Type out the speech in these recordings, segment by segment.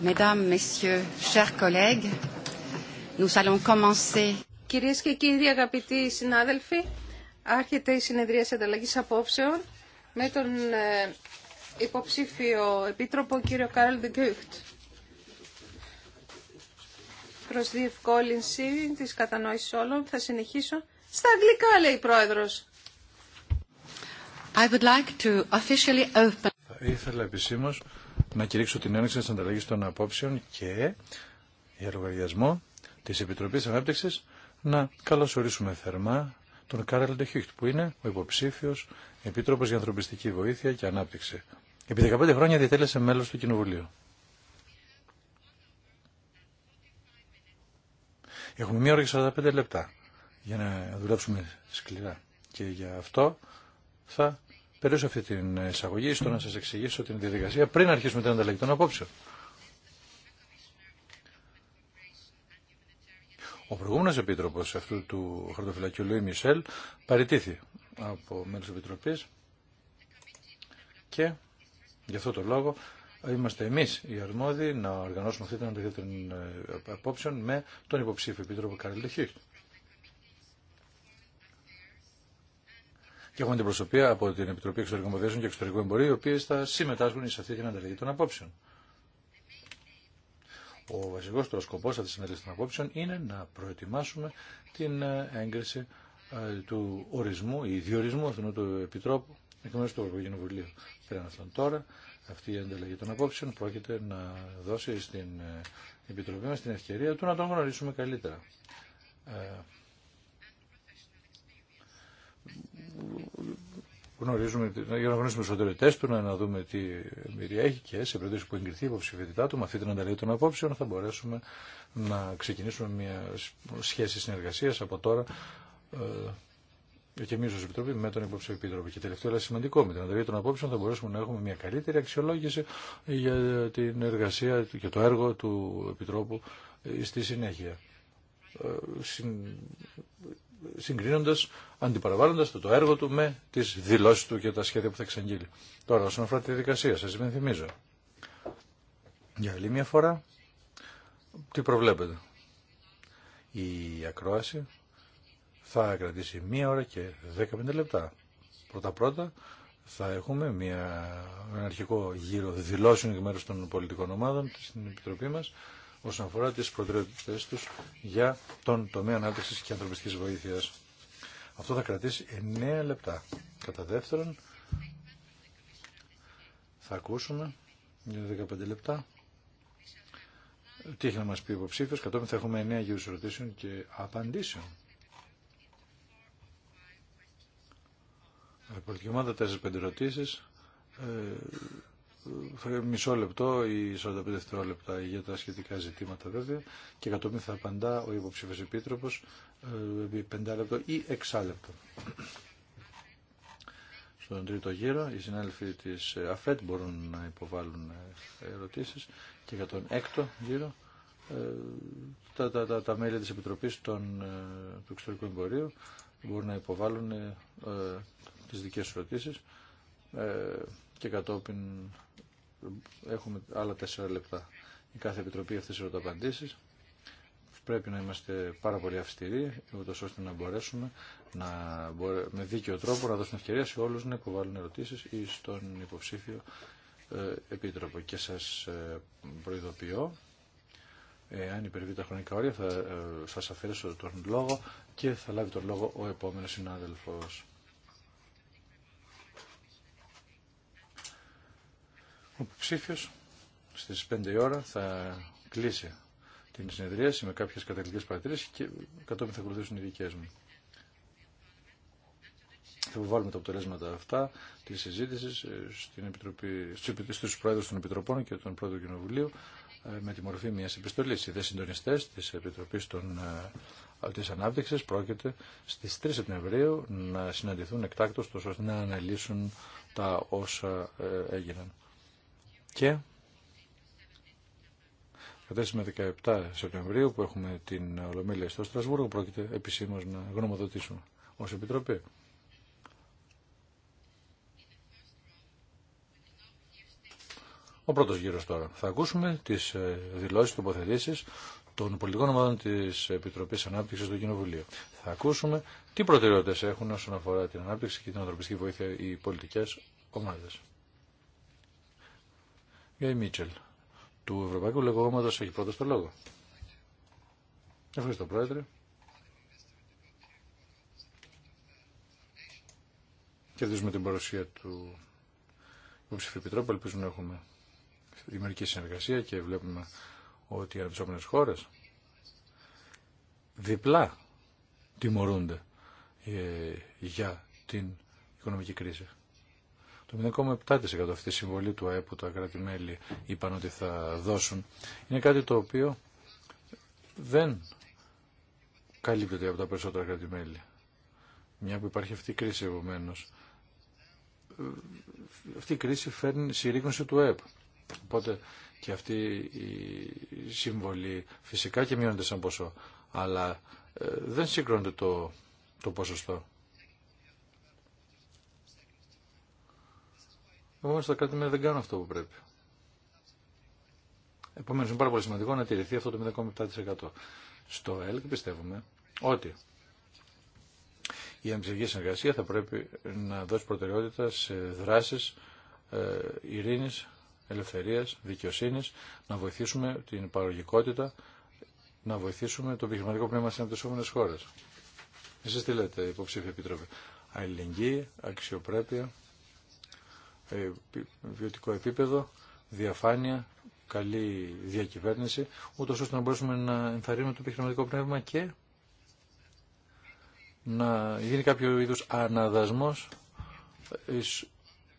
Mesdames, Messieurs, chers collègues, nous allons commencer. Κυρίες και κύριοι αγαπητοί συνάδελφοι, άρχεται η συνεδρία ανταλλαγής απόψεων με τον ε, υποψήφιο επίτροπο κύριο Καρλ Ντεγκούχτ προς διευκόλυνση της κατανόησης όλων. Θα συνεχίσω. Στα αγγλικά λέει η πρόεδρος. I would like to ήθελα επισήμω να κηρύξω την έναρξη τη ανταλλαγή των απόψεων και για λογαριασμό τη Επιτροπή Ανάπτυξη να καλωσορίσουμε θερμά τον Κάρελ Ντεχιούχτ, που είναι ο υποψήφιο Επίτροπο για Ανθρωπιστική Βοήθεια και Ανάπτυξη. Επί 15 χρόνια διατέλεσε μέλο του Κοινοβουλίου. Έχουμε μία ώρα και 45 λεπτά για να δουλέψουμε σκληρά. Και για αυτό θα Περίωσα αυτή την εισαγωγή στο να σας εξηγήσω την διαδικασία πριν αρχίσουμε την ανταλλαγή των απόψεων. Ο προηγούμενο επίτροπο αυτού του χαρτοφυλακίου Λουί Μισελ παραιτήθη από μέλη τη Επιτροπή και γι' αυτό το λόγο είμαστε εμεί οι αρμόδιοι να οργανώσουμε αυτή την ανταλλαγή των ε, απόψεων με τον υποψήφιο επίτροπο Καρλίτε Χίχτ. Και έχουμε την προσωπία από την Επιτροπή Εξωτερικών Υποθέσεων και Εξωτερικού Εμπορίου, οι οποίε θα συμμετάσχουν σε αυτή την ανταλλαγή των απόψεων. Ο βασικό του σκοπό αυτή τη συνέντευξη των απόψεων είναι να προετοιμάσουμε την ε, έγκριση ε, του ορισμού ή διορισμού αυτού του επιτρόπου εκ μέρου του Ευρωπαϊκού Κοινοβουλίου. Πέραν αυτών τώρα, αυτή η διορισμου αυτου του επιτροπου εκ μερου του ευρωπαικου κοινοβουλιου τωρα αυτη η ανταλλαγη των απόψεων πρόκειται να δώσει στην ε, Επιτροπή μα την ευκαιρία του να τον γνωρίσουμε καλύτερα. γνωρίζουμε, για να γνωρίσουμε του του, να, να δούμε τι εμπειρία έχει και σε περίπτωση που εγκριθεί η υποψηφιότητά του, με αυτή την ανταλλαγή των απόψεων θα μπορέσουμε να ξεκινήσουμε μια σχέση συνεργασία από τώρα ε, και εμεί ω Επιτροπή με τον υποψήφιο Επίτροπο. Και τελευταίο, αλλά σημαντικό, με την ανταλλαγή των απόψεων θα μπορέσουμε να έχουμε μια καλύτερη αξιολόγηση για την εργασία και το έργο του Επιτρόπου ε, στη συνέχεια ε, συγκρίνοντας, αντιπαραβάλλοντας το, το έργο του με τις δηλώσει του και τα σχέδια που θα εξαγγείλει. Τώρα, όσον αφορά τη διαδικασία, σας υπενθυμίζω. Για άλλη μια φορά, τι προβλέπετε. Η ακρόαση θα κρατήσει μία ώρα και 15 λεπτά. Πρώτα-πρώτα θα έχουμε μια, ένα αρχικό γύρο δηλώσεων εκ μέρους των πολιτικών ομάδων στην Επιτροπή μας όσον αφορά τις προτεραιότητες τους για τον τομέα ανάπτυξης και ανθρωπιστικής βοήθειας. Αυτό θα κρατήσει 9 λεπτά. Κατά δεύτερον, θα ακούσουμε για 15 λεπτά τι έχει να μας πει ο υποψήφιος. Κατόπιν θα έχουμε 9 γύρους ερωτήσεων και απαντήσεων. Ε, πολιτική ομάδα, 4-5 ερωτήσεις. Ε, ε, μισό λεπτό ή 45 δευτερόλεπτα για τα σχετικά ζητήματα βέβαια και κατόπιν θα απαντά ο υποψήφιος επίτροπος ε, επί 5 λεπτό ή 6 Στον τρίτο γύρο οι συνάδελφοι της ε, ΑΦΕΤ μπορούν να υποβάλουν ερωτήσεις και για τον έκτο γύρο τα, τα, τα, τα μέλη της Επιτροπής των, του Εξωτερικού Εμπορίου μπορούν να υποβάλουν ε, τις δικές ερωτήσεις και κατόπιν Έχουμε άλλα τέσσερα λεπτά. Η κάθε επιτροπή αυτέ τι ερωταπαντήσει. Πρέπει να είμαστε πάρα πολύ αυστηροί, ούτω ώστε να μπορέσουμε να με δίκαιο τρόπο να δώσουμε ευκαιρία σε όλους να υποβάλουν ερωτήσει ή στον υποψήφιο ε, επίτροπο. Και σας ε, προειδοποιώ, αν υπερβεί τα χρονικά όρια, θα ε, σα αφαιρέσω τον λόγο και θα λάβει τον λόγο ο επόμενο συνάδελφο. Ο υποψήφιο στι 5 η ώρα θα κλείσει την συνεδρίαση με κάποιε καταγγελικέ παρατηρήσει και κατόπιν θα ακολουθήσουν οι δικέ μου. Θα βάλουμε τα αποτελέσματα αυτά τη συζήτηση ε, στου πρόεδρου των Επιτροπών και των Πρόεδρων Κοινοβουλίου ε, με τη μορφή μια επιστολή. Οι δε συντονιστέ τη Επιτροπή ε, τη Ανάπτυξη πρόκειται στι 3 Σεπτεμβρίου να συναντηθούν εκτάκτω, ώστε να αναλύσουν τα όσα έγιναν και 14 με 17 Σεπτεμβρίου που έχουμε την Ολομέλεια στο Στρασβούργο πρόκειται επισήμως να γνωμοδοτήσουμε ως Επιτροπή. Ο πρώτος γύρος τώρα. Θα ακούσουμε τις ε, δηλώσεις, τοποθετήσει των πολιτικών ομάδων της Επιτροπής Ανάπτυξης του Κοινοβουλίου. Θα ακούσουμε τι προτεραιότητες έχουν όσον αφορά την ανάπτυξη και την ανθρωπιστική βοήθεια οι πολιτικές ομάδες. Η Μίτσελ του Ευρωπαϊκού Λεγόματος έχει πρώτο το λόγο. Ευχαριστώ Πρόεδρε. Κερδίζουμε την παρουσία του υποψηφίου επιτρόπου. Ελπίζουμε να έχουμε δημιουργική συνεργασία και βλέπουμε ότι οι αναπτυσσόμενες χώρες διπλά τιμωρούνται ε, για την οικονομική κρίση. Το 0,7% αυτή η συμβολή του ΑΕΠ που τα κράτη-μέλη είπαν ότι θα δώσουν είναι κάτι το οποίο δεν καλύπτεται από τα περισσότερα κράτη-μέλη. Μια που υπάρχει αυτή η κρίση επομένω. Αυτή η κρίση φέρνει συρρήκνωση του ΑΕΠ. Οπότε και αυτή η συμβολή φυσικά και μειώνεται σαν ποσό. Αλλά ε, δεν συγκρώνεται το, το ποσοστό. Επομένω τα κράτη δεν κάνουν αυτό που πρέπει. Επομένω είναι πάρα πολύ σημαντικό να τηρηθεί αυτό το 0,7%. Στο ΕΛΚ πιστεύουμε ότι η αμυντική συνεργασία θα πρέπει να δώσει προτεραιότητα σε δράσεις ε, ειρήνη, ελευθερίας, δικαιοσύνη, να βοηθήσουμε την παραγωγικότητα, να βοηθήσουμε το επιχειρηματικό πνεύμα στι ανεπτυσσόμενε χώρε. Εσεί τι λέτε, υποψήφια επιτροπή. Αλληλεγγύη, αξιοπρέπεια, ε, βιωτικό επίπεδο, διαφάνεια, καλή διακυβέρνηση, ούτω ώστε να μπορέσουμε να ενθαρρύνουμε το επιχειρηματικό πνεύμα και να γίνει κάποιο είδους αναδασμός ει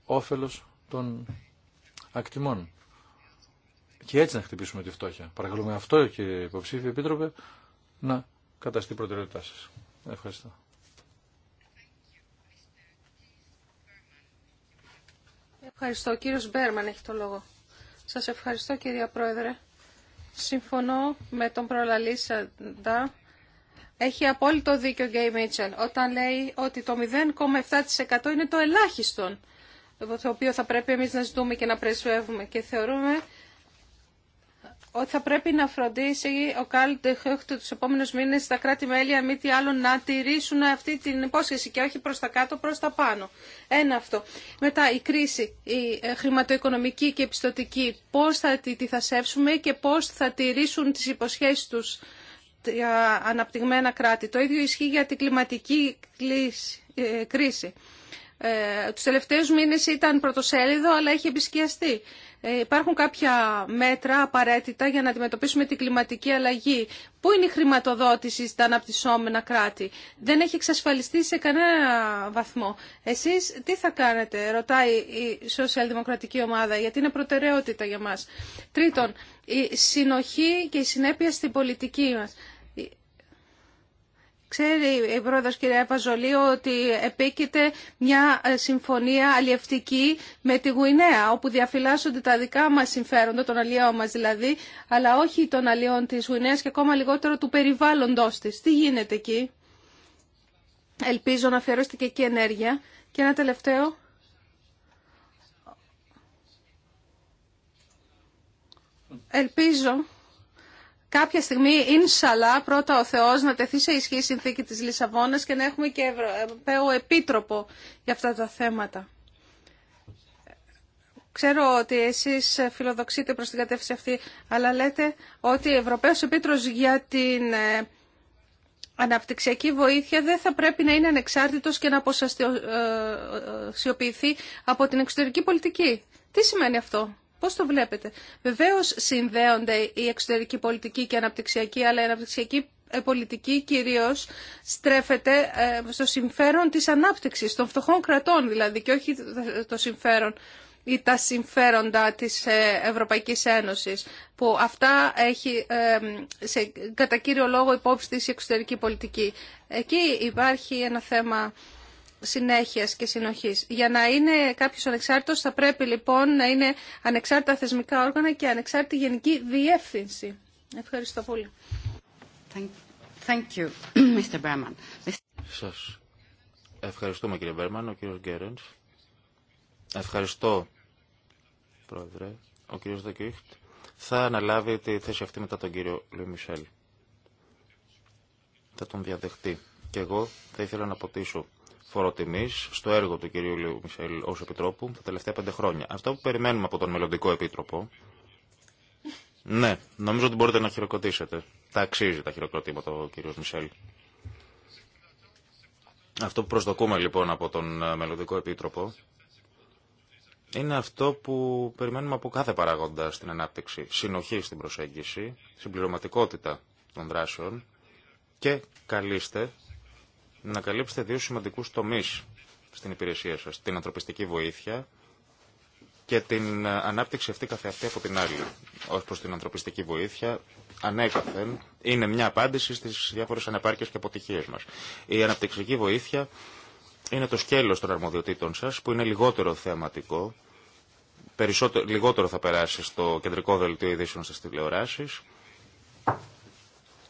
όφελος των ακτιμών. Και έτσι να χτυπήσουμε τη φτώχεια. Παρακαλούμε αυτό, και υποψήφιο επίτροπε, να καταστεί προτεραιότητά σα. Ευχαριστώ. Ευχαριστώ. Ο κύριος Μπέρμαν έχει το λόγο. Σας ευχαριστώ κυρία Πρόεδρε. Συμφωνώ με τον προλαλήσαντα. Έχει απόλυτο δίκιο Γκέι Μίτσελ όταν λέει ότι το 0,7% είναι το ελάχιστον το οποίο θα πρέπει εμείς να ζητούμε και να πρεσβεύουμε και θεωρούμε ότι θα πρέπει να φροντίσει ο Κάλ Ντεχέχτου τους επόμενους μήνες στα κράτη-μέλη αν μη τι άλλο να τηρήσουν αυτή την υπόσχεση και όχι προς τα κάτω, προς τα πάνω. Ένα αυτό. Μετά η κρίση, η ε, χρηματοοικονομική και επιστοτική, πώ θα τη, τη θα και πώ θα τηρήσουν τις υποσχέσεις τους για αναπτυγμένα κράτη. Το ίδιο ισχύει για την κλιματική ε, κρίση ε, τους τελευταίους μήνες ήταν πρωτοσέλιδο αλλά έχει επισκιαστεί. Ε, υπάρχουν κάποια μέτρα απαραίτητα για να αντιμετωπίσουμε την κλιματική αλλαγή. Πού είναι η χρηματοδότηση στα αναπτυσσόμενα κράτη. Δεν έχει εξασφαλιστεί σε κανένα βαθμό. Εσείς τι θα κάνετε, ρωτάει η σοσιαλδημοκρατική ομάδα, γιατί είναι προτεραιότητα για μας. Τρίτον, η συνοχή και η συνέπεια στην πολιτική μας. Ξέρει η πρόεδρος κυρία Παζολή ότι επίκειται μια ε, συμφωνία αλλιευτική με τη Γουινέα, όπου διαφυλάσσονται τα δικά μας συμφέροντα, των αλλιών μας δηλαδή, αλλά όχι των αλλιών της Γουινέας και ακόμα λιγότερο του περιβάλλοντος της. Τι γίνεται εκεί. Ελπίζω να αφιερώσετε και εκεί ενέργεια. Και ένα τελευταίο. Ελπίζω κάποια στιγμή, ίνσαλα, πρώτα ο Θεός να τεθεί σε ισχύ η συνθήκη της Λισαβόνας και να έχουμε και Ευρωπαίο Επίτροπο για αυτά τα θέματα. Ξέρω ότι εσείς φιλοδοξείτε προς την κατεύθυνση αυτή, αλλά λέτε ότι ο Ευρωπαίος Επίτροπος για την ε, αναπτυξιακή βοήθεια δεν θα πρέπει να είναι ανεξάρτητος και να αποσασιοποιηθεί ε, ε, από την εξωτερική πολιτική. Τι σημαίνει αυτό? Πώς το βλέπετε. Βεβαίως συνδέονται η εξωτερική πολιτική και η αναπτυξιακή, αλλά η αναπτυξιακή ε, πολιτική κυρίως στρέφεται ε, στο συμφέρον της ανάπτυξης, των φτωχών κρατών δηλαδή και όχι το συμφέρον ή τα συμφέροντα της ε, Ευρωπαϊκής Ένωσης που αυτά έχει κατά κύριο λόγο υπόψη της εξωτερική πολιτική. Εκεί υπάρχει ένα θέμα συνέχειας και συνοχής. Για να είναι κάποιο ανεξάρτητος θα πρέπει λοιπόν να είναι ανεξάρτητα θεσμικά όργανα και ανεξάρτητη γενική διεύθυνση. Ευχαριστώ πολύ. Thank you, Mr. Berman. Σας ευχαριστούμε κύριε Μπέρμαν, ο κύριος Γκέρενς. Ευχαριστώ, πρόεδρε, ο κύριος Δεκίχτ Θα αναλάβει τη θέση αυτή μετά τον κύριο Λουί Θα τον διαδεχτεί. Και εγώ θα ήθελα να αποτίσω φοροτιμή στο έργο του κ. Μισελ ω Επιτρόπου τα τελευταία πέντε χρόνια. Αυτό που περιμένουμε από τον μελλοντικό Επίτροπο. Ναι, νομίζω ότι μπορείτε να χειροκροτήσετε. Τα αξίζει τα χειροκροτήματα ο κ. Μισελ. Αυτό που προσδοκούμε λοιπόν από τον ε, μελλοντικό Επίτροπο είναι αυτό που περιμένουμε από κάθε παράγοντα στην ανάπτυξη. Συνοχή στην προσέγγιση, συμπληρωματικότητα των δράσεων και καλείστε να καλύψετε δύο σημαντικούς τομείς στην υπηρεσία σας, την ανθρωπιστική βοήθεια και την ε, ανάπτυξη αυτή καθεαυτή από την άλλη. Ως προς την ανθρωπιστική βοήθεια, ανέκαθεν, είναι μια απάντηση στις διάφορες ανεπάρκειες και αποτυχίες μας. Η αναπτυξική βοήθεια είναι το σκέλος των αρμοδιοτήτων σας, που είναι λιγότερο θεαματικό, περισσότερο, λιγότερο θα περάσει στο κεντρικό δελτίο ειδήσεων στις τηλεοράσεις,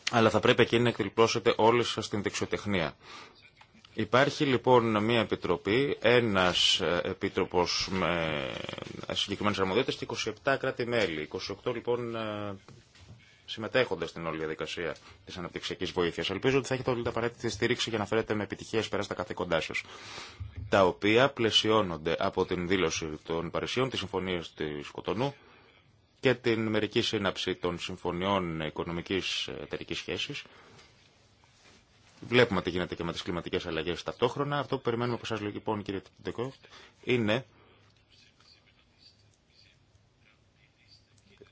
αλλά θα πρέπει εκείνη να εκτυπώσετε όλοι σας την δεξιοτεχνία. Υπάρχει λοιπόν μια επιτροπή, ένας ε, επίτροπος με ε, συγκεκριμένες αρμοδιότητες και 27 κράτη-μέλη. 28 λοιπόν ε, συμμετέχονται στην όλη διαδικασία τη αναπτυξιακή βοήθειας. Ελπίζω ότι θα έχετε όλη την απαραίτητη στήριξη για να φέρετε με επιτυχίες πέρα στα καθήκοντά σα. Τα οποία πλαισιώνονται από την δήλωση των Παρισιών, τη συμφωνία τη Κοτονού και την μερική σύναψη των συμφωνιών οικονομικής εταιρική σχέσης. Βλέπουμε τι γίνεται και με τις κλιματικές αλλαγές ταυτόχρονα. Αυτό που περιμένουμε από εσάς λοιπόν κύριε Τεκόφτ είναι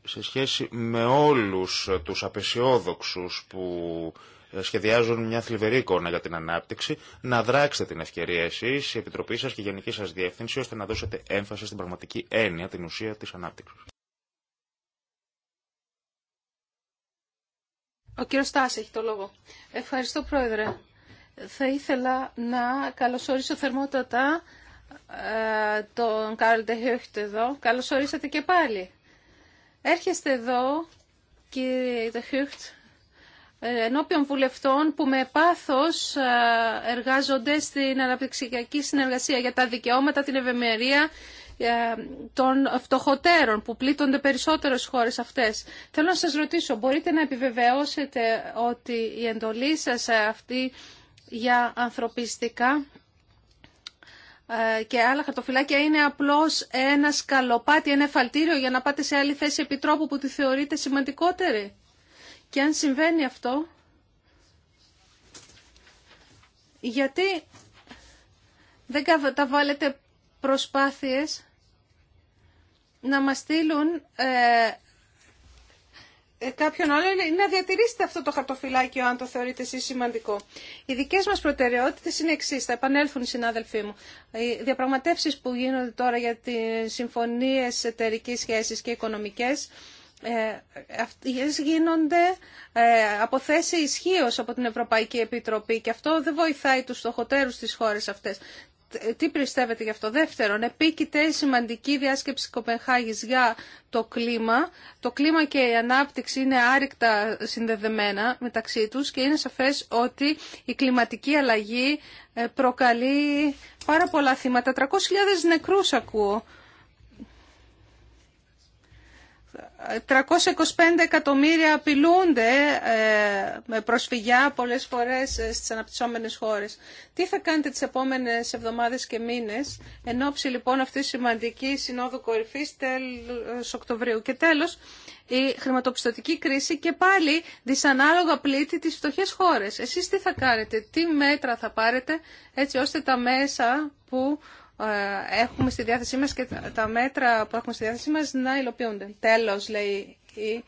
σε σχέση με όλους τους απεσιόδοξους που σχεδιάζουν μια θλιβερή εικόνα για την ανάπτυξη, να δράξετε την ευκαιρία εσείς, η Επιτροπή σας και η Γενική σας Διεύθυνση, ώστε να δώσετε έμφαση στην πραγματική έννοια, την ουσία της ανάπτυξης. Ο κύριο Στάση έχει το λόγο. Ευχαριστώ πρόεδρε. Θα ήθελα να καλωσορίσω θερμότατα ε, τον Κάρλ Ντεχιόχτ εδώ. Καλωσορίσατε και πάλι. Έρχεστε εδώ, κύριε Ντεχιόχτ, ε, ενώπιον βουλευτών που με πάθος ε, εργάζονται στην αναπτυξιακή συνεργασία για τα δικαιώματα, την ευημερία ε, των φτωχοτέρων που πλήττονται περισσότερες χώρες αυτές. Θέλω να σας ρωτήσω, μπορείτε να επιβεβαιώσετε ότι η εντολή σας αυτή για ανθρωπιστικά ε, και άλλα χαρτοφυλάκια είναι απλώς ένα σκαλοπάτι, ένα εφαλτήριο για να πάτε σε άλλη θέση επιτρόπου που τη θεωρείτε σημαντικότερη. Και αν συμβαίνει αυτό, γιατί δεν καταβάλλετε προσπάθειες να μας στείλουν ε, ε, κάποιον άλλο, ή να διατηρήσετε αυτό το χαρτοφυλάκιο αν το θεωρείτε εσείς σημαντικό. Οι δικές μας προτεραιότητες είναι εξής, θα επανέλθουν οι συνάδελφοί μου. Οι διαπραγματεύσεις που γίνονται τώρα για τις συμφωνίες εταιρική σχέσης και οικονομικές ε, αυτές γίνονται από θέση ισχύω από την Ευρωπαϊκή Επιτροπή και αυτό δεν βοηθάει τους στοχοτέρους στις χώρες αυτές τι πιστεύετε γι' αυτό. Δεύτερον, επίκειται η σημαντική διάσκεψη Κοπενχάγη για το κλίμα. Το κλίμα και η ανάπτυξη είναι άρρηκτα συνδεδεμένα μεταξύ τους και είναι σαφές ότι η κλιματική αλλαγή ε, προκαλεί πάρα πολλά θύματα. 300.000 νεκρού ακούω 325 εκατομμύρια απειλούνται ε, με προσφυγιά πολλές φορές ε, στις αναπτυσσόμενες χώρες. Τι θα κάνετε τις επόμενες εβδομάδες και μήνες εν ώψη λοιπόν αυτή της σημαντική συνόδου κορυφής τέλος Οκτωβρίου. Και τέλος η χρηματοπιστωτική κρίση και πάλι δυσανάλογα πλήττει τις φτωχέ χώρες. Εσείς τι θα κάνετε, τι μέτρα θα πάρετε έτσι ώστε τα μέσα που ε, έχουμε στη διάθεσή μας και τα μέτρα που έχουμε στη διάθεσή μας να υλοποιούνται. Τέλος, λέει η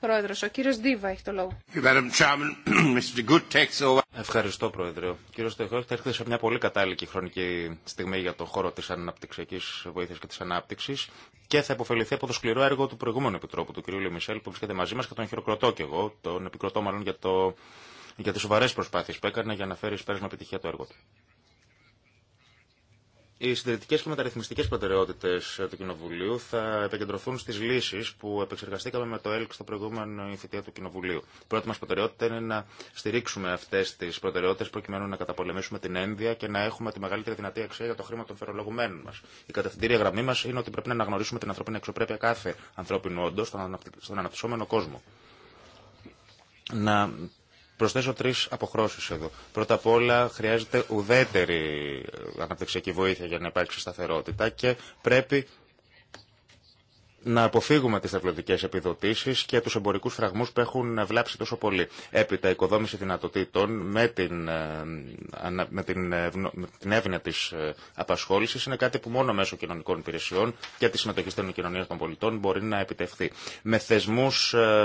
Πρόεδρος. Ο κύριος Δίβα έχει το λόγο. Ευχαριστώ, Πρόεδρε. Ο κύριος Τεχόρτ έρχεται σε μια πολύ κατάλληλη χρονική στιγμή για το χώρο της αναπτυξιακής βοήθειας και της ανάπτυξης και θα υποφεληθεί από το σκληρό έργο του προηγούμενου επιτρόπου, του κ. Λεμισέλ, που βρίσκεται μαζί μας και τον χειροκροτώ και εγώ, τον επικροτώ μάλλον για, το, για τις προσπάθειες που έκανε για να φέρει πέρασμα επιτυχία το έργο του. Οι συντηρητικέ και μεταρρυθμιστικέ προτεραιότητε του Κοινοβουλίου θα επικεντρωθούν στι λύσει που επεξεργαστήκαμε με το ΕΛΚ στο προηγούμενο θητεία του Κοινοβουλίου. Η πρώτη μα προτεραιότητα είναι να στηρίξουμε αυτέ τι προτεραιότητε προκειμένου να καταπολεμήσουμε την ένδια και να έχουμε τη μεγαλύτερη δυνατή αξία για το χρήμα των φερολογουμένων μα. Η κατευθυντήρια γραμμή μα είναι ότι πρέπει να αναγνωρίσουμε την ανθρωπίνη εξωπρέπεια κάθε ανθρώπινου όντω στον αναπτυσσόμενο κόσμο. Να Προσθέσω τρει αποχρώσει εδώ. Πρώτα απ' όλα, χρειάζεται ουδέτερη ε, αναπτυξιακή βοήθεια για να υπάρξει σταθερότητα και πρέπει να αποφύγουμε τις ευλογικές επιδοτήσεις και τους εμπορικούς φραγμούς που έχουν βλάψει τόσο πολύ. Έπειτα, οικοδόμηση δυνατοτήτων με την, ε, με την, ε, την έβνοια της ε, απασχόλησης είναι κάτι που μόνο μέσω κοινωνικών υπηρεσιών και τη συμμετοχή των κοινωνία των πολιτών μπορεί να επιτευχθεί. Με θεσμού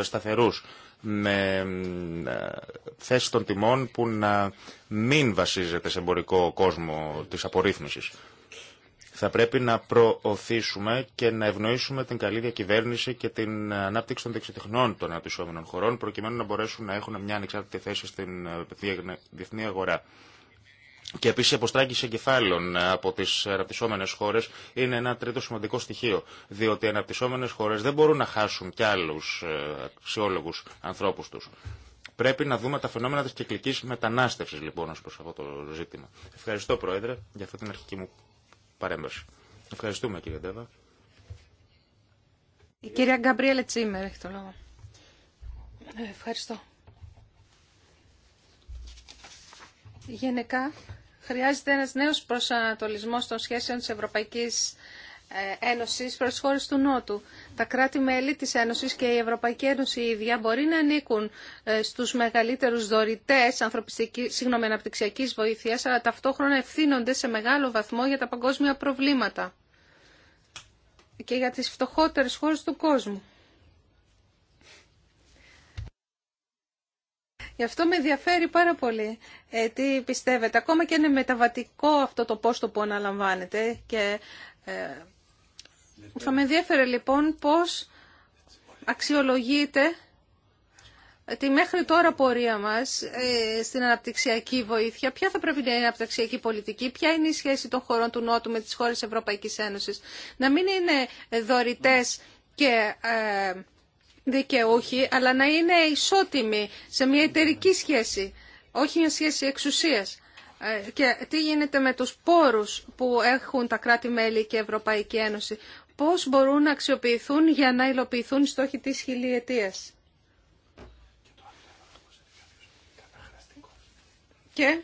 σταθερού με θέση των τιμών που να μην βασίζεται σε εμπορικό κόσμο τη απορρίθμιση. Θα πρέπει να προωθήσουμε και να ευνοήσουμε την καλή διακυβέρνηση και την ανάπτυξη των δεξιτεχνών των αναπτυσσόμενων χωρών, προκειμένου να μπορέσουν να έχουν μια ανεξάρτητη θέση στην ε, διεθνή αγορά. Και επίση η αποστράγγιση εγκεφάλων ε, από τι αναπτυσσόμενε χώρε είναι ένα τρίτο σημαντικό στοιχείο. Διότι οι αναπτυσσόμενε χώρε δεν μπορούν να χάσουν κι άλλου ε, αξιόλογου ανθρώπου του. Πρέπει να δούμε τα φαινόμενα τη κυκλική μετανάστευση λοιπόν ω προ αυτό το ζήτημα. Ευχαριστώ Πρόεδρε για αυτή την αρχική μου παρέμβαση. Ευχαριστούμε κύριε Ντέβα. Η κυρία Γκαμπρίελε Τσίμερ έχει το λόγο. Ε, ευχαριστώ. Γενικά χρειάζεται ένας νέος προσανατολισμός των σχέσεων της Ευρωπαϊκής ε, Ένωσης προς χώρες του Νότου. Τα κράτη-μέλη της Ένωσης και η Ευρωπαϊκή Ένωση ίδια μπορεί να ανήκουν ε, στους μεγαλύτερους δωρητές ανθρωπιστικής, συγγνώμη, αναπτυξιακής βοήθειας, αλλά ταυτόχρονα ευθύνονται σε μεγάλο βαθμό για τα παγκόσμια προβλήματα και για τις φτωχότερες χώρες του κόσμου. Γι' αυτό με ενδιαφέρει πάρα πολύ. Ε, τι πιστεύετε, ακόμα και είναι μεταβατικό αυτό το πόστο που αναλαμβάνετε και ε, θα με ενδιαφέρε λοιπόν πώς αξιολογείται τη μέχρι τώρα πορεία μας ε, στην αναπτυξιακή βοήθεια, ποια θα πρέπει να είναι η αναπτυξιακή πολιτική, ποια είναι η σχέση των χωρών του Νότου με τις χώρες Ευρωπαϊκής Ένωσης. Να μην είναι δωρητές και ε, δικαιούχοι, αλλά να είναι ισότιμοι σε μια εταιρική σχέση, όχι μια σχέση εξουσίας. Ε, και τι γίνεται με τους πόρους που έχουν τα κράτη-μέλη και η Ευρωπαϊκή Ένωση πώς μπορούν να αξιοποιηθούν για να υλοποιηθούν οι στόχοι της χιλιετίας. Και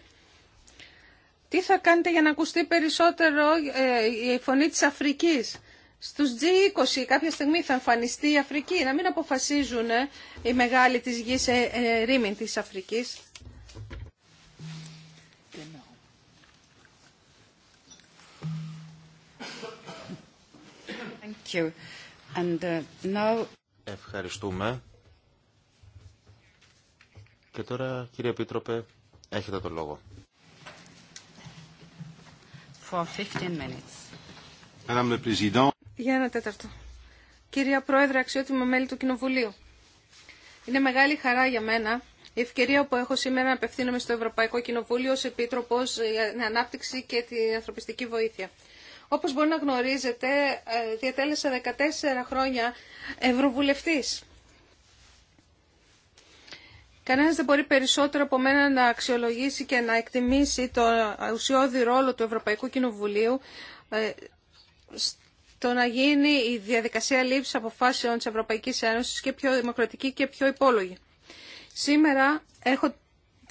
τι θα κάνετε για να ακουστεί περισσότερο ε, η φωνή της Αφρικής. Στους G20 κάποια στιγμή θα εμφανιστεί η Αφρική, να μην αποφασίζουν ε, οι μεγάλοι της γης ε, ε, ρήμην της Αφρικής. Uh, Ευχαριστούμε. Και τώρα, κύριε Επίτροπε, έχετε το λόγο. Για ένα τέταρτο. Κυρία Πρόεδρε, αξιότιμο μέλη του Κοινοβουλίου. Είναι μεγάλη χαρά για μένα η ευκαιρία που έχω σήμερα να απευθύνομαι στο Ευρωπαϊκό Κοινοβούλιο ως Επίτροπος για την Ανάπτυξη και την Ανθρωπιστική Βοήθεια. Όπως μπορεί να γνωρίζετε, ε, διατέλεσα 14 χρόνια ευρωβουλευτής. Κανένας δεν μπορεί περισσότερο από μένα να αξιολογήσει και να εκτιμήσει το ουσιώδη ρόλο του Ευρωπαϊκού Κοινοβουλίου ε, το να γίνει η διαδικασία λήψης αποφάσεων της Ευρωπαϊκής Ένωσης και πιο δημοκρατική και πιο υπόλογη. Σήμερα έχω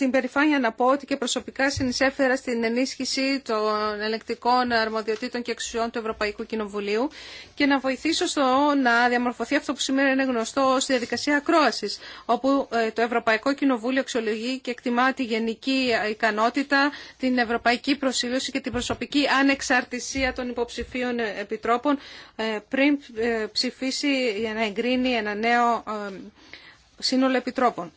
την περηφάνεια να πω ότι και προσωπικά συνεισέφερα στην ενίσχυση των ελεκτικών αρμοδιοτήτων και εξουσιών του Ευρωπαϊκού Κοινοβουλίου και να βοηθήσω στο να διαμορφωθεί αυτό που σήμερα είναι γνωστό στη διαδικασία ακρόαση, όπου ε, το Ευρωπαϊκό Κοινοβούλιο αξιολογεί και εκτιμά τη γενική ικανότητα, την ευρωπαϊκή προσήλωση και την προσωπική ανεξαρτησία των υποψηφίων επιτρόπων ε, πριν ε, ψηφίσει για να εγκρίνει ένα νέο σύνολο επιτρόπων.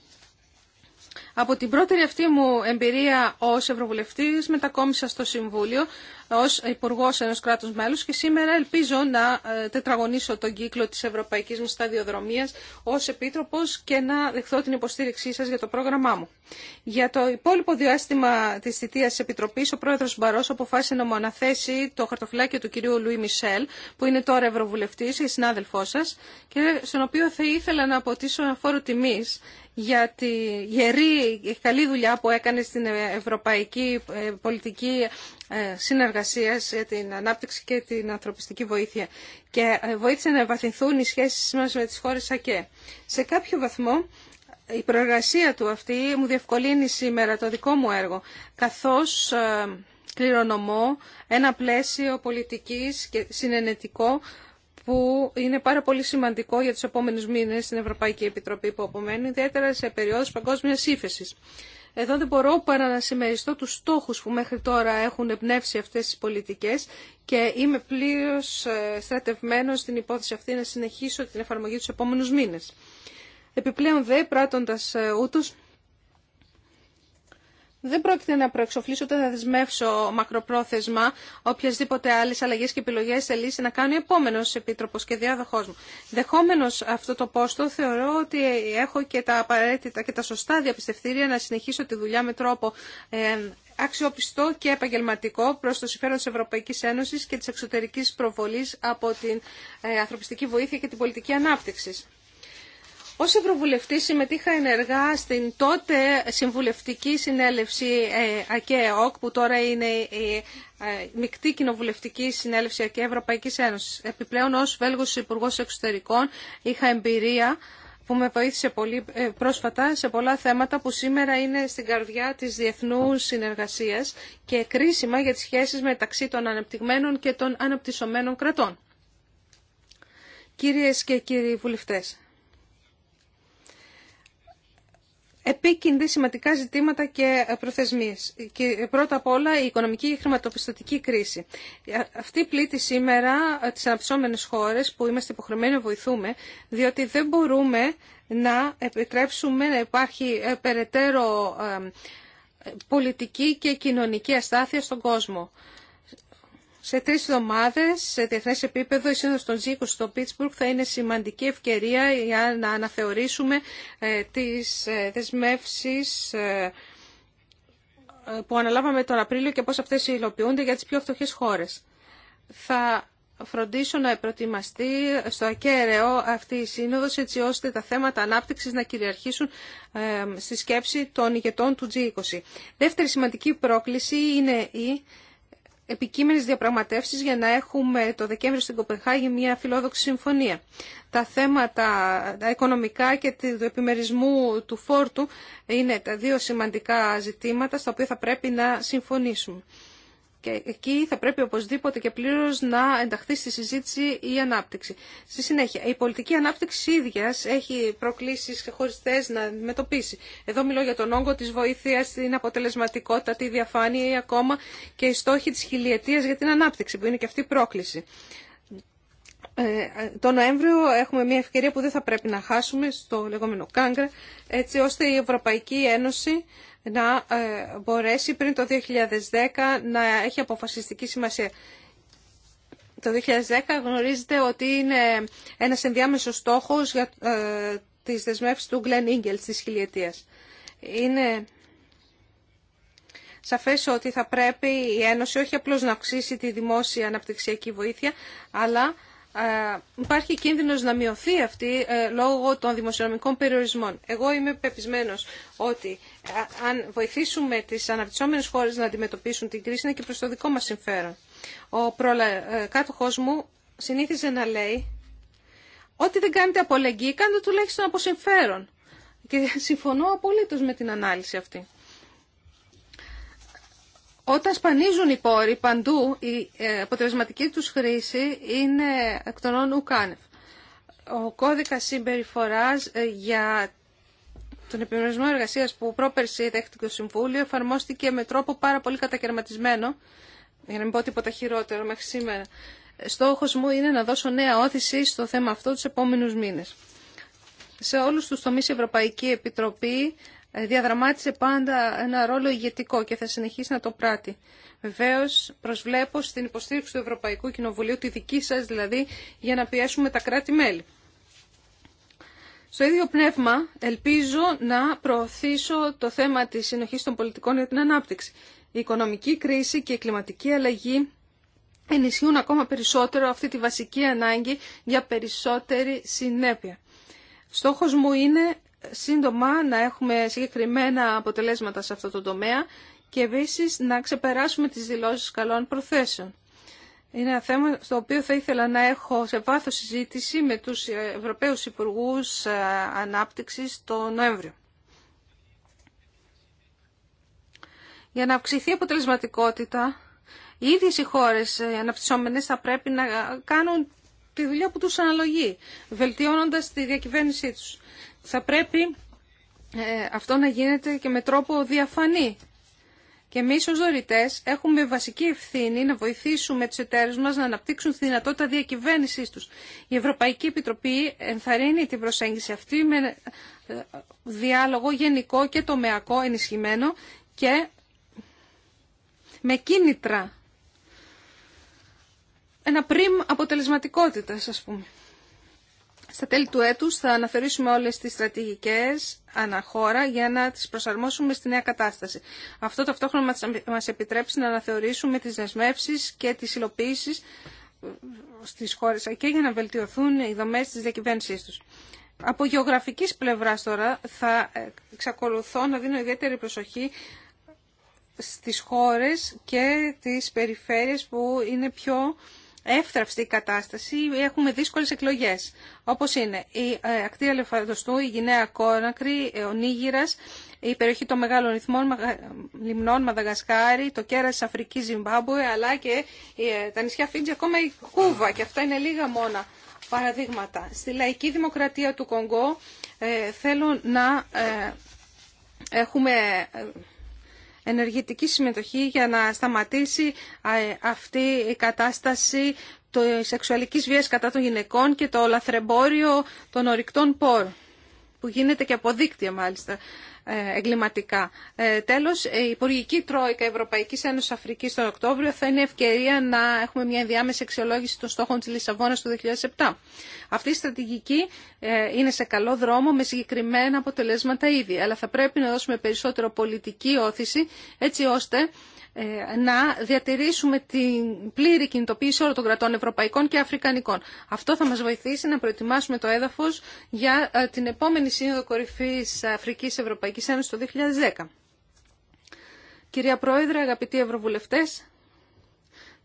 Από την πρώτη αυτή μου εμπειρία ως Ευρωβουλευτής μετακόμισα στο Συμβούλιο ως υπουργό ενός κράτους μέλους και σήμερα ελπίζω να ε, τετραγωνίσω τον κύκλο της Ευρωπαϊκής μου σταδιοδρομίας ως Επίτροπος και να δεχθώ την υποστήριξή σας για το πρόγραμμά μου. Για το υπόλοιπο διάστημα της θητείας τη Επιτροπής, ο πρόεδρος Μπαρός αποφάσισε να μου αναθέσει το χαρτοφυλάκιο του κυρίου Λουί Μισελ, που είναι τώρα Ευρωβουλευτής ή συνάδελφός σα, και στον οποίο θα ήθελα να αποτίσω ένα φόρο τιμής για τη γερή και καλή δουλειά που έκανε στην ευρωπαϊκή ε, πολιτική ε, συνεργασία για την ανάπτυξη και την ανθρωπιστική βοήθεια. Και ε, βοήθησε να βαθυνθούν οι σχέσεις μας με τις χώρες ΑΚΕ. Σε κάποιο βαθμό η προεργασία του αυτή μου διευκολύνει σήμερα το δικό μου έργο, καθώς κληρονομώ ένα πλαίσιο πολιτικής και συνενετικό που είναι πάρα πολύ σημαντικό για τους επόμενους μήνες στην Ευρωπαϊκή Επιτροπή που απομένει, ιδιαίτερα σε περιόδους παγκόσμιας ύφεσης. Εδώ δεν μπορώ παρά να συμμεριστώ τους στόχους που μέχρι τώρα έχουν εμπνεύσει αυτές τις πολιτικές και είμαι πλήρως ε, στρατευμένος στην υπόθεση αυτή να συνεχίσω την εφαρμογή τους επόμενους μήνες. Επιπλέον δε, πράττοντας ε, ούτως, δεν πρόκειται να προεξοφλήσω ούτε να δεσμεύσω μακροπρόθεσμα οποιασδήποτε άλλε αλλαγέ και επιλογέ θελήσει να κάνει ο επόμενο επίτροπο και διάδοχό μου. Δεχόμενο αυτό το πόστο, θεωρώ ότι έχω και τα απαραίτητα και τα σωστά διαπιστευτήρια να συνεχίσω τη δουλειά με τρόπο ε, αξιοπιστό και επαγγελματικό προ το συμφέρον τη Ευρωπαϊκή Ένωση και τη εξωτερική προβολή από την ε, ανθρωπιστική βοήθεια και την πολιτική ανάπτυξη. Ως Ευρωβουλευτή συμμετείχα ενεργά στην τότε Συμβουλευτική Συνέλευση ε, ΑΚΕΟΚ, που τώρα είναι η ε, Μικτή Κοινοβουλευτική Συνέλευση ΑΚΕ Ευρωπαϊκής Ένωσης. Επιπλέον, ως Βέλγος Υπουργό Εξωτερικών, είχα εμπειρία που με βοήθησε πολύ ε, πρόσφατα σε πολλά θέματα που σήμερα είναι στην καρδιά της διεθνούς συνεργασίας και κρίσιμα για τις σχέσεις μεταξύ των ανεπτυγμένων και των αναπτυσσομένων κρατών. Κυρίες και κύριοι βουλευτές, επίκυνται σημαντικά ζητήματα και προθεσμίες. Και πρώτα απ' όλα η οικονομική και χρηματοπιστωτική κρίση. Ε, αυτή πλήττει σήμερα τις αναπτυσσόμενες χώρες που είμαστε υποχρεωμένοι να βοηθούμε, διότι δεν μπορούμε να επιτρέψουμε να υπάρχει ε, περαιτέρω ε, πολιτική και κοινωνική αστάθεια στον κόσμο. Σε τρει εβδομάδε, σε διεθνέ επίπεδο, η Σύνοδο των G20 στο Πίτσμπουργκ θα είναι σημαντική ευκαιρία για να αναθεωρήσουμε ε, τι ε, δεσμεύσει ε, που αναλάβαμε τον Απρίλιο και πώς αυτές υλοποιούνται για τις πιο φτωχές χώρες. Θα φροντίσω να προετοιμαστεί στο ακέραιο αυτή η σύνοδος έτσι ώστε τα θέματα ανάπτυξης να κυριαρχήσουν στη σκέψη των ηγετών του G20. Δεύτερη σημαντική πρόκληση είναι η Επικείμενε διαπραγματεύσεις για να έχουμε το Δεκέμβριο στην Κοπεχάγη μια φιλόδοξη συμφωνία. Τα θέματα τα οικονομικά και του επιμερισμού του φόρτου είναι τα δύο σημαντικά ζητήματα στα οποία θα πρέπει να συμφωνήσουμε και εκεί θα πρέπει οπωσδήποτε και πλήρω να ενταχθεί στη συζήτηση η ανάπτυξη. Στη συνέχεια, η πολιτική ανάπτυξη ίδια έχει προκλήσεις χωριστέ να αντιμετωπίσει. Εδώ μιλώ για τον όγκο τη βοήθεια, την αποτελεσματικότητα, τη διαφάνεια ή ακόμα και οι στόχοι τη χιλιετία για την ανάπτυξη, που είναι και αυτή η πρόκληση. Ε, το Νοέμβριο έχουμε μια ευκαιρία που δεν θα πρέπει να χάσουμε στο λεγόμενο Κάγκρα, έτσι ώστε η Ευρωπαϊκή Ένωση να ε, μπορέσει πριν το 2010 να έχει αποφασιστική σημασία. Το 2010 γνωρίζετε ότι είναι ένας ενδιάμεσος στόχος για ε, τις δεσμεύσεις του Γκλεν Ίγκελ της χιλιετίας. Είναι σαφές ότι θα πρέπει η Ένωση όχι απλώς να αυξήσει τη δημόσια αναπτυξιακή βοήθεια, αλλά ε, υπάρχει κίνδυνος να μειωθεί αυτή ε, λόγω των δημοσιονομικών περιορισμών. Εγώ είμαι πεπισμένος ότι ε, αν βοηθήσουμε τις αναπτυσσόμενες χώρες να αντιμετωπίσουν την κρίση είναι και προς το δικό μας συμφέρον. Ο κάτοχος μου συνήθιζε να λέει ότι δεν κάνετε απολεγγύη κάντε τουλάχιστον από συμφέρον. Και συμφωνώ απολύτως με την ανάλυση αυτή. Όταν σπανίζουν οι πόροι παντού, η ε, αποτελεσματική τους χρήση είναι εκ των ουκάνευ. Ο κώδικας συμπεριφοράς ε, για τον επιμερισμό εργασίας που πρόπερσε δέχτηκε το Συμβούλιο εφαρμόστηκε με τρόπο πάρα πολύ κατακαιρματισμένο, για να μην πω τίποτα χειρότερο μέχρι σήμερα. Ε, στόχος μου είναι να δώσω νέα όθηση στο θέμα αυτό τους επόμενους μήνες. Σε όλους τους τομείς η Ευρωπαϊκή Επιτροπή ε, διαδραμάτισε πάντα ένα ρόλο ηγετικό και θα συνεχίσει να το πράττει. Βεβαίω, προσβλέπω στην υποστήριξη του Ευρωπαϊκού Κοινοβουλίου, τη δική σα δηλαδή, για να πιέσουμε τα κράτη-μέλη. Στο ίδιο πνεύμα, ελπίζω να προωθήσω το θέμα τη συνοχή των πολιτικών για την ανάπτυξη. Η οικονομική κρίση και η κλιματική αλλαγή ενισχύουν ακόμα περισσότερο αυτή τη βασική ανάγκη για περισσότερη συνέπεια. Στόχος μου είναι σύντομα να έχουμε συγκεκριμένα αποτελέσματα σε αυτό το τομέα και επίση να ξεπεράσουμε τις δηλώσεις καλών προθέσεων. Είναι ένα θέμα στο οποίο θα ήθελα να έχω σε βάθος συζήτηση με τους Ευρωπαίους Υπουργούς ε, Ανάπτυξης το Νοέμβριο. Για να αυξηθεί η αποτελεσματικότητα, οι ίδιες οι χώρες ε, οι αναπτυσσόμενες θα πρέπει να κάνουν τη δουλειά που τους αναλογεί, βελτιώνοντας τη διακυβέρνησή τους θα πρέπει ε, αυτό να γίνεται και με τρόπο διαφανή. Και εμεί ω δωρητέ έχουμε βασική ευθύνη να βοηθήσουμε του εταίρου μα να αναπτύξουν τη δυνατότητα διακυβέρνησή του. Η Ευρωπαϊκή Επιτροπή ενθαρρύνει την προσέγγιση αυτή με ε, διάλογο γενικό και τομεακό ενισχυμένο και με κίνητρα. Ένα πριμ αποτελεσματικότητα. ας πούμε. Στα τέλη του έτους θα αναθεωρήσουμε όλες τις στρατηγικές αναχώρα για να τις προσαρμόσουμε στη νέα κατάσταση. Αυτό ταυτόχρονα μας επιτρέψει να αναθεωρήσουμε τις δεσμεύσει και τις υλοποίησεις ε, στις χώρες και για να βελτιωθούν οι δομές της διακυβέρνησής τους. Από γεωγραφικής πλευράς τώρα θα εξακολουθώ να δίνω ιδιαίτερη προσοχή στις χώρες και τις περιφέρειες που είναι πιο εύθραυστη κατάσταση, έχουμε δύσκολες εκλογές, όπως είναι η ε, ακτήρα Λεφαντοστού, η Γινέα Κόνακρη, ε, ο Νίγηρας, η περιοχή των μεγάλων ρυθμών, λιμνών, Μαδαγασκάρη, το κέρας της Αφρικής Ζιμπάμπουε, αλλά και ε, τα νησιά Φίντζη, ακόμα η Κούβα και αυτά είναι λίγα μόνα παραδείγματα. Στη λαϊκή δημοκρατία του Κονγκό θέλω να έχουμε ενεργητική συμμετοχή για να σταματήσει ε, αυτή η κατάσταση της σεξουαλικής βίας κατά των γυναικών και το λαθρεμπόριο των ορυκτών πόρων που γίνεται και από δίκτυα μάλιστα ε, εγκληματικά. Ε, τέλος, η Υπουργική Τρόικα Ευρωπαϊκής Ένωσης Αφρικής τον Οκτώβριο θα είναι ευκαιρία να έχουμε μια ενδιάμεση αξιολόγηση των στόχων της Λισαβόνας του 2007. Αυτή η στρατηγική ε, είναι σε καλό δρόμο με συγκεκριμένα αποτελέσματα ήδη, αλλά θα πρέπει να δώσουμε περισσότερο πολιτική όθηση έτσι ώστε ε, να διατηρήσουμε την πλήρη κινητοποίηση όλων των κρατών ευρωπαϊκών και αφρικανικών. Αυτό θα μας βοηθήσει να προετοιμάσουμε το έδαφος για ε, την επόμενη Σύνοδο Κορυφής Αφρικής Ευρωπαϊκής Ένωσης το 2010. Κυρία Πρόεδρε, αγαπητοί Ευρωβουλευτές,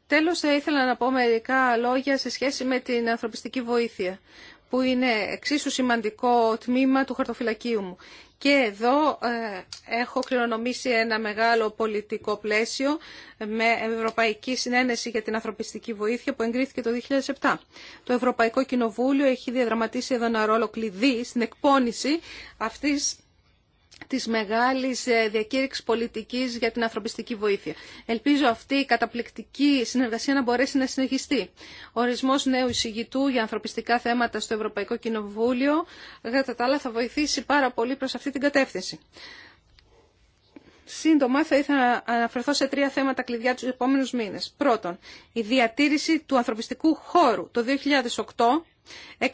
τέλος θα ήθελα να πω μερικά λόγια σε σχέση με την ανθρωπιστική βοήθεια που είναι εξίσου σημαντικό τμήμα του χαρτοφυλακίου μου. Και εδώ ε, έχω κληρονομήσει ένα μεγάλο πολιτικό πλαίσιο με Ευρωπαϊκή Συνένεση για την Ανθρωπιστική Βοήθεια που εγκρίθηκε το 2007. Το Ευρωπαϊκό Κοινοβούλιο έχει διαδραματίσει εδώ ένα ρόλο κλειδί στην εκπόνηση αυτής της μεγάλης ε, διακήρυξης πολιτικής για την ανθρωπιστική βοήθεια. Ελπίζω αυτή η καταπληκτική συνεργασία να μπορέσει να συνεχιστεί. Ορισμός νέου εισηγητού για ανθρωπιστικά θέματα στο Ευρωπαϊκό Κοινοβούλιο, κατά τα άλλα θα βοηθήσει πάρα πολύ προς αυτή την κατεύθυνση. Σύντομα θα ήθελα να αναφερθώ σε τρία θέματα κλειδιά του επόμενου μήνε. Πρώτον, η διατήρηση του ανθρωπιστικού χώρου. Το 2008 122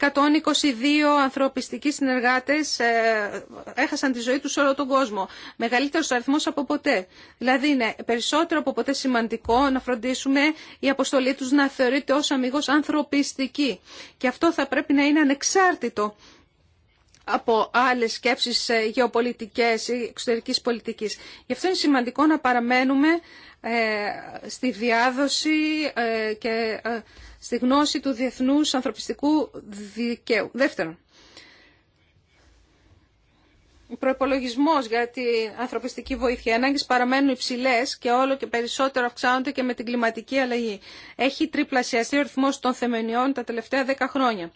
ανθρωπιστικοί συνεργάτες ε, έχασαν τη ζωή τους σε όλο τον κόσμο. Μεγαλύτερος αριθμός από ποτέ. Δηλαδή είναι περισσότερο από ποτέ σημαντικό να φροντίσουμε η αποστολή τους να θεωρείται ως αμυγός ανθρωπιστική. Και αυτό θα πρέπει να είναι ανεξάρτητο από άλλες σκέψεις ε, γεωπολιτικές ή εξωτερικής πολιτικής. Γι' αυτό είναι σημαντικό να παραμένουμε ε, στη διάδοση και στη γνώση του διεθνούς ανθρωπιστικού δικαίου. Δεύτερον, ο προπολογισμό για την ανθρωπιστική βοήθεια. Οι ανάγκε παραμένουν υψηλέ και όλο και περισσότερο αυξάνονται και με την κλιματική αλλαγή. Έχει τριπλασιαστεί ο ρυθμό των θεμενιών τα τελευταία δέκα χρόνια.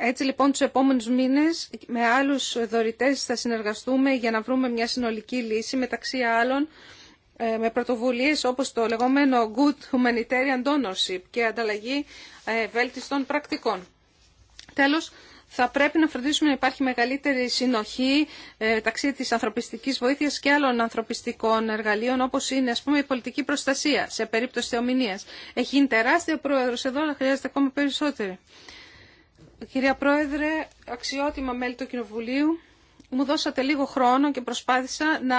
Έτσι λοιπόν τους επόμενους μήνες με άλλους δωρητές θα συνεργαστούμε για να βρούμε μια συνολική λύση μεταξύ άλλων ε, με πρωτοβουλίες όπως το λεγόμενο Good Humanitarian Donorship και ανταλλαγή ε, βέλτιστων πρακτικών. Τέλος, θα πρέπει να φροντίσουμε να υπάρχει μεγαλύτερη συνοχή ε, μεταξύ της ανθρωπιστικής βοήθειας και άλλων ανθρωπιστικών εργαλείων όπως είναι ας πούμε η πολιτική προστασία σε περίπτωση θεομηνίας. Έχει γίνει τεράστια πρόεδρος εδώ αλλά χρειάζεται ακόμα περισσότερη. Κυρία Πρόεδρε, αξιότιμα μέλη του Κοινοβουλίου, μου δώσατε λίγο χρόνο και προσπάθησα να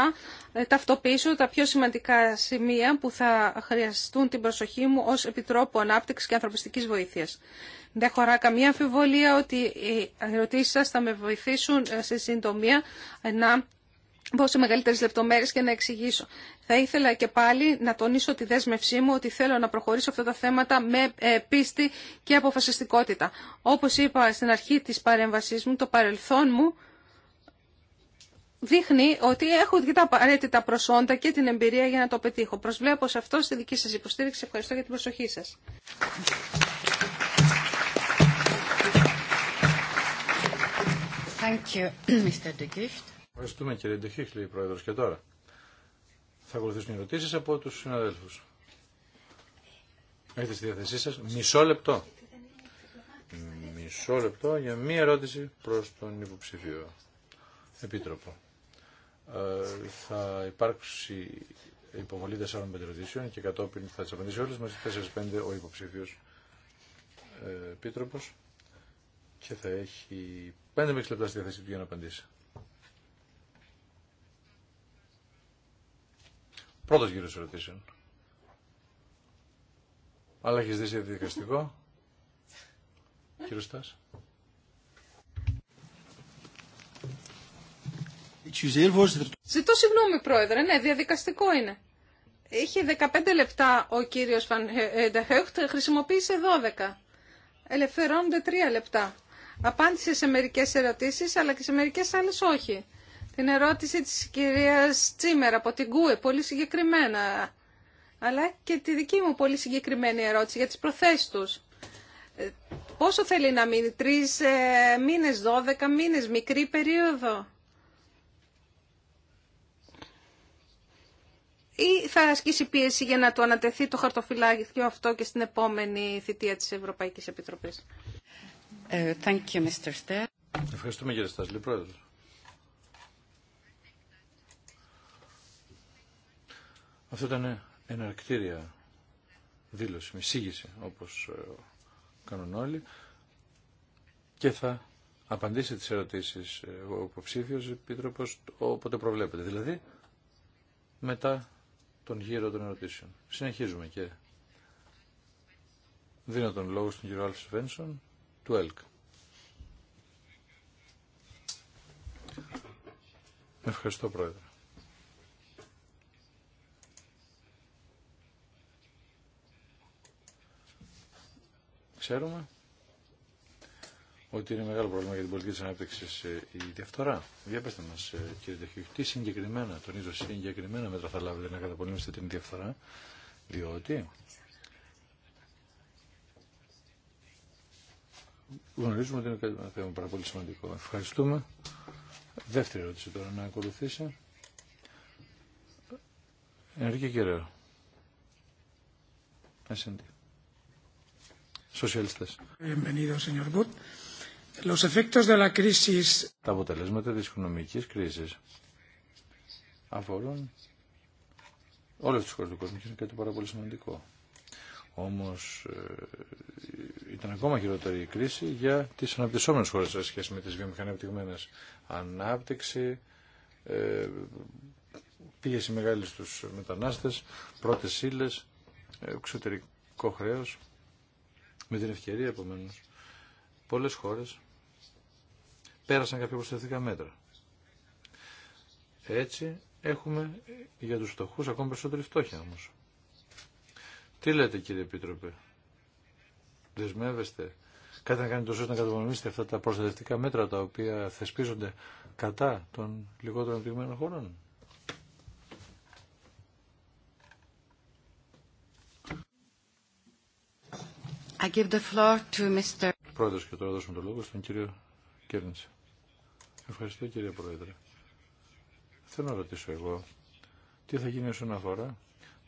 ε, ταυτοποιήσω τα πιο σημαντικά σημεία που θα χρειαστούν την προσοχή μου ως Επιτρόπου Ανάπτυξης και Ανθρωπιστικής Βοήθειας. Δεν χωρά καμία αμφιβολία ότι οι ερωτήσει σας θα με βοηθήσουν σε συντομία ε, να μπω σε μεγαλύτερε λεπτομέρειε και να εξηγήσω. Θα ήθελα και πάλι να τονίσω τη δέσμευσή μου ότι θέλω να προχωρήσω αυτά τα θέματα με ε, πίστη και αποφασιστικότητα. Όπω είπα στην αρχή τη παρέμβασή μου, το παρελθόν μου δείχνει ότι έχω και τα απαραίτητα προσόντα και την εμπειρία για να το πετύχω. Προσβλέπω σε αυτό στη δική σας υποστήριξη. Ευχαριστώ για την προσοχή σας. Thank you, Mr. De Gift. Ευχαριστούμε κύριε Gift, λέει Πρόεδρος. Και τώρα θα ακολουθήσουν οι ερωτήσεις από τους συναδέλφους. Έχετε στη διάθεσή σας μισό λεπτό. Μισό λεπτό για μία ερώτηση προς τον υποψηφίο επίτροπο. Ε, θα υπάρξει υποβολή 4-5 ερωτήσεων και κατόπιν θα τις απαντήσει όλες όλες 4-5 ο υποψήφιος ε, επίτροπος και θα έχει 5 6 λεπτά στη διάθεση του για να απαντήσει. Πρώτος γύρος ερωτήσεων. Αλλά έχει δει σε διαδικαστικό. Κύριο Στάς. Ζητώ συγγνώμη, Πρόεδρε. Ναι, διαδικαστικό είναι. Είχε 15 λεπτά ο κύριος Φαν ε, ε, χρησιμοποίησε 12. Ελευθερώνονται 3 λεπτά. Απάντησε σε μερικές ερωτήσεις, αλλά και σε μερικές άλλες όχι. Την ερώτηση της κυρίας Τσίμερ από την ΚΟΕ, πολύ συγκεκριμένα. Αλλά και τη δική μου πολύ συγκεκριμένη ερώτηση για τις προθέσεις τους. Ε, πόσο θέλει να μείνει, τρεις ε, μήνες, δώδεκα μήνες, μικρή περίοδο. ή θα ασκήσει πίεση για να το ανατεθεί το χαρτοφυλάκιο αυτό και στην επόμενη θητεία της Ευρωπαϊκής Επιτροπής. Ε, thank you, Mr. Ευχαριστούμε κύριε Στασλή Πρόεδρε. Αυτό ήταν εναρκτήρια δήλωση, εισήγηση όπως ε, κάνουν όλοι και θα απαντήσει τις ερωτήσεις ε, ο υποψήφιος επίτροπος όποτε προβλέπεται. Δηλαδή μετά τον γύρο των ερωτήσεων. Συνεχίζουμε και δίνω τον λόγο στον κύριο Άλφ Βένσον του ΕΛΚ. Ευχαριστώ πρόεδρε. Ξέρουμε ότι είναι μεγάλο πρόβλημα για την πολιτική της ανάπτυξης ε, η διαφθορά. Διαπέστε μα ε, κύριε Τεχίου, τι συγκεκριμένα, τονίζω συγκεκριμένα μέτρα θα λάβετε να καταπολεμήσετε την διαφθορά, διότι γνωρίζουμε ότι είναι κάτι θέμα πάρα πολύ σημαντικό. Ευχαριστούμε. Δεύτερη ερώτηση τώρα να ακολουθήσει. Ενρική κύριε. S&D. Σοσιαλιστές. Bienvenido, señor Los efectos de la Τα αποτελέσματα της οικονομικής κρίσης αφορούν όλες τις χώρες του κόσμου και είναι κάτι πάρα πολύ σημαντικό. Όμως ε, ήταν ακόμα χειρότερη η κρίση για τις αναπτυσσόμενες χώρες σε σχέση με τις βιομηχανία Ανάπτυξη, ε, πίεση μεγάλη στους μετανάστες, πρώτες ύλε, εξωτερικό χρέος, με την ευκαιρία επομένως. Πολλές χώρες πέρασαν κάποια προστατευτικά μέτρα. Έτσι έχουμε για τους φτωχούς ακόμα περισσότερη φτώχεια όμως. Τι λέτε κύριε Επίτροπε, δεσμεύεστε κάτι να κάνετε ώστε να κατανοήσετε αυτά τα προστατευτικά μέτρα τα οποία θεσπίζονται κατά των λιγότερων επιτυγμένων χωρών. I Πρόεδρος και τώρα δώσουμε το λόγο στον κύριο Κέρνησε. Ευχαριστώ κύριε Πρόεδρε. Θέλω να ρωτήσω εγώ τι θα γίνει όσον αφορά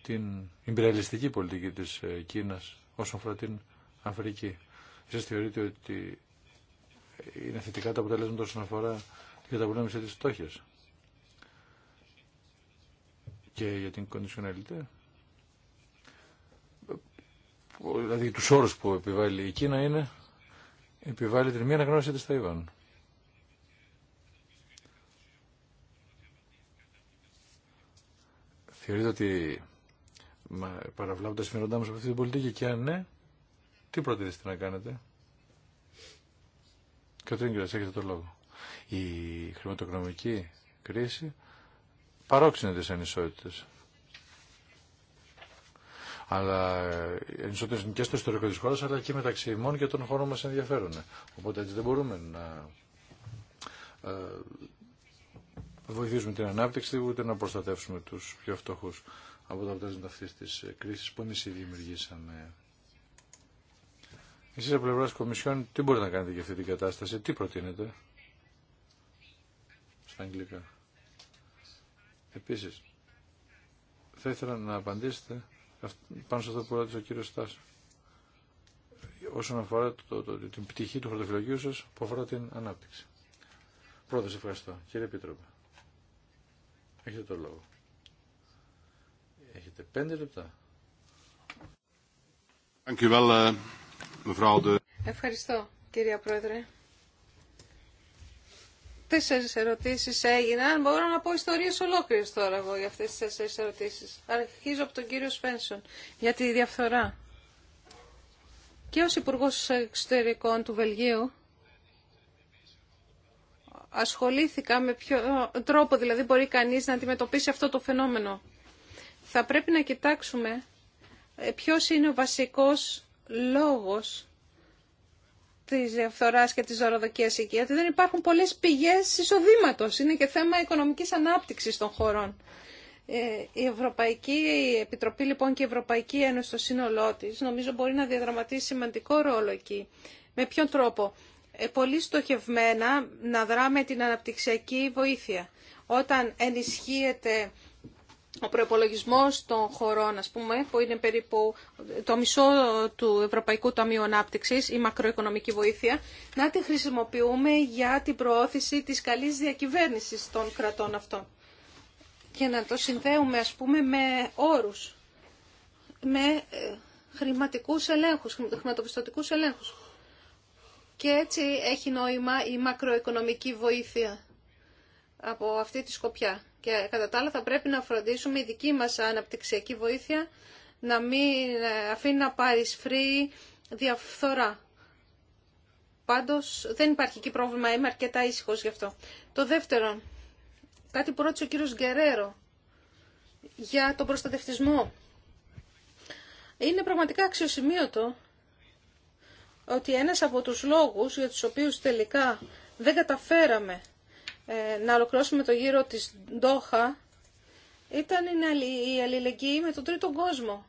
την υπηρεαλιστική πολιτική της ε, Κίνας όσον αφορά την Αφρική. Εσείς θεωρείτε ότι είναι θετικά τα αποτελέσματα όσον αφορά την καταπολέμηση της στόχης και για την κονδυσιοναλιτέ. Δηλαδή τους όρους που επιβάλλει η Κίνα είναι επιβάλλει την μία αναγνώριση της Ταϊβάν. Θεωρείτε ότι παραβλάβουν τα μας από αυτή την πολιτική και αν ναι, τι προτείνετε να κάνετε. Κατρίν Κυρας, έχετε τον λόγο. Η χρηματοοικονομική κρίση παρόξενε τι ανισότητες. Αλλά οι ε, ανισότητες και στο ιστορικό της χώρας, αλλά και μεταξύ ημών και των χώρων μας ενδιαφέρουν. Οπότε έτσι δεν μπορούμε να ε, βοηθήσουμε την ανάπτυξη ούτε να προστατεύσουμε τους πιο φτωχούς από τα αποτέλεσματα αυτή τη ε, κρίση που εμεί ήδη δημιουργήσαμε. Εσεί από πλευρά Κομισιόν, τι μπορείτε να κάνετε για αυτή την κατάσταση, τι προτείνετε. Στα αγγλικά. Επίση, θα ήθελα να απαντήσετε πάνω σε αυτό που ρώτησε ο κύριο Στάση. Όσον αφορά το, το, την πτυχή του χαρτοφυλακίου σα που αφορά την ανάπτυξη. Πρώτα, σε ευχαριστώ. Κύριε Επίτροπε. Έχετε το λόγο. Έχετε πέντε λεπτά. Eh, Ευχαριστώ, κυρία Πρόεδρε. Τέσσερις ερωτήσεις έγιναν. Μπορώ να πω ιστορίες ολόκληρες τώρα εγώ για αυτές τις τέσσερις ερωτήσεις. Αρχίζω από τον κύριο Σπένσον για τη διαφθορά. Και ως υπουργό Εξωτερικών του Βελγίου ασχολήθηκα με ποιο τρόπο δηλαδή μπορεί κανείς να αντιμετωπίσει αυτό το φαινόμενο. Θα πρέπει να κοιτάξουμε ε, ποιος είναι ο βασικός λόγος της διαφθοράς και της ζωροδοκίας εκεί, γιατί δεν υπάρχουν πολλές πηγές εισοδήματος. Είναι και θέμα οικονομικής ανάπτυξης των χωρών. Ε, η Ευρωπαϊκή Επιτροπή λοιπόν και η Ευρωπαϊκή Ένωση στο σύνολό τη νομίζω μπορεί να διαδραματίσει σημαντικό ρόλο εκεί. Με ποιον τρόπο ε, πολύ στοχευμένα να δράμε την αναπτυξιακή βοήθεια. Όταν ενισχύεται ο προπολογισμό των χωρών, πούμε, που είναι περίπου το μισό του Ευρωπαϊκού Ταμείου Ανάπτυξη, η μακροοικονομική βοήθεια, να τη χρησιμοποιούμε για την προώθηση της καλής διακυβέρνησης των κρατών αυτών. Και να το συνδέουμε, ας πούμε, με όρους, με ε, χρηματικού ελέγχους. χρηματοπιστωτικού ελέγχου. Και έτσι έχει νόημα η μακροοικονομική βοήθεια από αυτή τη σκοπιά. Και κατά τα άλλα θα πρέπει να φροντίσουμε η δική μας αναπτυξιακή βοήθεια να μην ε, αφήνει να πάρει σφρή διαφθορά. Πάντως δεν υπάρχει εκεί πρόβλημα, είμαι αρκετά ήσυχο γι' αυτό. Το δεύτερο, κάτι που ρώτησε ο κύριος Γκερέρο για τον προστατευτισμό. Είναι πραγματικά αξιοσημείωτο ότι ένας από τους λόγους για τους οποίους τελικά δεν καταφέραμε ε, να ολοκληρώσουμε το γύρο της Ντόχα ήταν η αλληλεγγύη με τον τρίτο κόσμο.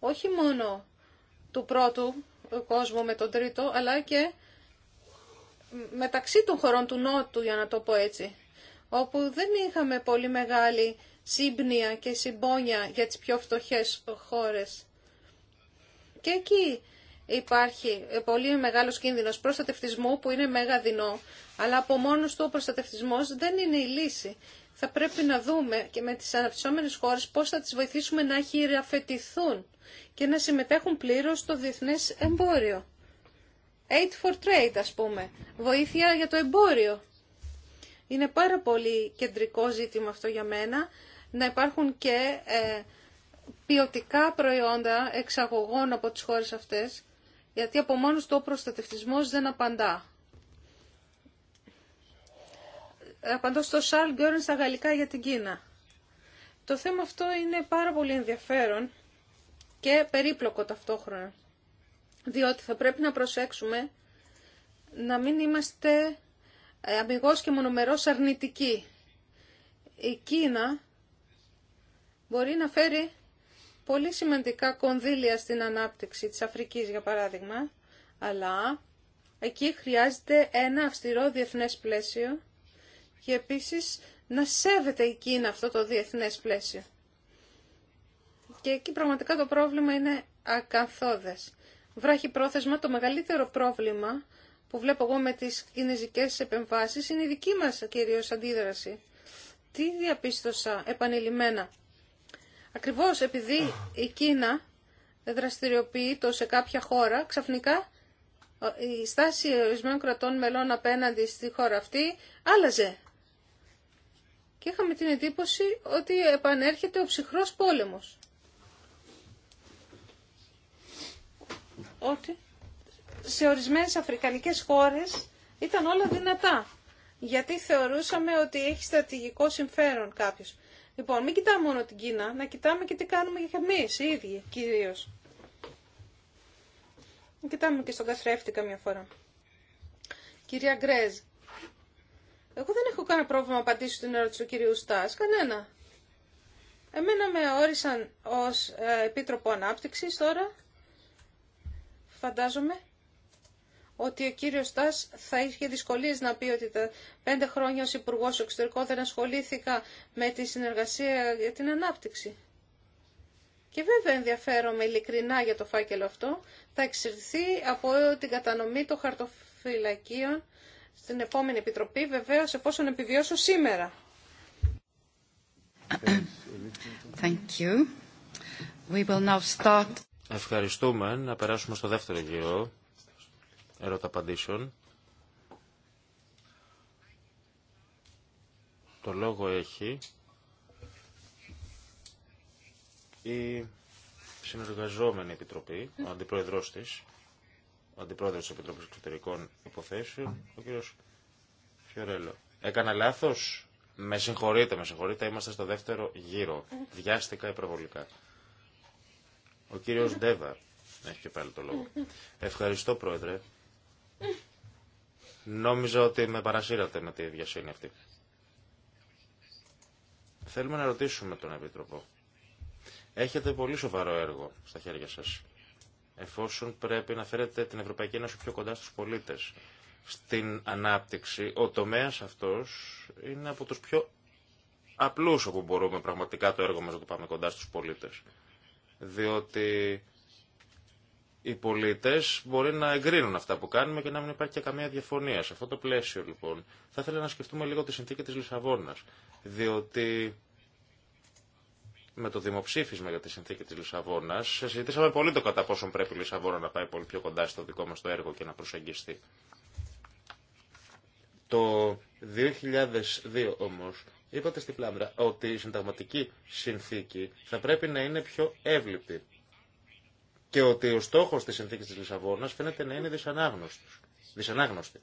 Όχι μόνο του πρώτου κόσμου με τον τρίτο, αλλά και μεταξύ των χωρών του Νότου, για να το πω έτσι, όπου δεν είχαμε πολύ μεγάλη σύμπνοια και συμπόνια για τις πιο φτωχές χώρες. Και εκεί υπάρχει πολύ μεγάλος κίνδυνος προστατευτισμού που είναι μεγαδινό, αλλά από μόνο του ο προστατευτισμός δεν είναι η λύση. Θα πρέπει να δούμε και με τις αναπτυσσόμενες χώρες πώς θα τις βοηθήσουμε να χειραφετηθούν και να συμμετέχουν πλήρως στο διεθνέ εμπόριο. Aid for trade ας πούμε, βοήθεια για το εμπόριο. Είναι πάρα πολύ κεντρικό ζήτημα αυτό για μένα, να υπάρχουν και ε, ποιοτικά προϊόντα εξαγωγών από τις χώρες αυτές γιατί από μόνος του ο προστατευτισμός δεν απαντά. Απαντώ στο Σαλ Γκέρν στα γαλλικά για την Κίνα. Το θέμα αυτό είναι πάρα πολύ ενδιαφέρον και περίπλοκο ταυτόχρονα. Διότι θα πρέπει να προσέξουμε να μην είμαστε ε, αμυγός και μονομερός αρνητικοί. Η Κίνα μπορεί να φέρει πολύ σημαντικά κονδύλια στην ανάπτυξη της Αφρικής, για παράδειγμα, αλλά εκεί χρειάζεται ένα αυστηρό διεθνές πλαίσιο και επίσης να σέβεται η αυτό το διεθνές πλαίσιο. Και εκεί πραγματικά το πρόβλημα είναι ακαθόδες. Βράχει πρόθεσμα, το μεγαλύτερο πρόβλημα που βλέπω εγώ με τις κινέζικες επεμβάσεις είναι η δική μας κυρίως αντίδραση. Τι διαπίστωσα επανειλημμένα. Ακριβώς επειδή η Κίνα το σε κάποια χώρα, ξαφνικά η στάση ορισμένων κρατών μελών απέναντι στη χώρα αυτή άλλαζε. Και είχαμε την εντύπωση ότι επανέρχεται ο ψυχρός πόλεμος. Ότι σε ορισμένες αφρικανικές χώρες ήταν όλα δυνατά. Γιατί θεωρούσαμε ότι έχει στρατηγικό συμφέρον κάποιος. Λοιπόν, μην κοιτάμε μόνο την Κίνα, να κοιτάμε και τι κάνουμε και εμεί οι ίδιοι κυρίως. Να κοιτάμε και στον καθρέφτη καμιά φορά. Κυρία Γκρέζ, εγώ δεν έχω κανένα πρόβλημα να απαντήσω την ερώτηση του κυρίου Στά. κανένα. Εμένα με όρισαν ως ε, Επίτροπο Ανάπτυξης τώρα, φαντάζομαι ότι ο κύριος Στάς θα είχε δυσκολίες να πει ότι τα πέντε χρόνια ω υπουργό Εξωτερικών δεν ασχολήθηκα με τη συνεργασία για την ανάπτυξη. Και βέβαια ενδιαφέρομαι ειλικρινά για το φάκελο αυτό. Θα εξερθεί από την κατανομή των χαρτοφυλακίων στην επόμενη επιτροπή, σε εφόσον επιβιώσω σήμερα. Thank you. We will now start... Ευχαριστούμε. Να περάσουμε στο δεύτερο γύρο ερώτα απαντήσεων. Το λόγο έχει η συνεργαζόμενη επιτροπή, ο αντιπρόεδρος της, ο αντιπρόεδρος της Επιτροπής Εξωτερικών Υποθέσεων, ο κύριος Φιωρέλο. Έκανα λάθος. Με συγχωρείτε, με συγχωρείτε, είμαστε στο δεύτερο γύρο. Διάστηκα υπερβολικά. Ο κύριος Ντέβα έχει και πάλι το λόγο. Ευχαριστώ, Πρόεδρε. Νόμιζα ότι με παρασύρατε με τη διασύνη αυτή. Θέλουμε να ρωτήσουμε τον Επίτροπο. Έχετε πολύ σοβαρό έργο στα χέρια σας. Εφόσον πρέπει να φέρετε την Ευρωπαϊκή Ένωση πιο κοντά στους πολίτες. Στην ανάπτυξη, ο τομέας αυτός είναι από τους πιο απλούς όπου μπορούμε πραγματικά το έργο μας να το πάμε κοντά στους πολίτες. Διότι οι πολίτε μπορεί να εγκρίνουν αυτά που κάνουμε και να μην υπάρχει και καμία διαφωνία. Σε αυτό το πλαίσιο λοιπόν θα ήθελα να σκεφτούμε λίγο τη συνθήκη τη Λισαβόνα. διότι με το δημοψήφισμα για τη συνθήκη τη Λισαβόνα, συζητήσαμε πολύ το κατά πόσον πρέπει η Λισαβόνα να πάει πολύ πιο κοντά στο δικό μα το έργο και να προσεγγιστεί. Το 2002 όμω, είπατε στην Πλάμπρα ότι η συνταγματική συνθήκη θα πρέπει να είναι πιο εύληπτη και ότι ο στόχος της συνθήκης της Λισαβόνας φαίνεται να είναι δυσανάγνωστη.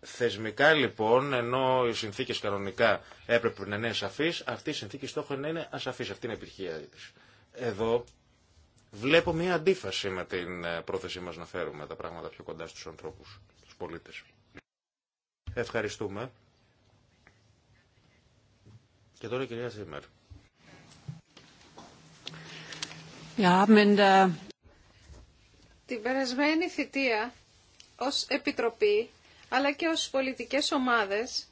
Θεσμικά λοιπόν, ενώ οι συνθήκε κανονικά έπρεπε να είναι σαφεί, αυτή η συνθήκη στόχο είναι να είναι ασαφή. Αυτή είναι η επιτυχία τη. Εδώ βλέπω μια αντίφαση με την ε, πρόθεσή μας να φέρουμε τα πράγματα πιο κοντά στου ανθρώπου, στου πολίτε. Ευχαριστούμε. Και τώρα η κυρία Σίμερ. Την περασμένη θητεία ως Επιτροπή αλλά και ως πολιτικές ομάδες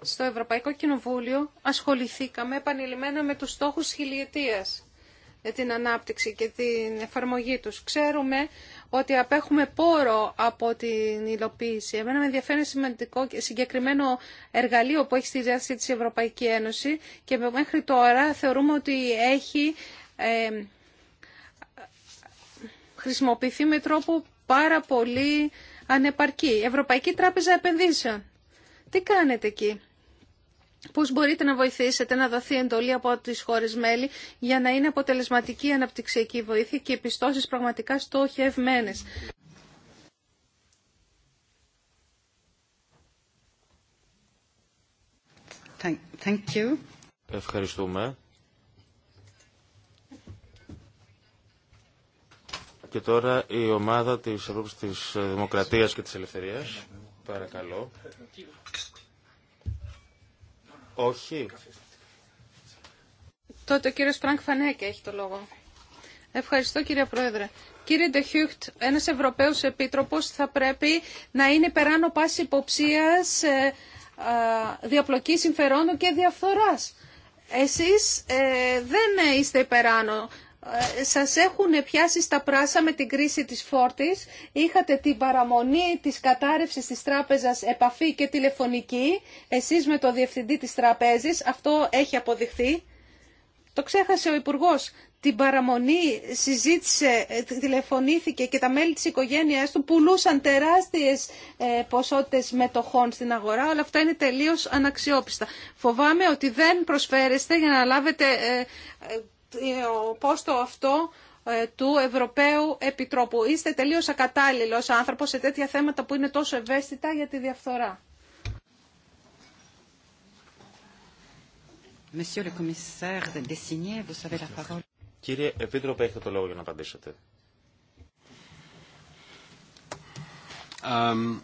στο Ευρωπαϊκό Κοινοβούλιο ασχοληθήκαμε επανειλημμένα με τους στόχους χιλιετίας για την ανάπτυξη και την εφαρμογή τους. Ξέρουμε ότι απέχουμε πόρο από την υλοποίηση. Εμένα με ενδιαφέρει σημαντικό και συγκεκριμένο εργαλείο που έχει στη διάθεση της Ευρωπαϊκή Ένωση και μέχρι τώρα θεωρούμε ότι έχει ε, χρησιμοποιηθεί με τρόπο πάρα πολύ ανεπαρκή. Ευρωπαϊκή Τράπεζα Επενδύσεων. Τι κάνετε εκεί. Πώς μπορείτε να βοηθήσετε να δοθεί εντολή από τις χώρες μέλη για να είναι αποτελεσματική η αναπτυξιακή βοήθεια και οι πιστώσεις πραγματικά στοχευμένες. Thank Ευχαριστούμε. Και τώρα η ομάδα της Ευρώπης της ε, Δημοκρατίας και της Ελευθερίας. Παρακαλώ. Όχι. Τότε ο κύριος Φρανκ Φανέκε έχει το λόγο. Ευχαριστώ κύριε Πρόεδρε. Κύριε Ντεχιούχτ, ένας Ευρωπαίος Επίτροπος θα πρέπει να είναι περάνω πάση υποψίας ε, διαπλοκή συμφερόντων και διαφθοράς. Εσείς ε, δεν είστε υπεράνω. Ε, σας έχουν πιάσει στα πράσα με την κρίση της φόρτης. Είχατε την παραμονή της κατάρρευσης της τράπεζας επαφή και τηλεφωνική, εσείς με το διευθυντή της τραπέζης, αυτό έχει αποδειχθεί. Το ξέχασε ο Υπουργός. Την παραμονή συζήτησε, ε, τηλεφωνήθηκε και τα μέλη της οικογένειας του πουλούσαν τεράστιες ε, ποσότητες μετοχών στην αγορά. Όλα αυτά είναι τελείως αναξιόπιστα. Φοβάμαι ότι δεν προσφέρεστε για να λάβετε πόστο αυτό ε, του Ευρωπαίου Επιτρόπου. Είστε τελείως ακατάλληλος άνθρωπος σε τέτοια θέματα που είναι τόσο ευαίσθητα για τη διαφθορά. Κύριε Επίτροπε, έχετε το λόγο για να απαντήσετε. Um,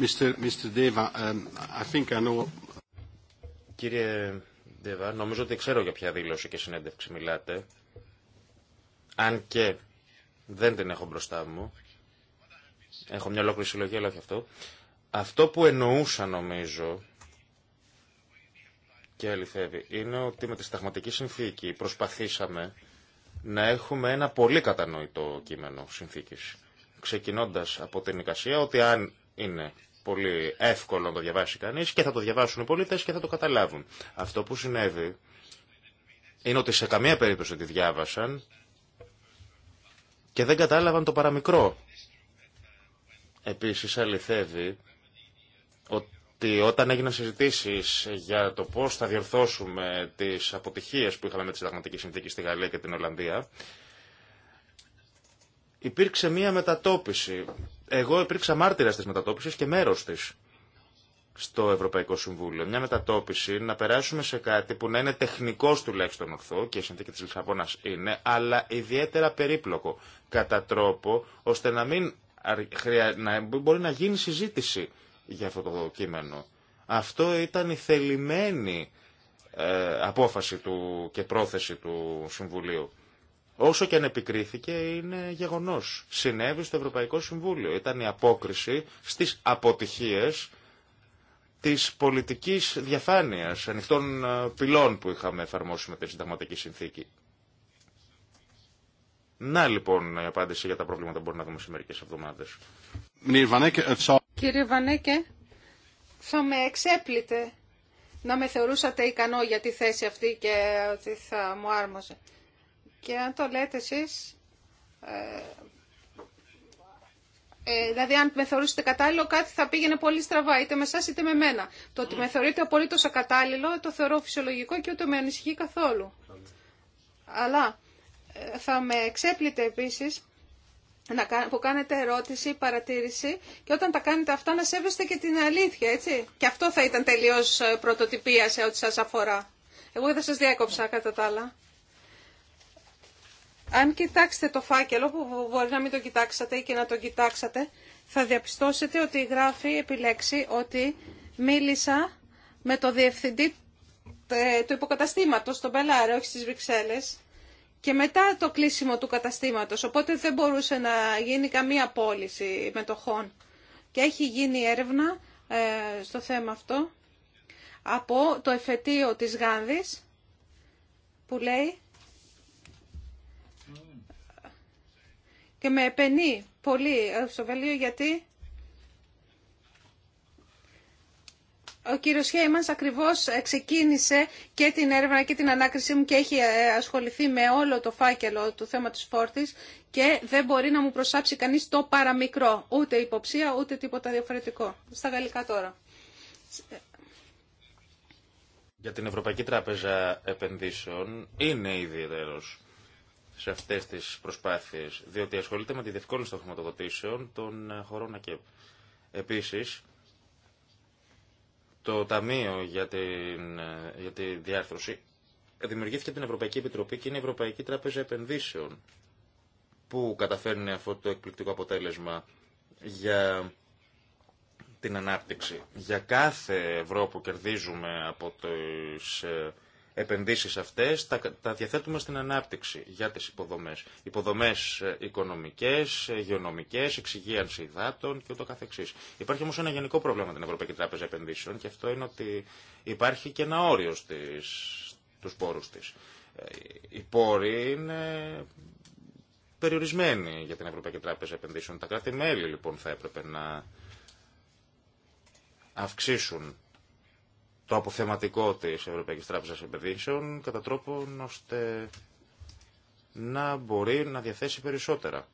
Mr. Mr. Deva, um, I think I know... Κύριε νομίζω ότι ξέρω για ποια δήλωση και συνέντευξη μιλάτε. Αν και δεν την έχω μπροστά μου. Έχω μια ολόκληρη συλλογή, αλλά όχι αυτό. Αυτό που εννοούσα νομίζω και αληθεύει είναι ότι με τη σταγματική συνθήκη προσπαθήσαμε να έχουμε ένα πολύ κατανοητό κείμενο συνθήκης. Ξεκινώντας από την εικασία ότι αν είναι πολύ εύκολο να το διαβάσει κανεί και θα το διαβάσουν οι πολίτες και θα το καταλάβουν. Αυτό που συνέβη είναι ότι σε καμία περίπτωση τη διάβασαν και δεν κατάλαβαν το παραμικρό. Επίσης αληθεύει ότι όταν έγιναν συζητήσεις για το πώς θα διορθώσουμε τις αποτυχίες που είχαμε με τη συνταγματική συνθήκη στη Γαλλία και την Ολλανδία, υπήρξε μία μετατόπιση εγώ υπήρξα μάρτυρα τη μετατόπιση και μέρο τη στο Ευρωπαϊκό Συμβούλιο. Μια μετατόπιση να περάσουμε σε κάτι που να είναι τεχνικό τουλάχιστον ορθό και η συνθήκη τη Λισαβόνα είναι, αλλά ιδιαίτερα περίπλοκο. Κατά τρόπο ώστε να μην να μπορεί να γίνει συζήτηση για αυτό το κείμενο. Αυτό ήταν η θελημένη ε, απόφαση του και πρόθεση του Συμβουλίου. Όσο και αν επικρίθηκε, είναι γεγονό. Συνέβη στο Ευρωπαϊκό Συμβούλιο. Ήταν η απόκριση στι αποτυχίε τη πολιτική διαφάνεια ανοιχτών ε, πυλών που είχαμε εφαρμόσει με τη συνταγματική συνθήκη. Να λοιπόν η απάντηση για τα προβλήματα που μπορούμε να δούμε σε μερικέ εβδομάδε. Κύριε Βανέκε, θα με εξέπλητε να με θεωρούσατε ικανό για τη θέση αυτή και ότι θα μου άρμοζε. Και αν το λέτε εσείς, ε, ε, δηλαδή αν με θεωρούσετε κατάλληλο κάτι θα πήγαινε πολύ στραβά, είτε με εσάς είτε με μένα. Το ότι με θεωρείτε απολύτως ακατάλληλο ε, το θεωρώ φυσιολογικό και ούτε με ανησυχεί καθόλου. Αλλά ε, θα με εξέπλητε επίσης που κάνετε ερώτηση, παρατήρηση και όταν τα κάνετε αυτά να σέβεστε και την αλήθεια, έτσι. Και αυτό θα ήταν τελείως ε, πρωτοτυπία σε ό,τι σας αφορά. Εγώ δεν σας διάκοψα κατά τα άλλα. Αν κοιτάξετε το φάκελο, που μπορεί να μην το κοιτάξατε ή και να το κοιτάξατε, θα διαπιστώσετε ότι γράφει επιλέξει ότι μίλησα με το διευθυντή ε, του υποκαταστήματος τον Μπελάρε, όχι στις Βρυξέλλες, και μετά το κλείσιμο του καταστήματος. Οπότε δεν μπορούσε να γίνει καμία πώληση μετοχών. Και έχει γίνει έρευνα ε, στο θέμα αυτό από το εφετείο της Γάνδης που λέει και με επενεί πολύ ε, στο Βελίο γιατί ο κύριος Χέιμανς ακριβώς ξεκίνησε και την έρευνα και την ανάκρισή μου και έχει ε, ασχοληθεί με όλο το φάκελο του θέματος φόρτης και δεν μπορεί να μου προσάψει κανείς το παραμικρό, ούτε υποψία, ούτε τίποτα διαφορετικό. Στα γαλλικά τώρα. Για την Ευρωπαϊκή Τράπεζα Επενδύσεων είναι ιδιαίτερος σε αυτέ τις προσπάθειες, διότι ασχολείται με τη διευκόλυνση των χρηματοδοτήσεων των ε, χωρών ΑΚΕΠ. Επίσης, το Ταμείο για, την, ε, για τη Διάρθρωση δημιουργήθηκε την Ευρωπαϊκή Επιτροπή και είναι η Ευρωπαϊκή Τράπεζα Επενδύσεων που καταφέρνει αυτό το εκπληκτικό αποτέλεσμα για την ανάπτυξη. Για κάθε ευρώ που κερδίζουμε από τις ε, επενδύσεις αυτές τα, διαθέτουμε στην ανάπτυξη για τις υποδομές. Υποδομές ε, οικονομικές, γεωνομικές, εξυγίανση υδάτων και ούτω καθεξής. Υπάρχει όμως ένα γενικό πρόβλημα την Ευρωπαϊκή Τράπεζα Επενδύσεων και αυτό είναι ότι υπάρχει και ένα όριο στις, στους πόρους της. Ε, οι πόροι είναι περιορισμένοι για την Ευρωπαϊκή Τράπεζα Επενδύσεων. Τα κράτη-μέλη λοιπόν θα έπρεπε να αυξήσουν το αποθεματικό της Ευρωπαϊκής Τράπεζας Επενδύσεων κατά τρόπο ώστε να μπορεί να διαθέσει περισσότερα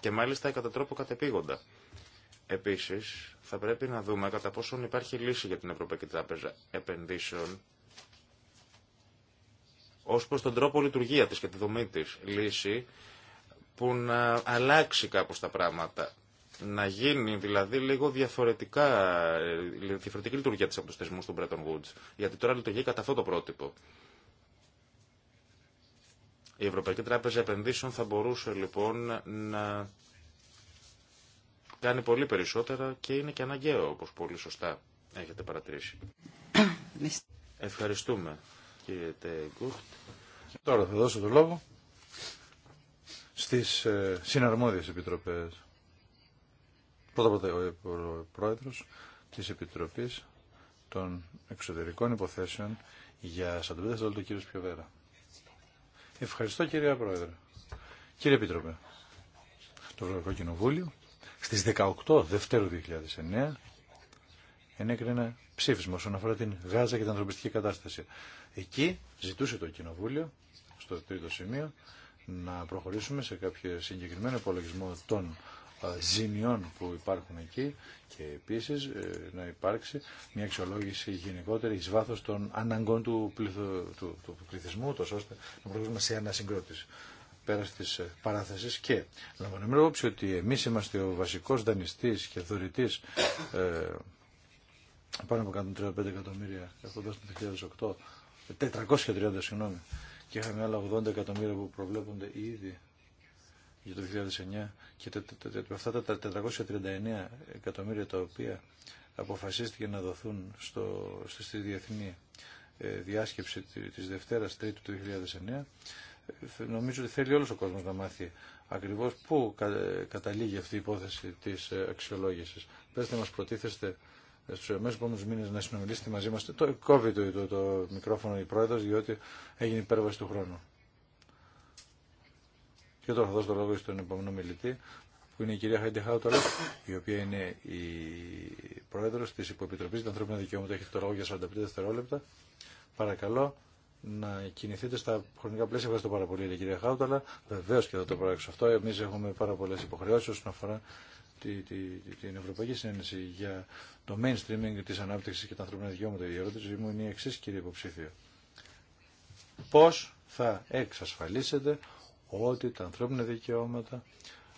και μάλιστα κατά τρόπο κατεπήγοντα. Επίσης, θα πρέπει να δούμε κατά πόσον υπάρχει λύση για την Ευρωπαϊκή Τράπεζα Επενδύσεων ως προς τον τρόπο λειτουργία της και τη δομή της λύση που να αλλάξει κάπως τα πράγματα να γίνει δηλαδή λίγο διαφορετικά, διαφορετική λειτουργία της από τους θεσμούς του Bretton Woods. Γιατί τώρα λειτουργεί κατά αυτό το πρότυπο. Η Ευρωπαϊκή Τράπεζα Επενδύσεων θα μπορούσε λοιπόν να κάνει πολύ περισσότερα και είναι και αναγκαίο όπως πολύ σωστά έχετε παρατηρήσει. Ευχαριστούμε κύριε Τεγκούχτ. Τώρα θα δώσω το λόγο στις ε, συναρμόδιες επιτροπές πρώτα πρώτα ο πρόεδρος της Επιτροπής των Εξωτερικών Υποθέσεων για 45 δευτερόλεπτα κύριο Πιοβέρα. Ευχαριστώ κύριε Πρόεδρε. Κύριε Επίτροπε, το Ευρωπαϊκό Κοινοβούλιο στις 18 Δευτέρου 2009 ενέκρινε ένα ψήφισμα όσον αφορά την Γάζα και την ανθρωπιστική κατάσταση. Εκεί ζητούσε το Κοινοβούλιο, στο τρίτο σημείο, να προχωρήσουμε σε κάποιο συγκεκριμένο υπολογισμό των ε, ζημιών που υπάρχουν εκεί και επίσης ε, να υπάρξει μια αξιολόγηση γενικότερη εις βάθος των αναγκών του, του, του πληθυσμού, τόσο ώστε να προχωρήσουμε σε ανασυγκρότηση πέρα τη ε, παράθεση και λαμβανόμενο όψη ότι εμείς είμαστε ο βασικός δανειστής και δωρητή ε, πάνω από 135 εκατομμύρια έχοντας το 2008, 430 συγγνώμη, και είχαμε άλλα 80 εκατομμύρια που προβλέπονται ήδη για το 2009 και αυτά τα 439 εκατομμύρια τα οποία αποφασίστηκε να δοθούν στο, στη διεθνή ε, διάσκεψη της Δευτέρας Τρίτου του 2009 ε, νομίζω ότι θέλει όλος ο κόσμος να μάθει ακριβώς πού καταλήγει αυτή η υπόθεση της ε, αξιολόγησης. να μας προτίθεστε στους εμείς επόμενους μήνες να συνομιλήσετε μαζί μας. Το κόβει το, το, το μικρόφωνο η πρόεδρος διότι έγινε υπέρβαση του χρόνου. Και τώρα θα δώσω το λόγο στον επόμενο μιλητή, που είναι η κυρία Χάιντι Χάουταλα, η οποία είναι η πρόεδρο τη Υποεπιτροπή για τα Ανθρώπινα Δικαιώματα. Έχετε το λόγο για 45 δευτερόλεπτα. Παρακαλώ να κινηθείτε στα χρονικά πλαίσια. Ευχαριστώ πάρα πολύ, λέει, κυρία Χάουταλα. Βεβαίω και θα το πράξω αυτό. Εμεί έχουμε πάρα πολλέ υποχρεώσει όσον αφορά τη, τη, την Ευρωπαϊκή Συνένεση για το mainstreaming τη ανάπτυξη και τα ανθρώπινα δικαιώματα. Η ερώτηση μου είναι η εξή, κύριε υποψήφιο. Πώ θα εξασφαλίσετε ότι τα ανθρώπινα δικαιώματα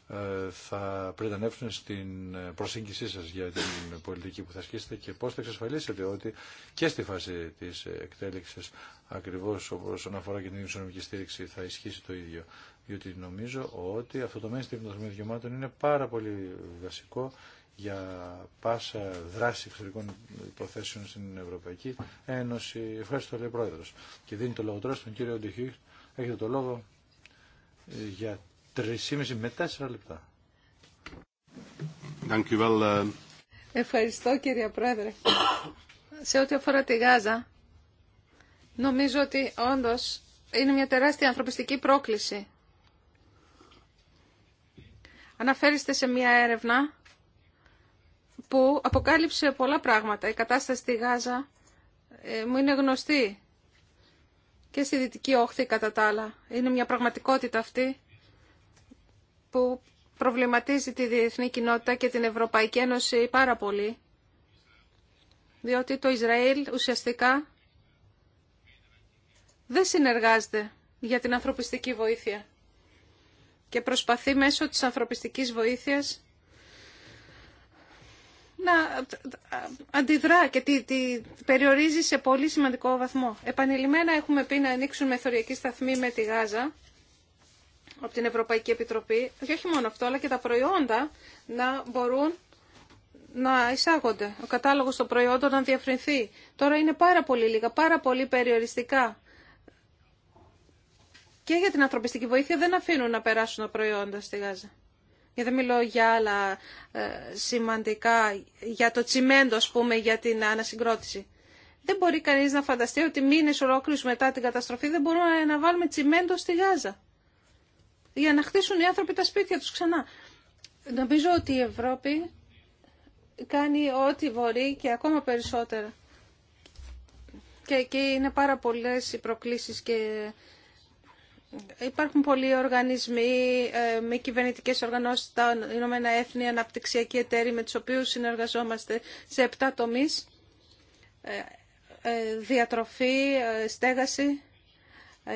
ε, θα πρετανεύσουν στην προσέγγισή σας για την πολιτική που θα ασκήσετε και πώς θα εξασφαλίσετε ότι και στη φάση της εκτέλεξης ακριβώς όσον αφορά και την ισονομική στήριξη θα ισχύσει το ίδιο. Διότι νομίζω ότι αυτό το mainstream των δικαιωμάτων είναι πάρα πολύ βασικό για πάσα δράση εξωτερικών υποθέσεων στην Ευρωπαϊκή Ένωση. Ευχαριστώ, λέει Πρόεδρος. Και δίνει το λόγο τώρα στον κύριο Ντεχίχ. Έχετε το λόγο για 3,5 με τέσσερα λεπτά. Uh, Ευχαριστώ κύριε Πρόεδρε. Σε ό,τι αφορά τη Γάζα, νομίζω ότι όντως είναι μια τεράστια ανθρωπιστική πρόκληση. Αναφέρεστε σε μια έρευνα που αποκάλυψε πολλά πράγματα. Η κατάσταση στη Γάζα ε, μου είναι γνωστή και στη Δυτική Όχθη κατά τα άλλα. Είναι μια πραγματικότητα αυτή που προβληματίζει τη διεθνή κοινότητα και την Ευρωπαϊκή Ένωση πάρα πολύ. Διότι το Ισραήλ ουσιαστικά δεν συνεργάζεται για την ανθρωπιστική βοήθεια και προσπαθεί μέσω της ανθρωπιστικής βοήθειας να ε, αντιδρά και τη, περιορίζει σε πολύ σημαντικό βαθμό. Επανειλημμένα έχουμε πει να ανοίξουν μεθοριακή σταθμή με τη Γάζα από την Ευρωπαϊκή Επιτροπή και όχι μόνο αυτό, αλλά και τα προϊόντα να μπορούν να εισάγονται. Ο κατάλογος των προϊόντων να διαφρυνθεί. Τώρα είναι πάρα πολύ λίγα, πάρα πολύ περιοριστικά. Και για την ανθρωπιστική βοήθεια δεν αφήνουν να περάσουν τα προϊόντα στη Γάζα και δεν μιλώ για άλλα ε, σημαντικά, για το τσιμέντο, ας πούμε, για την ανασυγκρότηση. Δεν μπορεί κανείς να φανταστεί ότι μήνες ολόκληρους μετά την καταστροφή δεν μπορούμε να βάλουμε τσιμέντο στη Γάζα. Για να χτίσουν οι άνθρωποι τα σπίτια τους ξανά. Νομίζω ότι η Ευρώπη κάνει ό,τι μπορεί και ακόμα περισσότερα. Και εκεί είναι πάρα πολλές οι προκλήσεις και Υπάρχουν πολλοί οργανισμοί ε, με κυβερνητικέ οργανώσει, τα Ηνωμένα Έθνη, αναπτυξιακοί εταίροι με του οποίου συνεργαζόμαστε σε επτά τομεί. Ε, ε, διατροφή, στέγαση,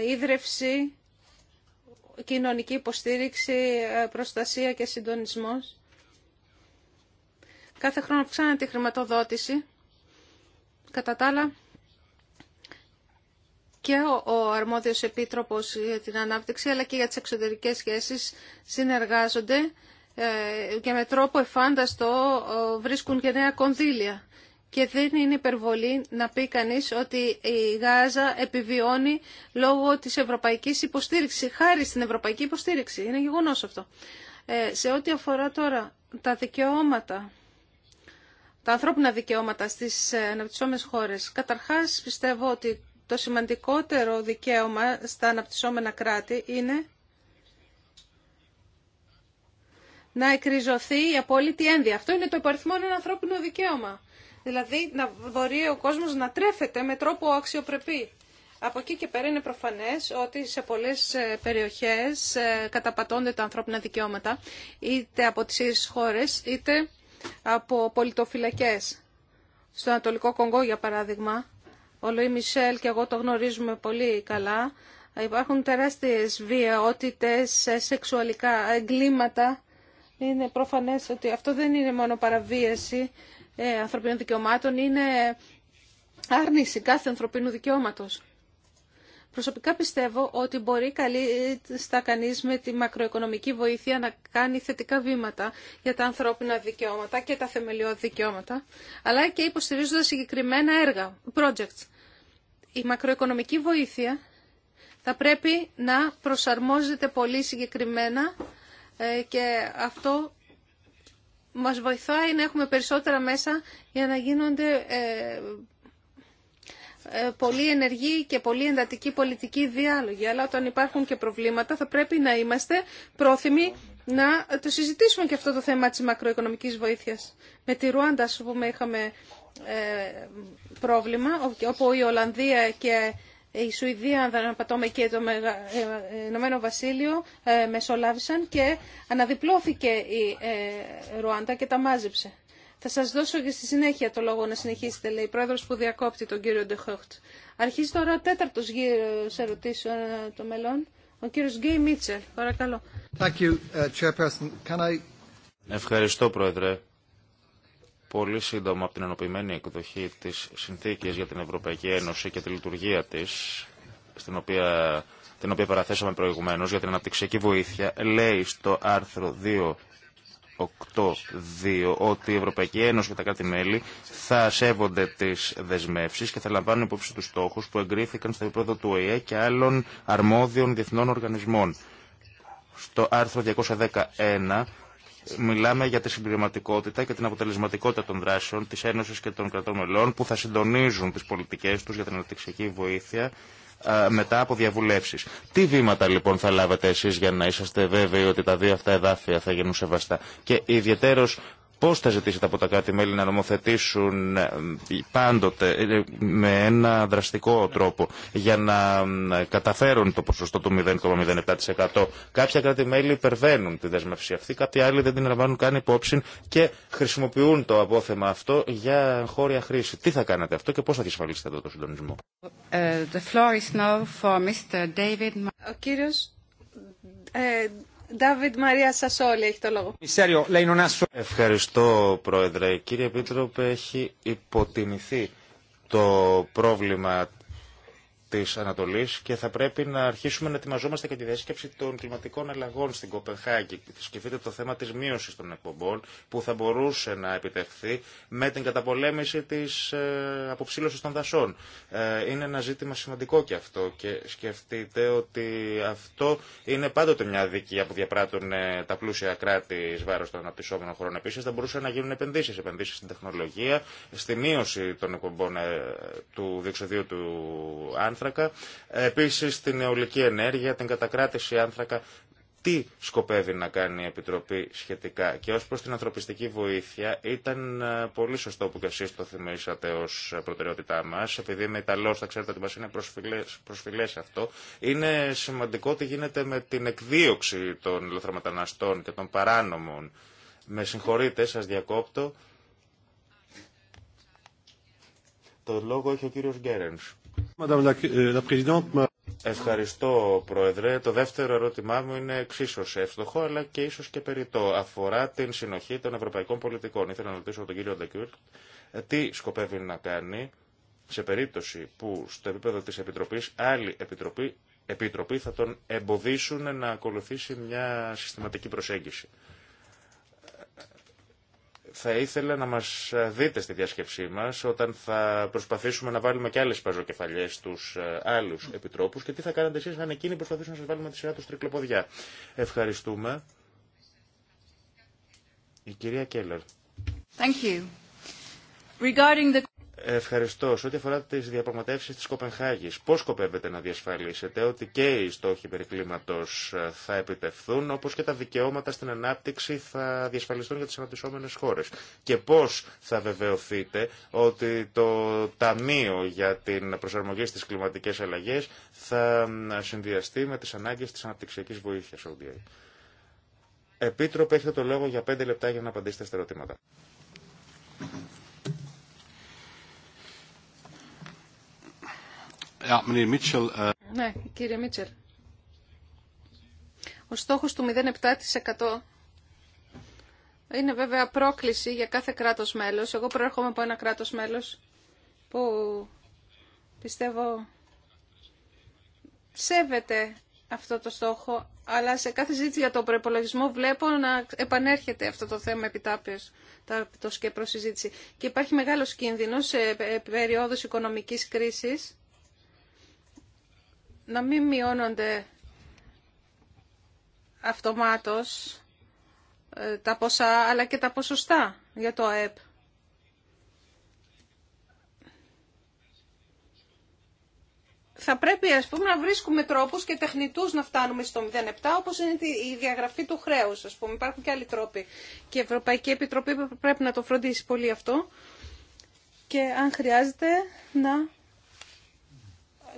ίδρυυση, κοινωνική υποστήριξη, προστασία και συντονισμός. Κάθε χρόνο αυξάνεται η χρηματοδότηση. Κατά τα άλλα, και ο αρμόδιος επίτροπος για την ανάπτυξη αλλά και για τις εξωτερικές σχέσεις συνεργάζονται ε, και με τρόπο εφάνταστο βρίσκουν και νέα κονδύλια. Και δεν είναι υπερβολή να πει κανείς ότι η Γάζα επιβιώνει λόγω της ευρωπαϊκής υποστήριξης, χάρη στην ευρωπαϊκή υποστήριξη. Είναι γεγονός αυτό. Ε, σε ό,τι αφορά τώρα τα δικαιώματα, τα ανθρώπινα δικαιώματα στις ε, αναπτυσσόμενες χώρες, καταρχάς πιστεύω ότι το σημαντικότερο δικαίωμα στα αναπτυσσόμενα κράτη είναι να εκριζωθεί η απόλυτη ένδυα. Αυτό είναι το υπαριθμό ένα ανθρώπινο δικαίωμα. Δηλαδή να μπορεί ο κόσμος να τρέφεται με τρόπο αξιοπρεπή. Από εκεί και πέρα είναι προφανές ότι σε πολλές ε, περιοχές ε, καταπατώνται τα ανθρώπινα δικαιώματα, είτε από τις χώρες, είτε από πολιτοφυλακές. Στο Ανατολικό Κονγκό, για παράδειγμα, ο Μισελ και εγώ το γνωρίζουμε πολύ καλά, υπάρχουν τεράστιες βιαιότητες, ε, σεξουαλικά εγκλήματα. Είναι προφανές ότι αυτό δεν είναι μόνο παραβίαση ε, ανθρωπίνων δικαιωμάτων, είναι άρνηση κάθε ανθρωπίνου δικαιώματος. Προσωπικά πιστεύω ότι μπορεί καλή στα κανείς με τη μακροοικονομική βοήθεια να κάνει θετικά βήματα για τα ανθρώπινα δικαιώματα και τα θεμελιώδη δικαιώματα, αλλά και υποστηρίζοντας συγκεκριμένα έργα, projects. Η μακροοικονομική βοήθεια θα πρέπει να προσαρμόζεται πολύ συγκεκριμένα ε, και αυτό μας βοηθάει να έχουμε περισσότερα μέσα για να γίνονται ε, ε, πολύ ενεργή και πολύ εντατική πολιτική διάλογη. Αλλά όταν υπάρχουν και προβλήματα θα πρέπει να είμαστε πρόθυμοι να το συζητήσουμε και αυτό το θέμα της μακροοικονομικής βοήθειας. Με τη Ρουάντα, ας πούμε, είχαμε ε, πρόβλημα, όπου η Ολλανδία και η Σουηδία, αν δεν απατώμε, και το ε, Ηνωμένο Βασίλειο μεσολάβησαν και αναδιπλώθηκε η Ρουάντα και τα μάζεψε. Θα σα δώσω και στη συνέχεια το λόγο να συνεχίσετε, λέει η πρόεδρο που διακόπτει τον κύριο Ντεχόχτ. Αρχίζει τώρα ο τέταρτο γύρο ερωτήσεων ε, των μελών. Ο κύριο Γκέι Μίτσελ, παρακαλώ. you, uh, I... Ευχαριστώ, Πρόεδρε. Πολύ σύντομα από την ενοποιημένη εκδοχή τη συνθήκη για την Ευρωπαϊκή Ένωση και τη λειτουργία τη, στην οποία την οποία παραθέσαμε προηγουμένως για την αναπτυξιακή βοήθεια, λέει στο άρθρο 2 8.2 ότι η Ευρωπαϊκή Ένωση και τα κράτη-μέλη θα σέβονται τι δεσμεύσει και θα λαμβάνουν υπόψη του στόχου που εγκρίθηκαν στο επίπεδο του ΟΗΕ και άλλων αρμόδιων διεθνών οργανισμών. Στο άρθρο 211 μιλάμε για τη συμπληρωματικότητα και την αποτελεσματικότητα των δράσεων της ένωσης και των κρατών μελών που θα συντονίζουν τις πολιτικές τους για την αναπτυξιακή βοήθεια μετά από διαβουλεύσεις. Τι βήματα λοιπόν θα λάβετε εσείς για να είσαστε βέβαιοι ότι τα δύο αυτά εδάφια θα γίνουν σεβαστά. Και ιδιαίτερος Πώ θα ζητήσετε από τα κράτη-μέλη να νομοθετήσουν ε, πάντοτε ε, ε, με ένα δραστικό τρόπο για να καταφέρουν το ποσοστό του 0,07%. Κάποια κράτη-μέλη υπερβαίνουν τη δέσμευση αυτή, κάποιοι άλλοι δεν την λαμβάνουν καν υπόψη και χρησιμοποιούν το απόθεμα αυτό για χώρια χρήση. Τι θα κάνετε αυτό και πώ θα διασφαλίσετε εδώ το συντονισμό. κύριος Ντάβιντ Μαρία Σασόλη έχει το λόγο. Ευχαριστώ, Πρόεδρε. Κύριε Επίτροπε, έχει υποτιμηθεί το πρόβλημα Τη Ανατολή, και θα πρέπει να αρχίσουμε να ετοιμαζόμαστε και τη δέσκεψη των κλιματικών αλλαγών στην Κοπενχάγη. Σκεφτείτε το θέμα τη μείωση των εκπομπών που θα μπορούσε να επιτευχθεί με την καταπολέμηση της ε, αποψήλωση των δασών. Ε, είναι ένα ζήτημα σημαντικό και αυτό και σκεφτείτε ότι αυτό είναι πάντοτε μια δίκαια που διαπράττουν τα πλούσια κράτη ει βάρο των αναπτυσσόμενων χωρών. Επίση, θα μπορούσαν να γίνουν επενδύσει, επενδύσει στην τεχνολογία, στη μείωση των εκπομπών ε, του διοξιδίου του άνθρακα, επίσης την αιωλική ενέργεια, την κατακράτηση άνθρακα. Τι σκοπεύει να κάνει η Επιτροπή σχετικά και ως προς την ανθρωπιστική βοήθεια ήταν ε, πολύ σωστό που και εσείς το θυμήσατε ως προτεραιότητά μας επειδή με Ιταλός θα ξέρετε ότι μας είναι προσφυλές, αυτό είναι σημαντικό τι γίνεται με την εκδίωξη των λαθρομεταναστών και των παράνομων με συγχωρείτε σας διακόπτω το λόγο έχει ο κύριος Γκέρενς Euh, Ευχαριστώ, Πρόεδρε. Το δεύτερο ερώτημά μου είναι εξίσω εύστοχο, αλλά και ίσω και περιττό. Αφορά την συνοχή των ευρωπαϊκών πολιτικών. Ήθελα να ρωτήσω τον κύριο Ντεκούρτ ε, τι σκοπεύει να κάνει σε περίπτωση που στο επίπεδο της Επιτροπής άλλη επιτροπή, επιτροπή θα τον εμποδίσουν να ακολουθήσει μια συστηματική προσέγγιση θα ήθελα να μας δείτε στη διάσκεψή μας όταν θα προσπαθήσουμε να βάλουμε και άλλες παζοκεφαλιές στους ε, άλλους επιτρόπους και τι θα κάνετε εσείς αν εκείνοι προσπαθήσουν να σας βάλουμε τη σειρά τους τρικλοποδιά. Ευχαριστούμε. Η κυρία Κέλλερ. Ευχαριστώ. Σε ό,τι αφορά τι διαπραγματεύσει τη Κοπενχάγη, πώ σκοπεύετε να διασφαλίσετε ότι και οι στόχοι περί κλίματος ε, θα επιτευχθούν, όπω και τα δικαιώματα στην ανάπτυξη θα διασφαλιστούν για τι αναπτυσσόμενε χώρε. Και πώ θα βεβαιωθείτε ότι το Ταμείο για την προσαρμογή στι κλιματικέ αλλαγέ θα συνδυαστεί με τι ανάγκε τη αναπτυξιακή βοήθεια, ODA. Επίτροπε, έχετε το λόγο για πέντε λεπτά για να απαντήσετε στα ερωτήματα. Eh, ναι, κύριε Μίτσελ. Ο στόχος του 0,7% είναι βέβαια πρόκληση για κάθε κράτος μέλος. Εγώ προέρχομαι από ένα κράτος μέλος που πιστεύω σέβεται αυτό το στόχο, αλλά σε κάθε ζήτηση για τον προπολογισμό βλέπω να επανέρχεται αυτό το θέμα επιτάπιος το και συζήτηση. Και υπάρχει μεγάλος κίνδυνος σε περίοδους οικονομικής κρίσης να μην μειώνονται αυτομάτως ε, τα ποσά αλλά και τα ποσοστά για το ΑΕΠ. Θα πρέπει ας πούμε, να βρίσκουμε τρόπους και τεχνητούς να φτάνουμε στο 0,7 όπως είναι η διαγραφή του χρέους. Ας πούμε. Υπάρχουν και άλλοι τρόποι και η Ευρωπαϊκή Επιτροπή πρέπει να το φροντίσει πολύ αυτό και αν χρειάζεται να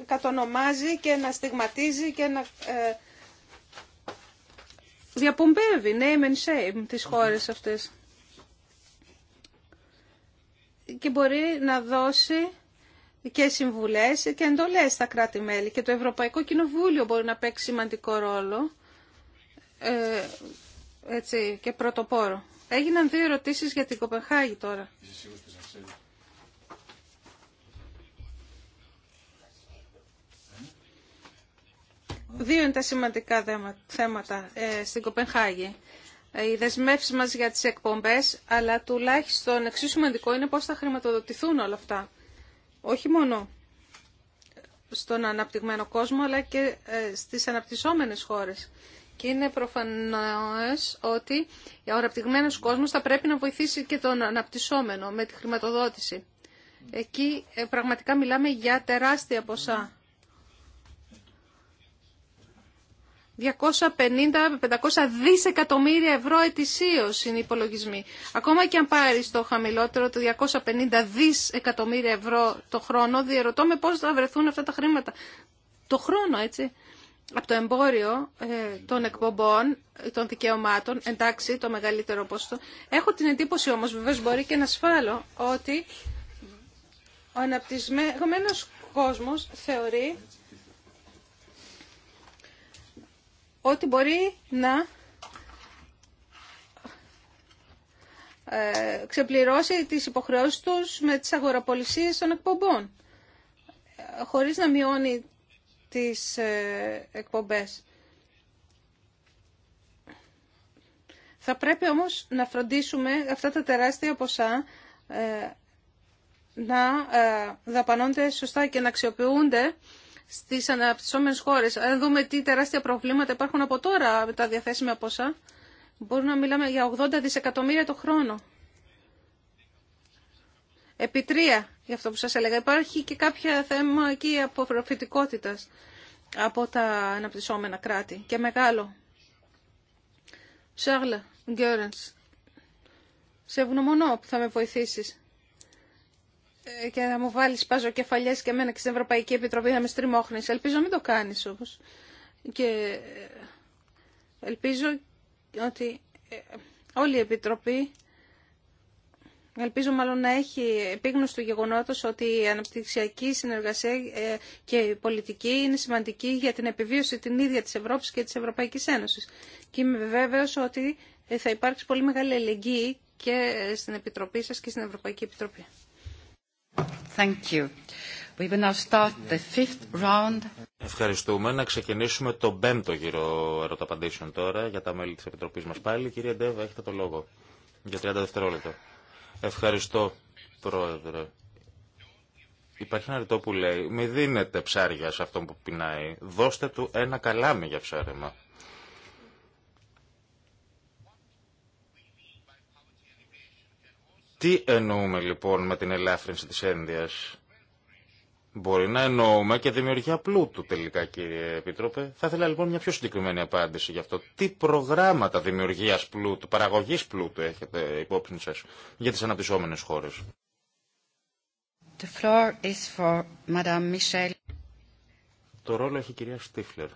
κατονομάζει και να στιγματίζει και να ε, διαπομπεύει name and shame τις χώρες αυτές. Και μπορεί να δώσει και συμβουλές και εντολές στα κράτη-μέλη. Και το Ευρωπαϊκό Κοινοβούλιο μπορεί να παίξει σημαντικό ρόλο ε, έτσι, και πρωτοπόρο. Έγιναν δύο ερωτήσεις για την Κοπεχάγη τώρα. Δύο είναι τα σημαντικά θέματα ε, στην Κοπενχάγη. Ε, οι δεσμεύσει μα για τις εκπομπές, αλλά τουλάχιστον εξίσου σημαντικό είναι πώς θα χρηματοδοτηθούν όλα αυτά. Όχι μόνο στον αναπτυγμένο κόσμο, αλλά και ε, στις αναπτυσσόμενες χώρες. Και είναι προφανέ ότι ο αναπτυγμένος κόσμος θα πρέπει να βοηθήσει και τον αναπτυσσόμενο με τη χρηματοδότηση. Εκεί πραγματικά μιλάμε για τεράστια ποσά. 250-500 δισεκατομμύρια ευρώ ετησίως είναι οι υπολογισμοί. Ακόμα και αν πάρει το χαμηλότερο το 250 δισεκατομμύρια ευρώ το χρόνο, διαρωτώ με πώς θα βρεθούν αυτά τα χρήματα. Το χρόνο, έτσι. Από το εμπόριο ε, των εκπομπών, ε, των δικαιωμάτων, εντάξει, το μεγαλύτερο ποσοστό. Έχω την εντύπωση όμως, βεβαίω μπορεί και να σφάλω, ότι ο αναπτυσμένο κόσμο θεωρεί ότι μπορεί να ε, ξεπληρώσει τις υποχρεώσεις τους με τις αγοραπολισίες των εκπομπών, χωρίς να μειώνει τις ε, εκπομπές. Θα πρέπει όμως να φροντίσουμε αυτά τα τεράστια ποσά ε, να δαπανώνται σωστά και να αξιοποιούνται στις αναπτυσσόμενες χώρες. Αν δούμε τι τεράστια προβλήματα υπάρχουν από τώρα με τα διαθέσιμα ποσά, μπορούμε να μιλάμε για 80 δισεκατομμύρια το χρόνο. Επί τρία, για αυτό που σας έλεγα. Υπάρχει και κάποια θέμα εκεί αποφροφητικότητας από τα αναπτυσσόμενα κράτη και μεγάλο. Σάρλα Γκέρενς, σε ευγνωμονώ που θα με βοηθήσεις. Ε, και να μου βάλεις παζοκεφαλιές και εμένα και στην Ευρωπαϊκή Επιτροπή να με στριμώχνεις. Ελπίζω να μην το κάνεις όμως. Και ε, ελπίζω ότι ε, όλη η Επιτροπή Ελπίζω μάλλον να έχει επίγνωση του γεγονότος ότι η αναπτυξιακή συνεργασία και η πολιτική είναι σημαντική για την επιβίωση την ίδια της Ευρώπης και της Ευρωπαϊκής Ένωσης. Και είμαι βέβαιος ότι θα υπάρξει πολύ μεγάλη ελεγγύη και στην Επιτροπή σας και στην Ευρωπαϊκή Επιτροπή. Thank you. We will now start the fifth round. Ευχαριστούμε. Να ξεκινήσουμε τον πέμπτο γύρο ερωταπαντήσεων τώρα για τα μέλη της Επιτροπής μας πάλι. Κύριε Ντέβα, έχετε το λόγο για 30 δευτερόλεπτα. Ευχαριστώ, Πρόεδρε. Υπάρχει ένα ρητό που λέει, μη δίνετε ψάρια σε αυτόν που πεινάει, δώστε του ένα καλάμι για ψάρεμα. Τι εννοούμε λοιπόν με την ελάφρυνση της ένδυας. Μπορεί να εννοούμε και δημιουργία πλούτου τελικά κύριε Επίτροπε. Θα ήθελα λοιπόν μια πιο συγκεκριμένη απάντηση γι' αυτό. Τι προγράμματα δημιουργίας πλούτου, παραγωγής πλούτου έχετε υπόψη σας για τις αναπτυσσόμενες χώρες. The floor is for Madame Michel. Το ρόλο έχει η κυρία Στίφλερ.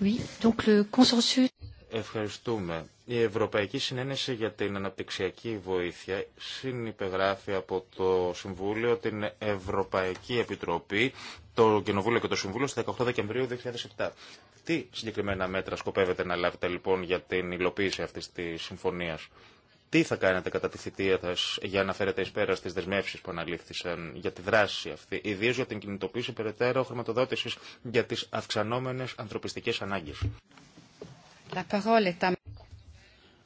Oui, donc le consensus... Ευχαριστούμε. Η Ευρωπαϊκή Συνένεση για την Αναπτυξιακή Βοήθεια συνυπεγράφει από το Συμβούλιο, την Ευρωπαϊκή Επιτροπή, το Κοινοβούλιο και το Συμβούλιο στις 18 Δεκεμβρίου 2007. Τι συγκεκριμένα μέτρα σκοπεύετε να λάβετε λοιπόν για την υλοποίηση αυτής της συμφωνίας. Τι θα κάνετε κατά τη θητεία σας για να φέρετε εις πέρα στι δεσμεύσει που αναλήφθησαν για τη δράση αυτή, ιδίω για την κινητοποίηση περαιτέρω χρηματοδότηση για τι αυξανόμενε ανθρωπιστικέ ανάγκε.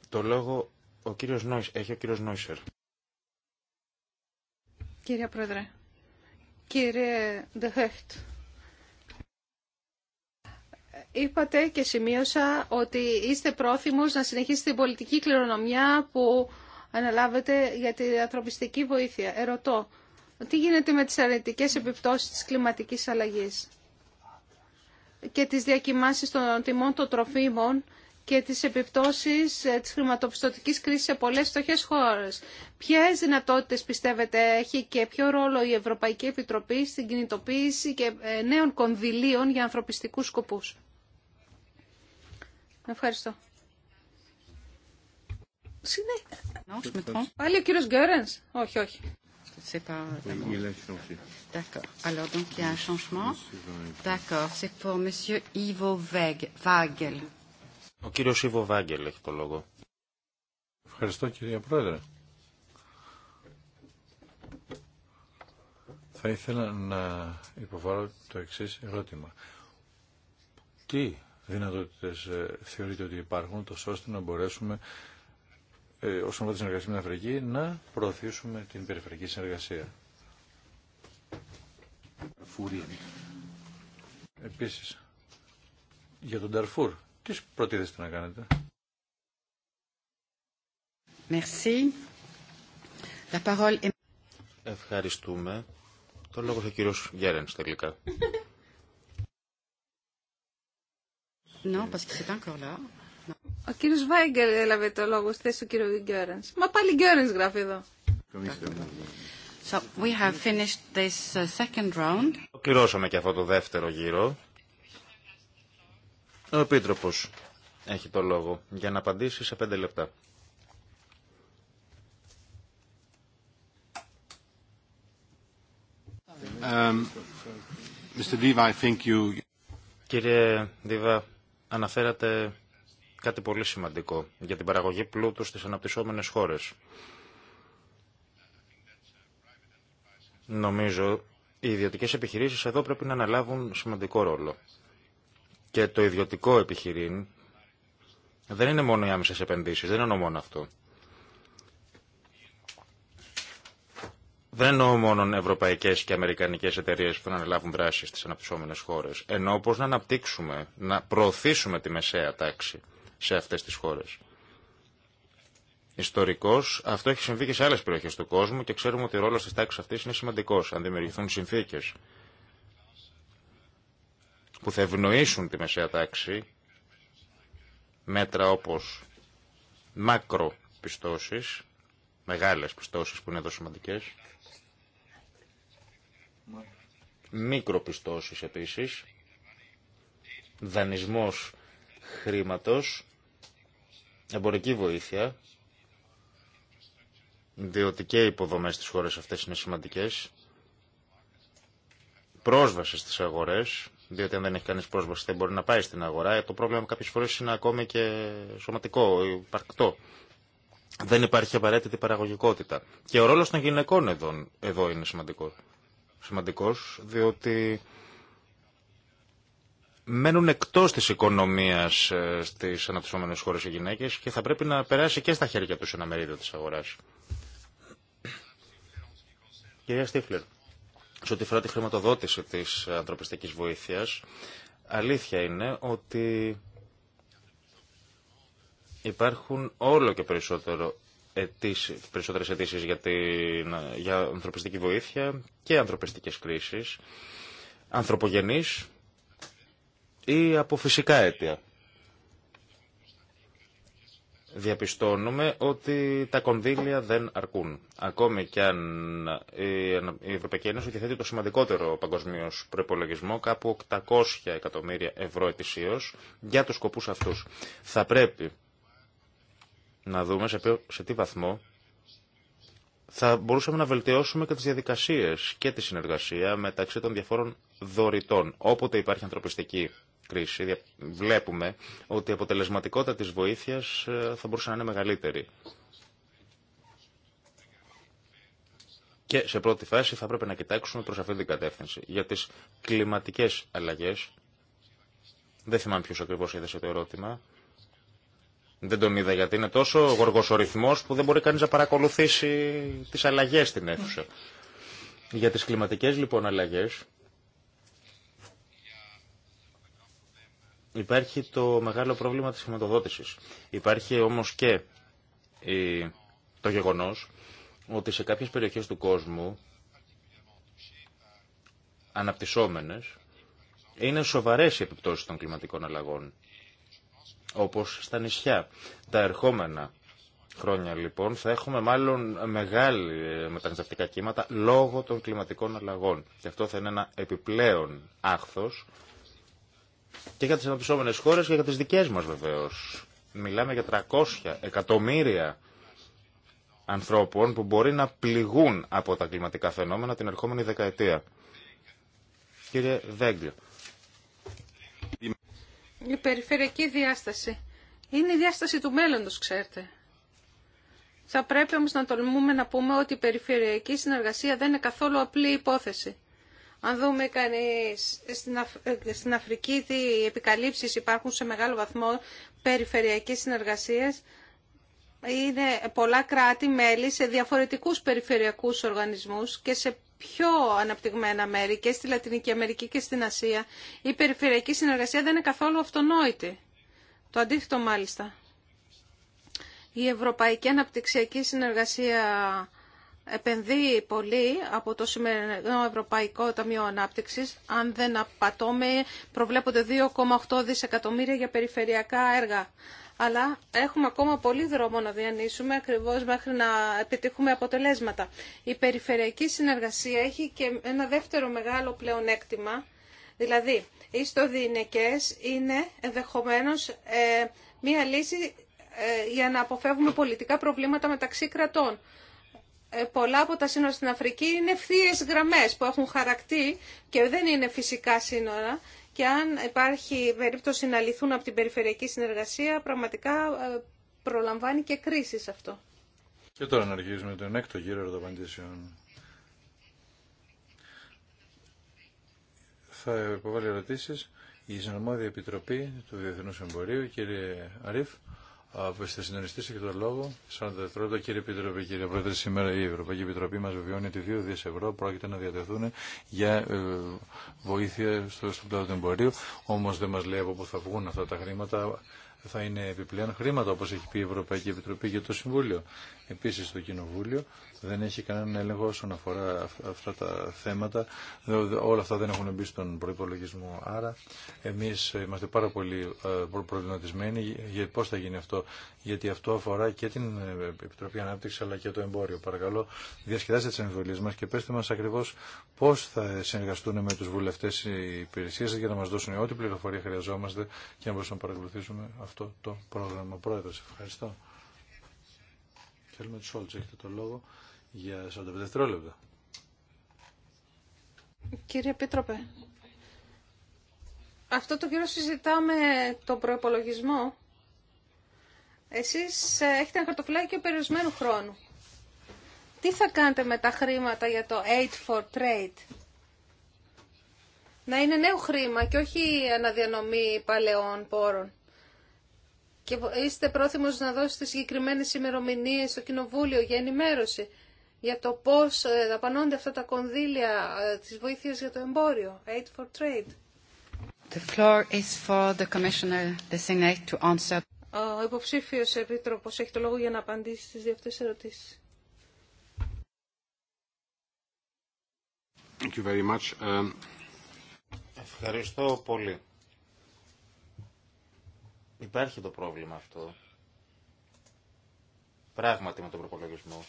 Το λόγο ο κύριος έχει ο κύριος Νόισερ. Κύριε Πρόεδρε, κύριε Ντεχέχτ, είπατε και σημείωσα ότι είστε πρόθυμος να συνεχίσετε την πολιτική κληρονομιά που αναλάβετε για την ανθρωπιστική βοήθεια. Ερωτώ, τι γίνεται με τις αρνητικές επιπτώσεις της κλιματικής αλλαγής και τις διακοιμάσεις των τιμών των τροφίμων και τις επιπτώσεις ε, της χρηματοπιστωτικής κρίσης σε πολλές φτωχές χώρες. Ποιες δυνατότητες πιστεύετε έχει και ποιο ρόλο η Ευρωπαϊκή Επιτροπή στην κινητοποίηση και ε, νέων κονδυλίων για ανθρωπιστικούς σκοπούς. Ευχαριστώ. Πάλι ο κύριος Γκέρενς. Όχι, όχι. C'est pas. D'accord. Alors, donc, il y a un changement. D'accord. C'est pour M. Ivo Ο κύριο Ιβο Βάγκελ έχει το λόγο. Ευχαριστώ κυρία Πρόεδρε. Θα ήθελα να υποβάλω το εξή ερώτημα. Τι δυνατότητες ε, θεωρείτε ότι υπάρχουν τόσο ώστε να μπορέσουμε ε, όσον αφορά τη συνεργασία με την Αφρική, να προωθήσουμε την περιφερειακή συνεργασία. Επίσης, για τον Ταρφούρ, τι προτίθεστε να κάνετε. Merci. La parole est... Ευχαριστούμε. Το λόγο θα κυρίως Γέρενς τελικά. Non, parce que c'est encore là. Ο κύριο Βάγκερ έλαβε το λόγο στη θέση του κύριου Μα πάλι Γκέρεν γράφει εδώ. So uh, και αυτό το δεύτερο γύρο. Ο επίτροπο έχει το λόγο για να απαντήσει σε πέντε λεπτά. Mr. Um, Diva, I think you... Κύριε Δίβα, αναφέρατε κάτι πολύ σημαντικό για την παραγωγή πλούτου στις αναπτυσσόμενες χώρες. Νομίζω οι ιδιωτικές επιχειρήσεις εδώ πρέπει να αναλάβουν σημαντικό ρόλο. Και το ιδιωτικό επιχειρήν δεν είναι μόνο οι άμεσες επενδύσεις, δεν εννοώ μόνο αυτό. Δεν εννοώ μόνο ευρωπαϊκέ και αμερικανικέ εταιρείε που θα αναλάβουν δράση στι αναπτυσσόμενε χώρε. Εννοώ πώ να αναπτύξουμε, να προωθήσουμε τη μεσαία τάξη σε αυτές τις χώρες. Ιστορικώ, αυτό έχει συμβεί και σε άλλε περιοχέ του κόσμου και ξέρουμε ότι ο ρόλο τη τάξη αυτή είναι σημαντικό. Αν δημιουργηθούν συνθήκε που θα ευνοήσουν τη μεσαία τάξη, μέτρα όπω μακροπιστώσει, μεγάλε πιστώσει που είναι εδώ σημαντικέ, μικροπιστώσει επίση, δανεισμό χρήματος εμπορική βοήθεια, διότι και οι υποδομές στις χώρες αυτές είναι σημαντικές, πρόσβαση στις αγορές, διότι αν δεν έχει κανείς πρόσβαση δεν μπορεί να πάει στην αγορά. Ε, το πρόβλημα κάποιες φορές είναι ακόμη και σωματικό, υπαρκτό. Δεν υπάρχει απαραίτητη παραγωγικότητα. Και ο ρόλος των γυναικών εδώ, είναι σημαντικό. σημαντικός, διότι μένουν εκτό της οικονομίας ε, στι αναπτυσσόμενες χώρε οι γυναίκε και θα πρέπει να περάσει και στα χέρια του ένα μερίδιο τη αγοράς. Κυρία Στίφλερ, σε ό,τι αφορά τη χρηματοδότηση τη ανθρωπιστικής βοήθεια, αλήθεια είναι ότι υπάρχουν όλο και περισσότερο αιτήσεις, περισσότερες αιτήσει για, για ανθρωπιστική βοήθεια και ανθρωπιστικές κρίσεις, ανθρωπογενείς ή από φυσικά αίτια. Διαπιστώνουμε ότι τα κονδύλια δεν αρκούν. Ακόμη και αν η Ευρωπαϊκή Ένωση διαθέτει το σημαντικότερο παγκοσμίω προπολογισμό, κάπου 800 εκατομμύρια ευρώ ετησίω, για του σκοπού αυτού. Θα πρέπει να δούμε σε, ποιο, σε τι βαθμό θα μπορούσαμε να βελτιώσουμε και τις διαδικασίες και τη συνεργασία μεταξύ των διαφόρων δωρητών. Όποτε υπάρχει ανθρωπιστική κρίση βλέπουμε ότι η αποτελεσματικότητα της βοήθειας ε, θα μπορούσε να είναι μεγαλύτερη. Και σε πρώτη φάση θα πρέπει να κοιτάξουμε προς αυτήν την κατεύθυνση. Για τις κλιματικές αλλαγές, δεν θυμάμαι ποιος ακριβώς έδεσε το ερώτημα, δεν τον είδα γιατί είναι τόσο γοργός ο ρυθμός που δεν μπορεί κανείς να παρακολουθήσει τις αλλαγές στην αίθουσα. Για τις κλιματικές λοιπόν αλλαγές, Υπάρχει το μεγάλο πρόβλημα της χρηματοδότησης. Υπάρχει όμως και το γεγονός ότι σε κάποιες περιοχές του κόσμου αναπτυσσόμενες είναι σοβαρές οι επιπτώσεις των κλιματικών αλλαγών, όπως στα νησιά. Τα ερχόμενα χρόνια λοιπόν θα έχουμε μάλλον μεγάλη ε, μεταναστευτικά κύματα λόγω των κλιματικών αλλαγών. Και αυτό θα είναι ένα επιπλέον άχθος και για τις αναπτυσσόμενες χώρες και για τις δικές μας βεβαίως. Μιλάμε για 300 εκατομμύρια ανθρώπων που μπορεί να πληγούν από τα κλιματικά φαινόμενα την ερχόμενη δεκαετία. Κύριε Δέγκλιο. Η περιφερειακή διάσταση είναι η διάσταση του μέλλοντος, ξέρετε. Θα πρέπει όμως να τολμούμε να πούμε ότι η περιφερειακή συνεργασία δεν είναι καθόλου απλή υπόθεση. Αν δούμε κανείς στην, ε, στην Αφρική τι επικαλύψεις υπάρχουν σε μεγάλο περιφερειακές συνεργασίες. συνεργασίας, είναι πολλά κράτη-μέλη σε διαφορετικούς περιφερειακούς οργανισμούς και σε πιο αναπτυγμένα μέρη και στη Λατινική Αμερική και στην Ασία. Η περιφερειακή συνεργασία δεν είναι καθόλου αυτονόητη. Το αντίθετο μάλιστα. Η Ευρωπαϊκή Αναπτυξιακή Συνεργασία επενδύει πολύ από το σημερινό Ευρωπαϊκό Ταμείο Ανάπτυξη. Αν δεν απατώμε, προβλέπονται 2,8 δισεκατομμύρια για περιφερειακά έργα. Αλλά έχουμε ακόμα πολύ δρόμο να διανύσουμε ακριβώ μέχρι να επιτύχουμε αποτελέσματα. Η περιφερειακή συνεργασία έχει και ένα δεύτερο μεγάλο πλεονέκτημα. Δηλαδή, οι στοδιοινικές είναι ενδεχομένω ε, μία λύση ε, για να αποφεύγουμε πολιτικά προβλήματα μεταξύ κρατών. Ε, πολλά από τα σύνορα στην Αφρική είναι ευθείε γραμμές που έχουν χαρακτή και δεν είναι φυσικά σύνορα. Και αν υπάρχει περίπτωση να λυθούν από την περιφερειακή συνεργασία, πραγματικά ε, προλαμβάνει και κρίση σε αυτό. Και τώρα να αρχίσουμε τον έκτο γύρο ερωταπαντήσεων. Θα υποβάλει ερωτήσει η Συνομόδια Επιτροπή του Διεθνού Εμπορίου, κύριε Αρήφ από τη συντονιστή και τον λόγο. Σαν δευτερόλεπτα, κύριε Επιτροπή, κύριε Πρόεδρε, σήμερα η Ευρωπαϊκή Επιτροπή μα βιώνει ότι δύο δι ευρώ πρόκειται να διατεθούν για ε, βοήθεια στο, στον του εμπορίου. Όμω δεν μα λέει από πού θα βγουν αυτά τα χρήματα. Θα είναι επιπλέον χρήματα, όπω έχει πει η Ευρωπαϊκή Επιτροπή και το Συμβούλιο. Επίση, το Κοινοβούλιο δεν έχει κανέναν έλεγχο όσον αφορά αυτά τα θέματα. Όλα αυτά δεν έχουν μπει στον προπολογισμό. Άρα, εμεί είμαστε πάρα πολύ ε, προβληματισμένοι για πώ θα γίνει αυτό. Γιατί αυτό αφορά και την ε, Επιτροπή Ανάπτυξη αλλά και το εμπόριο. Παρακαλώ, διασκεδάστε τι εμβολίε μα και πέστε μα ακριβώ πώ θα συνεργαστούν με του βουλευτέ οι υπηρεσίε για να μα δώσουν ό,τι πληροφορία χρειαζόμαστε και να μπορούμε να παρακολουθήσουμε αυτό το πρόγραμμα. Πρόεδρε, ευχαριστώ έχετε το λόγο για 45 δευτερόλεπτα. Κύριε Επίτροπε, αυτό το κύριο συζητάμε το προπολογισμό. Εσείς ε, έχετε ένα χαρτοφυλάκιο περιορισμένου χρόνου. Τι θα κάνετε με τα χρήματα για το Aid for Trade. Να είναι νέο χρήμα και όχι αναδιανομή παλαιών πόρων και είστε πρόθυμος να δώσετε συγκεκριμένες ημερομηνίε στο Κοινοβούλιο για ενημέρωση για το πώς ε, δαπανώνται αυτά τα κονδύλια ε, της βοήθειας για το εμπόριο, Aid for Trade. The floor is for the Commissioner designate to answer. Ο υποψήφιος επίτροπος έχει το λόγο για να απαντήσει στις δύο αυτές ερωτήσεις. Um, Ευχαριστώ πολύ. Υπάρχει το πρόβλημα αυτό. Πράγματι με τον προπολογισμό.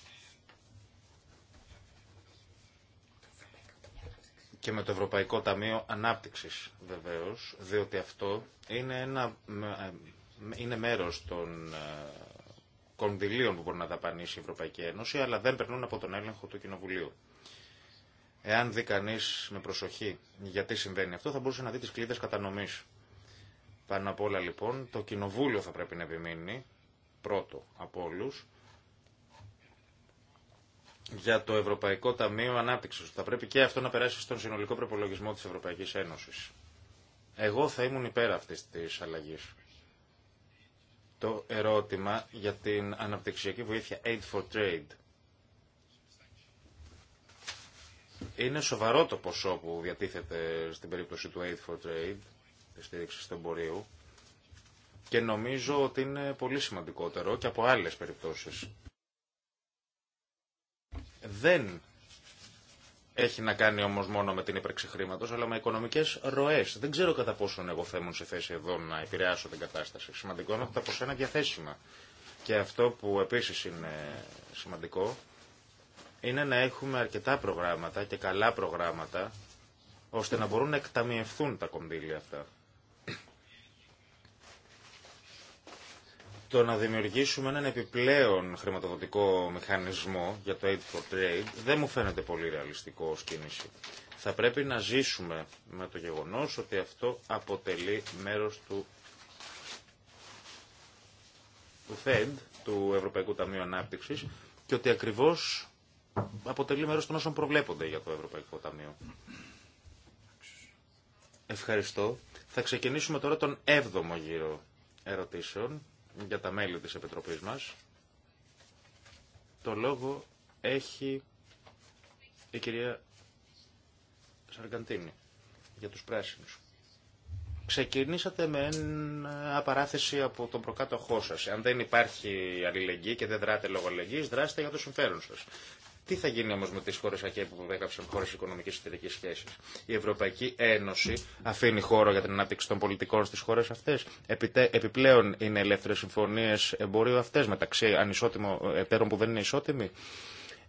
και με το Ευρωπαϊκό Ταμείο Ανάπτυξης βεβαίως, διότι αυτό είναι, ένα, είναι μέρος των ε, κονδυλίων που μπορεί να δαπανίσει η Ευρωπαϊκή Ένωση, αλλά δεν περνούν από τον έλεγχο του Κοινοβουλίου. Εάν δει κανεί με προσοχή γιατί συμβαίνει αυτό, θα μπορούσε να δει τις κλίδες κατανομής πάνω απ' όλα λοιπόν το κοινοβούλιο θα πρέπει να επιμείνει πρώτο από όλου για το Ευρωπαϊκό Ταμείο Ανάπτυξη. Θα πρέπει και αυτό να περάσει στον συνολικό προπολογισμό τη Ευρωπαϊκή Ένωση. Εγώ θα ήμουν υπέρ αυτή τη αλλαγή. Το ερώτημα για την αναπτυξιακή βοήθεια Aid for Trade. Είναι σοβαρό το ποσό που διατίθεται στην περίπτωση του Aid for Trade στήριξη του εμπορίου και νομίζω ότι είναι πολύ σημαντικότερο και από άλλες περιπτώσεις. Δεν έχει να κάνει όμως μόνο με την ύπαρξη χρήματο, αλλά με οικονομικές ροές. Δεν ξέρω κατά πόσον εγώ θέμουν σε θέση εδώ να επηρεάσω την κατάσταση. Σημαντικό είναι ότι τα ποσά διαθέσιμα. Και αυτό που επίσης είναι σημαντικό είναι να έχουμε αρκετά προγράμματα και καλά προγράμματα ώστε να μπορούν να εκταμιευθούν τα κονδύλια αυτά. Το να δημιουργήσουμε έναν επιπλέον χρηματοδοτικό μηχανισμό για το Aid for Trade δεν μου φαίνεται πολύ ρεαλιστικό ως κίνηση. Θα πρέπει να ζήσουμε με το γεγονός ότι αυτό αποτελεί μέρος του, του FED, του Ευρωπαϊκού Ταμείου Ανάπτυξης, και ότι ακριβώς αποτελεί μέρος των όσων προβλέπονται για το Ευρωπαϊκό Ταμείο. Ευχαριστώ. Θα ξεκινήσουμε τώρα τον 7ο γύρο ερωτήσεων για τα μέλη της Επιτροπής μας. Το λόγο έχει η κυρία Σαργαντίνη για τους πράσινους. Ξεκινήσατε με ένα απαράθεση από τον προκάτοχό σας. Αν δεν υπάρχει αλληλεγγύη και δεν δράτε λόγω αλληλεγγύης, δράστε για το συμφέρον σας. Τι θα γίνει όμω με τι χώρε ΑΚΕ που έγραψαν χώρε οικονομική εταιρική σχέση. Η Ευρωπαϊκή Ένωση αφήνει χώρο για την ανάπτυξη των πολιτικών στι χώρε αυτέ. Επιπλέον είναι ελεύθερε συμφωνίε εμπορίου αυτέ μεταξύ ανισότιμων εταίρων που δεν είναι ισότιμοι.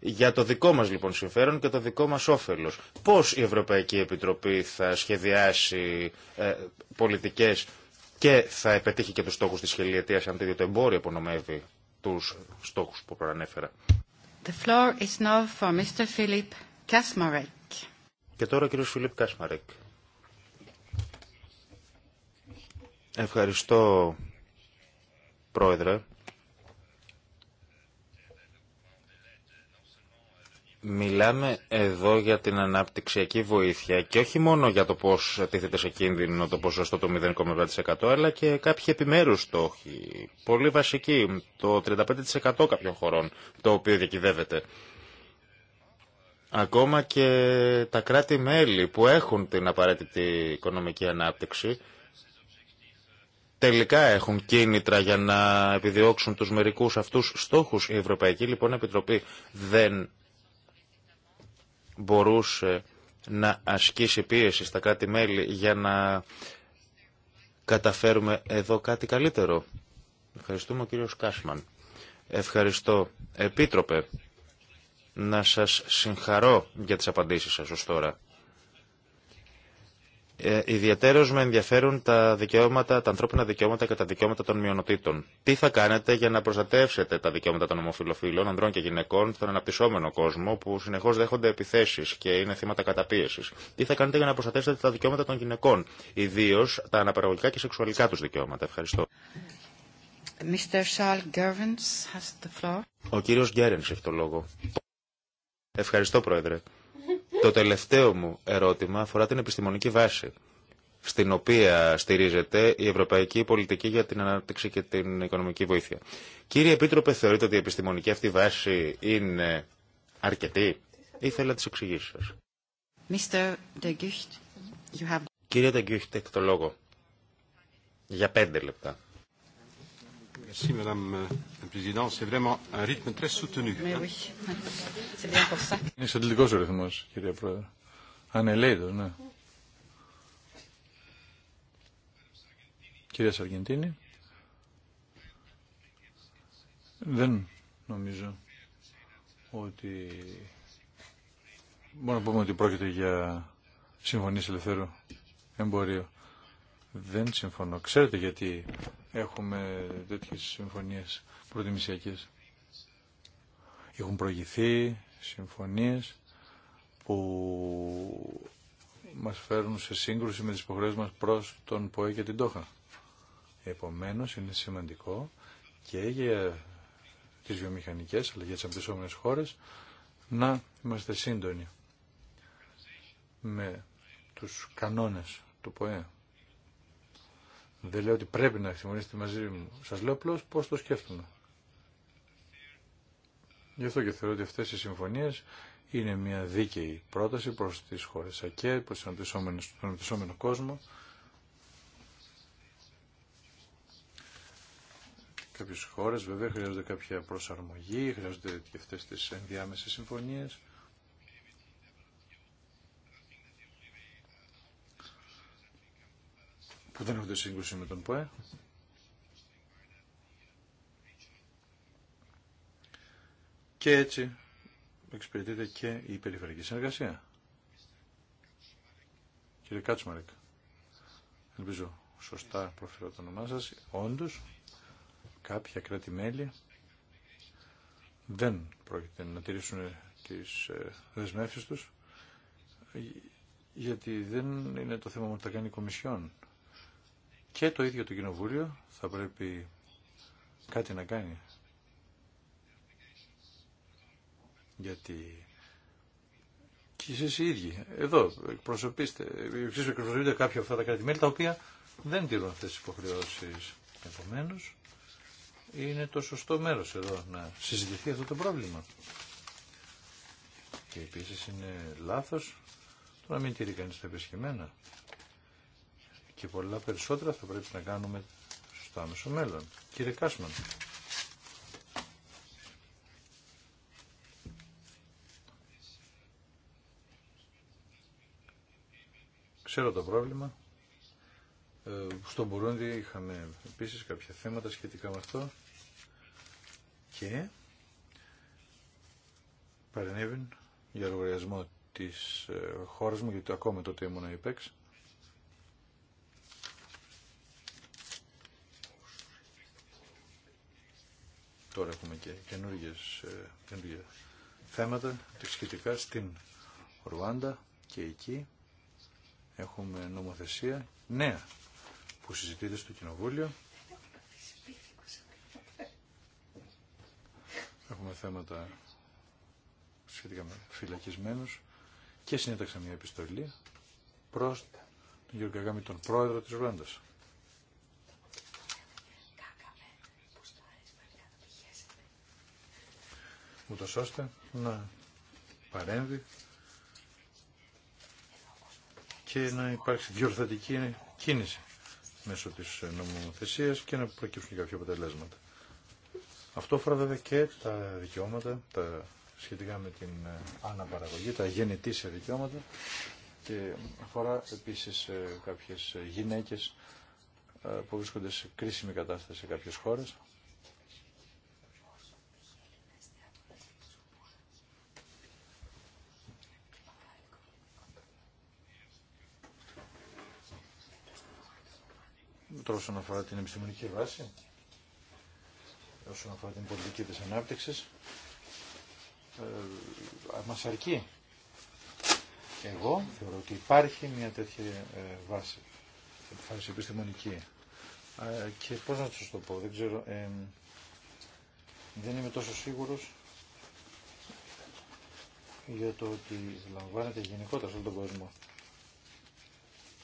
Για το δικό μας λοιπόν συμφέρον και το δικό μας όφελος. Πώς η Ευρωπαϊκή Επιτροπή θα σχεδιάσει ε, πολιτικές και θα επετύχει και τους στόχους της χιλιετία αν εμπόριο απονομεύει τους στόχους που προανέφερα. The floor is now for Mr. Philip Kasmarek. Και τώρα ο κύριος Φιλίπ Κάσμαρεκ. Ευχαριστώ, Πρόεδρε. Μιλάμε εδώ για την αναπτυξιακή βοήθεια και όχι μόνο για το πώς τίθεται σε κίνδυνο το ποσοστό του 0,5% αλλά και κάποιοι επιμέρους στόχοι, πολύ βασικοί, το 35% κάποιων χωρών το οποίο διακυβεύεται. Ακόμα και τα κράτη-μέλη που έχουν την απαραίτητη οικονομική ανάπτυξη τελικά έχουν κίνητρα για να επιδιώξουν τους μερικούς αυτούς στόχους. Η Ευρωπαϊκή λοιπόν Επιτροπή δεν μπορούσε να ασκήσει πίεση στα κράτη-μέλη για να καταφέρουμε εδώ κάτι καλύτερο. Ευχαριστούμε ο κύριος Κάσμαν. Ευχαριστώ. Επίτροπε, να σας συγχαρώ για τις απαντήσεις σας ως τώρα. Ε, ιδιαίτερως με ενδιαφέρουν τα, δικαιώματα, τα ανθρώπινα δικαιώματα και τα δικαιώματα των μειονοτήτων. Τι θα κάνετε για να προστατεύσετε τα δικαιώματα των ομοφυλοφίλων, ανδρών και γυναικών στον αναπτυσσόμενο κόσμο που συνεχώ δέχονται επιθέσει και είναι θύματα καταπίεση. Τι θα κάνετε για να προστατεύσετε τα δικαιώματα των γυναικών, ιδίω τα αναπαραγωγικά και σεξουαλικά του δικαιώματα. Ευχαριστώ. Mr. Charles has the floor. Ο κύριος Γκέρενς έχει το λόγο. Ευχαριστώ, Πρόεδρε. Το τελευταίο μου ερώτημα αφορά την επιστημονική βάση στην οποία στηρίζεται η ευρωπαϊκή πολιτική για την ανάπτυξη και την οικονομική βοήθεια. Κύριε Επίτροπε, θεωρείτε ότι η επιστημονική αυτή βάση είναι αρκετή. Ήθελα να τις εξηγήσεις σας. Κύριε De το λόγο. Για πέντε λεπτά. Merci, Madame la Présidente. C'est vraiment un rythme très soutenu. Mais oui, c'est bien pour Είναι εξαντλητικό ο ρυθμό, κυρία Πρόεδρε. Ανελέητο, ναι, ναι. Κυρία Σαργεντίνη. Δεν νομίζω ότι μπορούμε να πούμε ότι πρόκειται για συμφωνή σε ελευθέρου εμπορίο. Δεν συμφωνώ. Ξέρετε γιατί έχουμε τέτοιες συμφωνίες προτιμησιακές. Έχουν προηγηθεί συμφωνίες που μας φέρνουν σε σύγκρουση με τις υποχρέωσεις μας προς τον ΠΟΕ και την ΤΟΧΑ. Επομένως είναι σημαντικό και για τις βιομηχανικές αλλά και τις απτυσσόμενες χώρες να είμαστε σύντονοι με τους κανόνες του ΠΟΕ. Δεν λέω ότι πρέπει να συμφωνήσετε μαζί μου. Σα λέω απλώ πώς το σκέφτομαι. Γι' αυτό και θεωρώ ότι αυτές οι συμφωνίε είναι μια δίκαιη πρόταση προς τις χώρε ΑΚΕ, προς τον αναπτυσσόμενο κόσμο. Κάποιε χώρε βέβαια χρειάζονται κάποια προσαρμογή, χρειάζονται και αυτές τις ενδιάμεσες συμφωνίε. που δεν έχονται σύγκρουση με τον ΠΟΕ. Και έτσι εξυπηρετείται και η περιφερειακή συνεργασία. Κύριε Κάτσμαρικ, ελπίζω σωστά προφέρω το όνομά σας. Όντως, κάποια κράτη-μέλη δεν πρόκειται να τηρήσουν τις ε, δεσμεύσεις τους ε, γιατί δεν είναι το θέμα μόνο τα κάνει η Κομισιόν και το ίδιο το Κοινοβούλιο θα πρέπει κάτι να κάνει. Γιατί και εσείς οι ίδιοι, εδώ εκπροσωπείστε, εσείς εκπροσωπείτε κάποια από αυτά τα κράτη-μέλη τα οποία δεν τηρούν αυτές τις υποχρεώσεις. Επομένως, είναι το σωστό μέρος εδώ να συζητηθεί αυτό το πρόβλημα. Και επίσης είναι λάθος το να μην τηρεί κανείς τα επισχυμένα και πολλά περισσότερα θα πρέπει να κάνουμε στο άμεσο μέλλον. Κύριε Κάσμαν. Ξέρω το πρόβλημα. Ε, στον Μπουρούντι είχαμε επίσης κάποια θέματα σχετικά με αυτό και παρενέβην για λογαριασμό της ε, χώρας μου γιατί ακόμα τότε ήμουν υπέξ τώρα έχουμε και καινούργιες, ε, καινούργια θέματα σχετικά στην Ρουάντα και εκεί έχουμε νομοθεσία νέα που συζητείται στο Κοινοβούλιο. Έχουμε θέματα σχετικά με φυλακισμένους και συνέταξα μια επιστολή προς τον Γιώργο Καγάμι, τον πρόεδρο της Ρουάντας. ούτω ώστε να παρέμβει και να υπάρξει διορθωτική κίνηση μέσω της νομοθεσίας και να προκύψουν κάποια αποτελέσματα. Αυτό αφορά βέβαια και τα δικαιώματα, τα σχετικά με την ε, αναπαραγωγή, τα γεννητήσια δικαιώματα και αφορά επίσης ε, κάποιες γυναίκες ε, που βρίσκονται σε κρίσιμη κατάσταση σε κάποιες χώρες τώρα όσον αφορά την επιστημονική βάση, όσον αφορά την πολιτική της ανάπτυξης, ε, μας αρκεί. Εγώ θεωρώ ότι υπάρχει μια τέτοια ε, βάση, βάση επιστημονική. Ε, και πώς να σας το πω, δεν ξέρω, ε, δεν είμαι τόσο σίγουρος για το ότι λαμβάνεται γενικότερα σε όλο τον κόσμο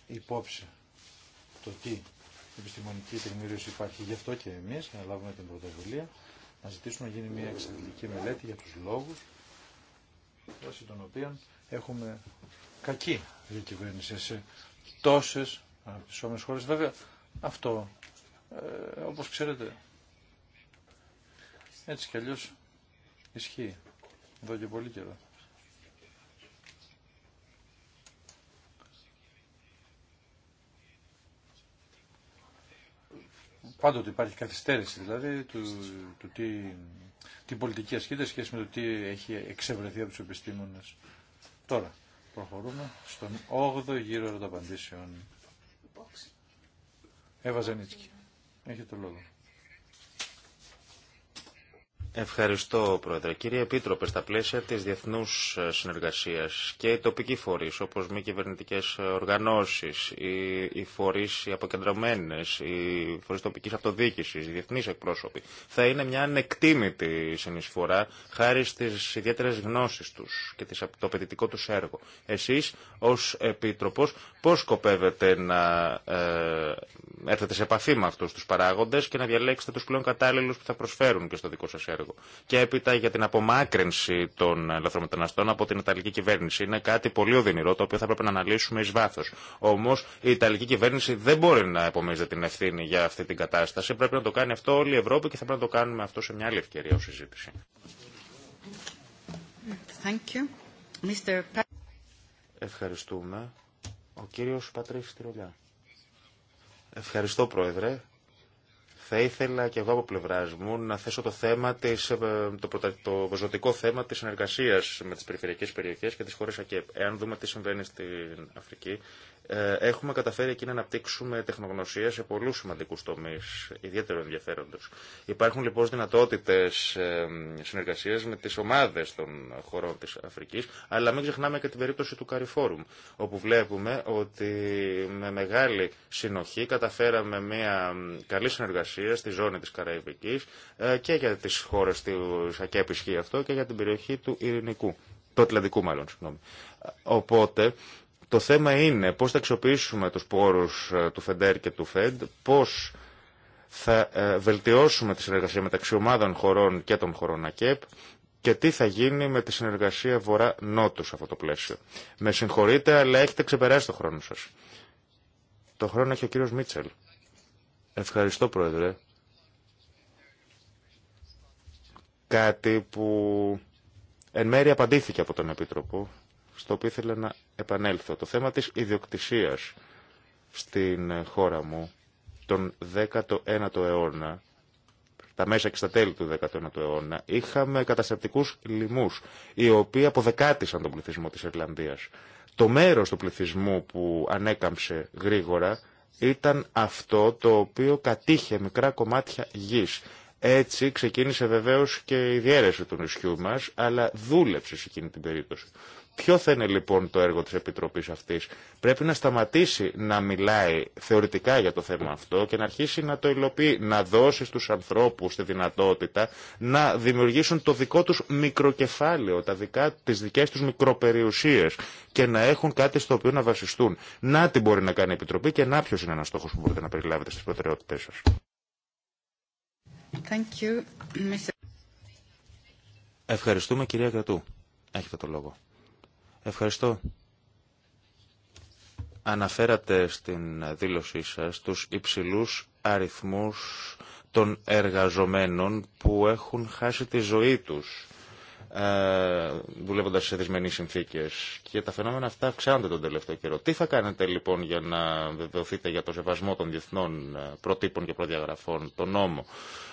υπόψη το τι επιστημονική τεκμηρίωση υπάρχει. Γι' αυτό και εμείς να λάβουμε την πρωτοβουλία να ζητήσουμε να γίνει μια εξαντλητική μελέτη για τους λόγους βάσει των οποίων έχουμε κακή διακυβέρνηση σε τόσες αναπτυσσόμενες χώρε. Βέβαια αυτό ε, όπως ξέρετε έτσι κι αλλιώς ισχύει εδώ και πολύ καιρό. πάντοτε υπάρχει καθυστέρηση δηλαδή του, του τι, τι πολιτική ασκείται σχέση με το τι έχει εξευρεθεί από τους επιστήμονες. Τώρα προχωρούμε στον 8ο γύρο ερωταπαντήσεων. Εύα Ζανίτσκι. Έχει το λόγο. Ευχαριστώ, Πρόεδρε. Κύριε Επίτροπε, στα πλαίσια τη διεθνού ε, συνεργασία και οι τοπικοί φορεί, όπω μη κυβερνητικέ οργανώσει, οι, φορεί αποκεντρωμένε, οι αποκεντρωμένες, τοπική φορείς οι διεθνεί εκπρόσωποι, θα είναι μια ανεκτήμητη συνεισφορά χάρη στι ιδιαίτερε γνώσει του και το απαιτητικό του έργο. Εσεί, ω επίτροπο, πώ σκοπεύετε να ε, έρθετε σε επαφή με αυτού του παράγοντε και να διαλέξετε του πλέον κατάλληλου που θα προσφέρουν και στο δικό σα έργο. Και έπειτα για την απομάκρυνση των ελευθερομεταναστών από την Ιταλική κυβέρνηση. Είναι κάτι πολύ οδυνηρό το οποίο θα πρέπει να αναλύσουμε ει βάθο. Όμω η Ιταλική κυβέρνηση δεν μπορεί να επομίζεται την ευθύνη για αυτή την κατάσταση. Πρέπει να το κάνει αυτό όλη η Ευρώπη και θα πρέπει να το κάνουμε αυτό σε μια άλλη ευκαιρία ω συζήτηση. Thank you. Mr. Ευχαριστούμε. Ο κύριος Πατρίς Τυρολιά. Ευχαριστώ, Πρόεδρε. Θα ήθελα και εγώ από πλευρά μου να θέσω το, θέμα της, ε, το, πρωτα, το ζωτικό θέμα τη συνεργασία με τι περιφερειακέ περιοχέ και τι χώρε ΑΚΕΠ. Εάν δούμε τι συμβαίνει στην Αφρική, ε, έχουμε καταφέρει εκεί να αναπτύξουμε τεχνογνωσία σε πολλού σημαντικού τομεί ιδιαίτερου ενδιαφέροντο. Υπάρχουν λοιπόν δυνατότητε συνεργασία με τι ομάδε των χωρών τη Αφρική, αλλά μην ξεχνάμε και την περίπτωση του Καριφόρουμ, όπου βλέπουμε ότι με μεγάλη συνοχή καταφέραμε μια καλή συνεργασία στη ζώνη τη Καραϊβική ε, και για τι χώρε του ΑΚΕΠ αυτό και για την περιοχή του Ειρηνικού. Το Ατλαντικού, μάλλον, συγγνώμη. Οπότε, το θέμα είναι πώς θα αξιοποιήσουμε τους πόρους ε, του ΦΕΝΤΕΡ και του ΦΕΝΤ, πώς θα ε, βελτιώσουμε τη συνεργασία μεταξύ ομάδων χωρών και των χωρών ΑΚΕΠ και τι θα γίνει με τη συνεργασία Βορρά-Νότου σε αυτό το πλαίσιο. Με συγχωρείτε, αλλά έχετε ξεπεράσει το χρόνο σας. Το χρόνο έχει ο κύριος Μίτσελ. Ευχαριστώ, Πρόεδρε. Κάτι που εν μέρει απαντήθηκε από τον Επίτροπο στο οποίο ήθελα να επανέλθω. Το θέμα της ιδιοκτησίας στην χώρα μου τον 19ο αιώνα, τα μέσα και στα τέλη του 19ου αιώνα, είχαμε καταστατικούς λοιμούς, οι οποίοι αποδεκάτησαν τον πληθυσμό της Ιρλανδίας. Το μέρος του πληθυσμού που ανέκαμψε γρήγορα ήταν αυτό το οποίο κατήχε μικρά κομμάτια γης. Έτσι ξεκίνησε βεβαίως και η διέρεση του νησιού μας, αλλά δούλεψε σε εκείνη την περίπτωση. Ποιο θα είναι λοιπόν το έργο της Επιτροπής αυτής. Πρέπει να σταματήσει να μιλάει θεωρητικά για το θέμα αυτό και να αρχίσει να το υλοποιεί, να δώσει στους ανθρώπους τη δυνατότητα να δημιουργήσουν το δικό τους μικροκεφάλαιο, τα δικά, τις δικές τους μικροπεριουσίες και να έχουν κάτι στο οποίο να βασιστούν. Να τι μπορεί να κάνει η Επιτροπή και να ποιος είναι ένας στόχος που μπορείτε να περιλάβετε στις προτεραιότητές σας. Ευχαριστούμε κυρία Κατού. Έχετε το λόγο. Ευχαριστώ. Αναφέρατε στην δήλωσή σας τους υψηλούς αριθμούς των εργαζομένων που έχουν χάσει τη ζωή τους ε, δουλεύοντας σε δυσμενείς συνθήκες Και τα φαινόμενα αυτά αυξάνονται τον τελευταίο καιρό. Τι θα κάνετε λοιπόν για να βεβαιωθείτε για το σεβασμό των διεθνών ε, προτύπων και προδιαγραφών, τον νόμο,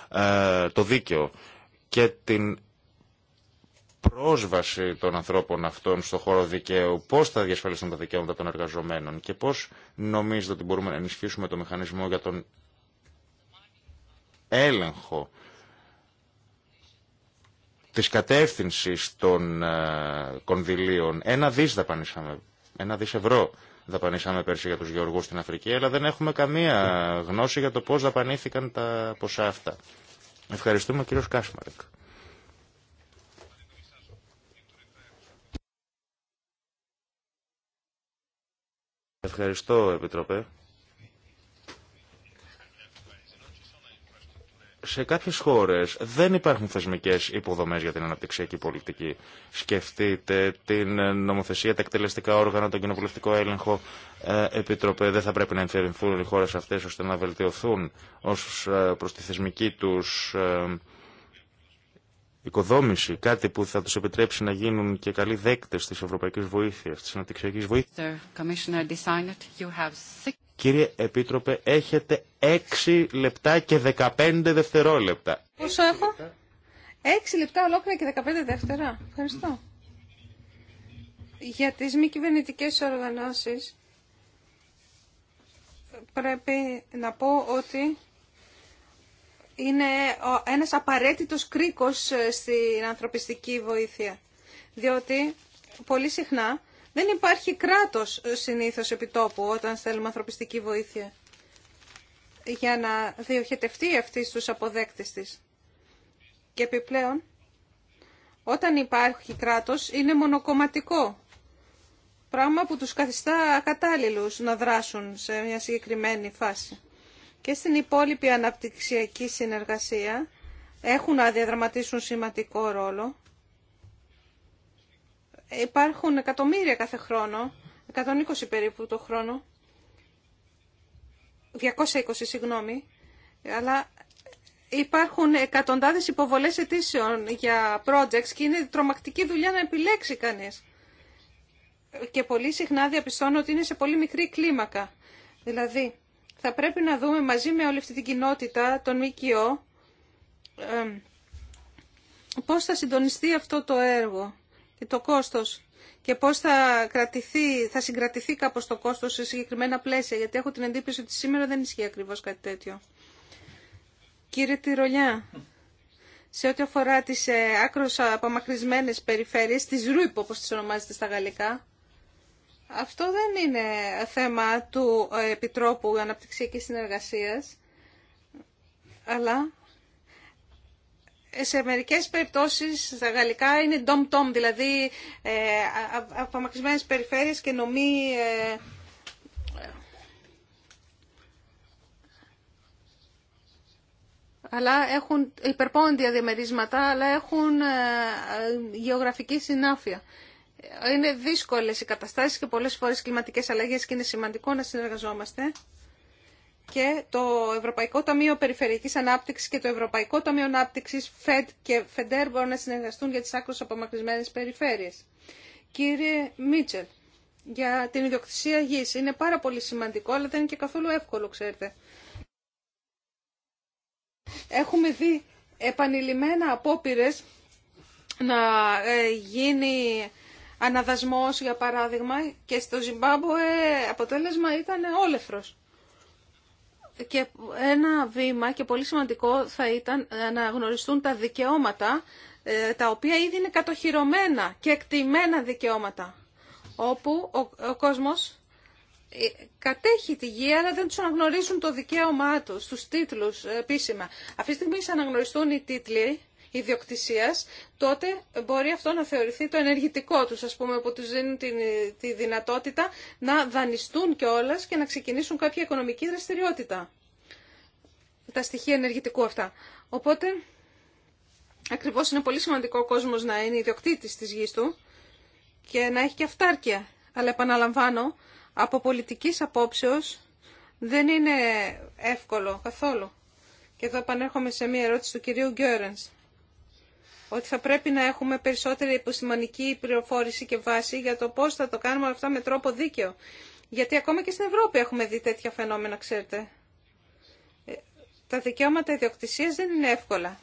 ε, το δίκαιο και την πρόσβαση των ανθρώπων αυτών στον χώρο δικαίου, πώ θα διασφαλιστούν τα δικαιώματα των εργαζομένων και πώ νομίζετε ότι μπορούμε να ενισχύσουμε το μηχανισμό για τον έλεγχο της κατεύθυνσης των ε, κονδυλίων. Ένα δις δαπανίσαμε, ένα δις ευρώ δαπανίσαμε πέρσι για τους γεωργούς στην Αφρική, αλλά δεν έχουμε καμία γνώση για το πώς δαπανήθηκαν τα ποσά αυτά. Ευχαριστούμε κύριο Κάσμαρεκ. Ευχαριστώ, Επιτροπέ. σε κάποιες χώρες δεν υπάρχουν θεσμικές υποδομές για την αναπτυξιακή πολιτική. Σκεφτείτε την νομοθεσία, τα εκτελεστικά όργανα, τον κοινοβουλευτικό έλεγχο, ε, επίτροπε, δεν θα πρέπει να εμφανιστούν οι χώρες αυτές ώστε να βελτιωθούν ως ε, προς τη θεσμική τους ε, οικοδόμηση, κάτι που θα τους επιτρέψει να γίνουν και καλοί δέκτες της ευρωπαϊκής βοήθειας, της αναπτυξιακής βοήθειας. Κύριε Επίτροπε, έχετε 6 λεπτά και 15 δευτερόλεπτα. Πόσο έχω? 6 λεπτά ολόκληρα και 15 δεύτερα. Ευχαριστώ. Για τις μη κυβερνητικέ οργανώσεις πρέπει να πω ότι είναι ένας απαραίτητος κρίκος ε, στην ανθρωπιστική βοήθεια. Διότι πολύ συχνά δεν υπάρχει κράτος ε, συνήθως επιτόπου όταν θέλουμε ανθρωπιστική βοήθεια για να διοχετευτεί αυτή στους αποδέκτες της. Και επιπλέον, όταν υπάρχει κράτος είναι μονοκομματικό, πράγμα που τους καθιστά ακατάλληλους να δράσουν σε μια συγκεκριμένη φάση και στην υπόλοιπη αναπτυξιακή συνεργασία έχουν να διαδραματίσουν σημαντικό ρόλο. Υπάρχουν εκατομμύρια κάθε χρόνο, 120 περίπου το χρόνο, 220 συγγνώμη, αλλά υπάρχουν εκατοντάδες υποβολές αιτήσεων για projects και είναι τρομακτική δουλειά να επιλέξει κανείς. Και πολύ συχνά διαπιστώνω ότι είναι σε πολύ μικρή κλίμακα. Δηλαδή, θα πρέπει να δούμε μαζί με όλη αυτή την κοινότητα τον ΜΚΟ πώς θα συντονιστεί αυτό το έργο και το κόστος και πώς θα, κρατηθεί, θα συγκρατηθεί κάπως το κόστος σε συγκεκριμένα πλαίσια, γιατί έχω την εντύπωση ότι σήμερα δεν ισχύει ακριβώς κάτι τέτοιο. Κύριε Τυρολιά, σε ό,τι αφορά τις ε, άκρως απομακρυσμένες περιφέρειες, τις ΡΟΥΙΠ όπως τις ονομάζεται στα γαλλικά, αυτό δεν είναι θέμα του ε, Επιτρόπου Αναπτυξιακής Συνεργασίας, αλλά σε μερικές περιπτώσεις στα γαλλικά είναι dom-tom, δηλαδή ε, απομακρυσμένες περιφέρειες και νομή ε, αλλά έχουν υπερπόντια διαμερίσματα, αλλά έχουν ε, γεωγραφική συνάφεια είναι δύσκολες οι καταστάσεις και πολλές φορές κλιματικές αλλαγές και είναι σημαντικό να συνεργαζόμαστε. Και το Ευρωπαϊκό Ταμείο Περιφερειακής Ανάπτυξης και το Ευρωπαϊκό Ταμείο Ανάπτυξης ΦΕΔ και ΦΕΝΤΕΡ μπορούν να συνεργαστούν για τις άκρως απομακρυσμένες περιφέρειες. Κύριε Μίτσελ, για την ιδιοκτησία γης είναι πάρα πολύ σημαντικό, αλλά δεν είναι και καθόλου εύκολο, ξέρετε. Έχουμε δει επανειλημμένα απόπειρες να ε, γίνει αναδασμός για παράδειγμα και στο Ζιμπάμπουε αποτέλεσμα ήταν όλεφρος. Και ένα βήμα και πολύ σημαντικό θα ήταν να γνωριστούν τα δικαιώματα ε, τα οποία ήδη είναι κατοχυρωμένα και εκτιμένα δικαιώματα όπου ο κόσμος ε, κατέχει τη γη, αλλά δεν τους αναγνωρίζουν το δικαίωμά τους, τους τίτλους ε, επίσημα. Αυτή τη στιγμή αναγνωριστούν οι τίτλοι ιδιοκτησία, τότε μπορεί αυτό να θεωρηθεί το ενεργητικό τους, ας πούμε, που του δίνουν τη δυνατότητα να δανειστούν κιόλα και να ξεκινήσουν κάποια οικονομική δραστηριότητα. Τα στοιχεία ενεργητικού αυτά. Οπότε, ακριβώς είναι πολύ σημαντικό ο κόσμος να είναι ιδιοκτήτη της γης του και να έχει και αυτάρκεια. Αλλά επαναλαμβάνω, από πολιτική απόψεω δεν είναι εύκολο καθόλου. Και εδώ επανέρχομαι σε μία ερώτηση του κυρίου Γκέρενς ότι θα πρέπει να έχουμε περισσότερη υποστημονική πληροφόρηση και βάση για το πώς θα το κάνουμε αυτά με τρόπο δίκαιο. Γιατί ακόμα και στην Ευρώπη έχουμε δει τέτοια φαινόμενα, ξέρετε. Ε, τα δικαιώματα ιδιοκτησία δεν είναι εύκολα.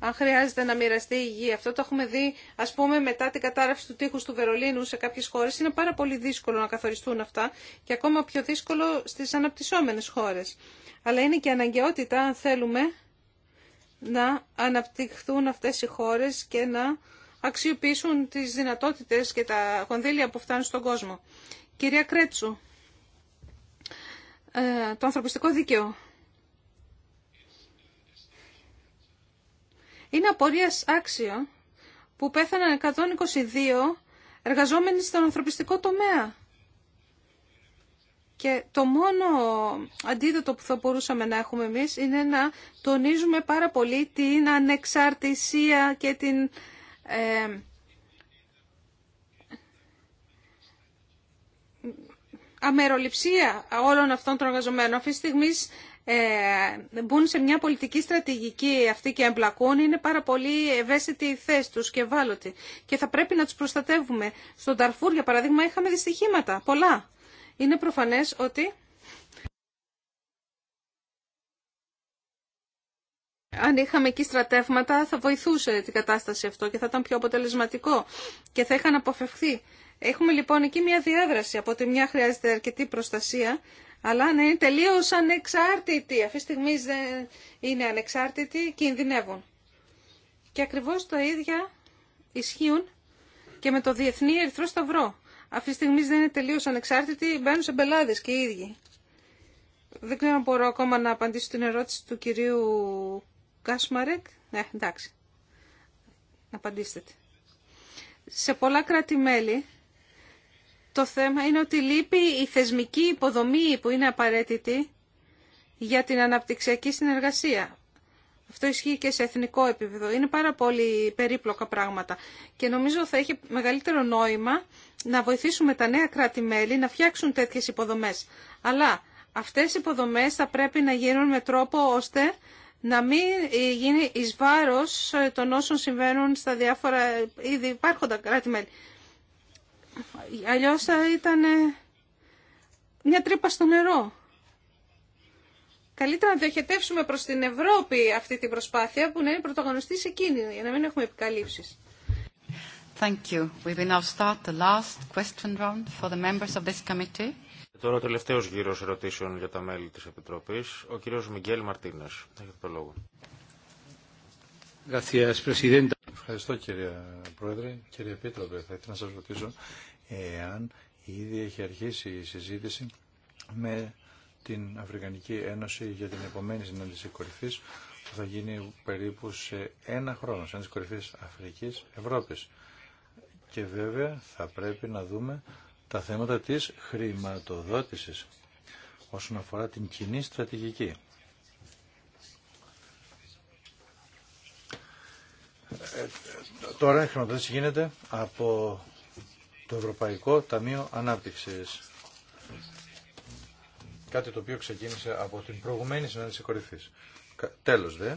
Αν χρειάζεται να μοιραστεί η γη, αυτό το έχουμε δει, ας πούμε, μετά την κατάρρευση του τείχους του Βερολίνου σε κάποιες χώρες, είναι πάρα πολύ δύσκολο να καθοριστούν αυτά και ακόμα πιο δύσκολο στις αναπτυσσόμενες χώρες. Αλλά είναι και αναγκαιότητα, αν θέλουμε, να αναπτυχθούν αυτές οι χώρες και να αξιοποιήσουν τις δυνατότητες και τα κονδύλια που φτάνουν στον κόσμο. Κυρία Κρέτσου, ε, το ανθρωπιστικό δίκαιο. Είναι απορίας άξιο που πέθαναν 122 εργαζόμενοι στον ανθρωπιστικό τομέα. Και το μόνο αντίδοτο που θα μπορούσαμε να έχουμε εμείς είναι να τονίζουμε πάρα πολύ την ανεξαρτησία και την ε, αμεροληψία όλων αυτών των εργαζομένων. Αυτή τη στιγμή ε, μπουν σε μια πολιτική στρατηγική αυτή και εμπλακούν, είναι πάρα πολύ ευαίσθητη η θέση τους και ευάλωτη. Και θα πρέπει να τους προστατεύουμε. Στον Ταρφούρ, για παράδειγμα, είχαμε δυστυχήματα, πολλά είναι προφανές ότι αν είχαμε εκεί στρατεύματα θα βοηθούσε την κατάσταση αυτό και θα ήταν πιο αποτελεσματικό και θα είχαν αποφευχθεί. Έχουμε λοιπόν εκεί μια διάδραση. Από τη μια χρειάζεται αρκετή προστασία, αλλά να είναι τελείω ανεξάρτητη. Αυτή τη στιγμή δεν είναι ανεξάρτητοι, κινδυνεύουν. Και ακριβώς το ίδια ισχύουν και με το Διεθνή Ερυθρό Σταυρό αυτή τη στιγμή δεν είναι τελείω ανεξάρτητοι, μπαίνουν σε μπελάδε και οι ίδιοι. Δεν ξέρω αν μπορώ ακόμα να απαντήσω την ερώτηση του κυρίου Κάσμαρεκ. Ναι, εντάξει. Απαντήστε. Τη. Σε πολλά κράτη-μέλη το θέμα είναι ότι λείπει η θεσμική υποδομή που είναι απαραίτητη για την αναπτυξιακή συνεργασία. Αυτό ισχύει και σε εθνικό επίπεδο. Είναι πάρα πολύ περίπλοκα πράγματα. Και νομίζω θα έχει μεγαλύτερο νόημα να βοηθήσουμε τα νέα κράτη-μέλη να φτιάξουν τέτοιες υποδομές. Αλλά αυτές οι υποδομές θα πρέπει να γίνουν με τρόπο ώστε να μην γίνει εις βάρος των όσων συμβαίνουν στα διάφορα ήδη υπάρχοντα κράτη-μέλη. Αλλιώς θα ήταν μια τρύπα στο νερό. Καλύτερα να διοχετεύσουμε προς την Ευρώπη αυτή την προσπάθεια που να είναι πρωταγωνιστή σε εκείνη, για να μην έχουμε επικαλύψεις. Thank you. We will now start the last question round for the members of this committee. Τώρα ο τελευταίος γύρος ερωτήσεων για τα μέλη της Επιτροπής, ο κύριος Μιγγέλ Μαρτίνες. Έχετε το λόγο. Ευχαριστώ κύριε Πρόεδρε. Κύριε Επίτροπε, θα ήθελα να σας ρωτήσω εάν ήδη έχει αρχίσει η συζήτηση με την Αφρικανική Ένωση για την επομένη συνάντηση κορυφή που θα γίνει περίπου σε ένα χρόνο, συνάντηση κορυφή Αφρική-Ευρώπη. Και βέβαια θα πρέπει να δούμε τα θέματα της χρηματοδότησης όσον αφορά την κοινή στρατηγική. Ε, τώρα η χρηματοδότηση γίνεται από το Ευρωπαϊκό Ταμείο Ανάπτυξης. Κάτι το οποίο ξεκίνησε από την προηγουμένη συνάντηση κορυφή. Τέλος δε,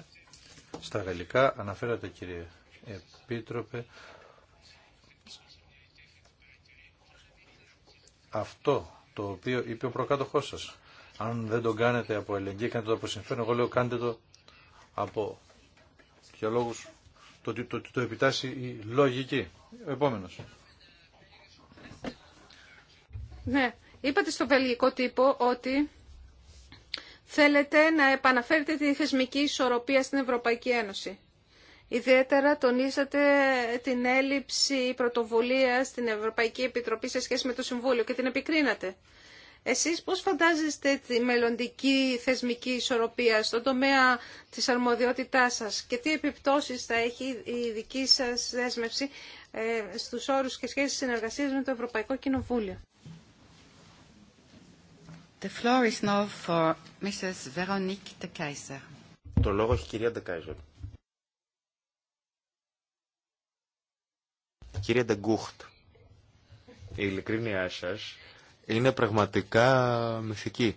στα γαλλικά αναφέρατε κύριε Επίτροπε, αυτό το οποίο είπε ο προκάτοχός σας. Αν δεν το κάνετε από ελεγγύη, κάντε το από συμφέρον. Εγώ λέω κάντε το από για το ότι το, το, επιτάσσει η λογική. επόμενος. Ναι, Είπατε στο βελγικό τύπο ότι θέλετε να επαναφέρετε τη θεσμική ισορροπία στην Ευρωπαϊκή Ένωση. Ιδιαίτερα τονίσατε την έλλειψη πρωτοβουλία στην Ευρωπαϊκή Επιτροπή σε σχέση με το Συμβούλιο και την επικρίνατε. Εσείς πώς φαντάζεστε τη μελλοντική θεσμική ισορροπία στον τομέα της αρμοδιότητάς σας και τι επιπτώσεις θα έχει η δική σας δέσμευση ε, στους όρους και σχέσεις συνεργασίας με το Ευρωπαϊκό Κοινοβούλιο. Το λόγο έχει η κυρία Ντεκάιζερ. Κύριε Ντεγκούχτ, η ειλικρίνειά σας είναι πραγματικά μυθική.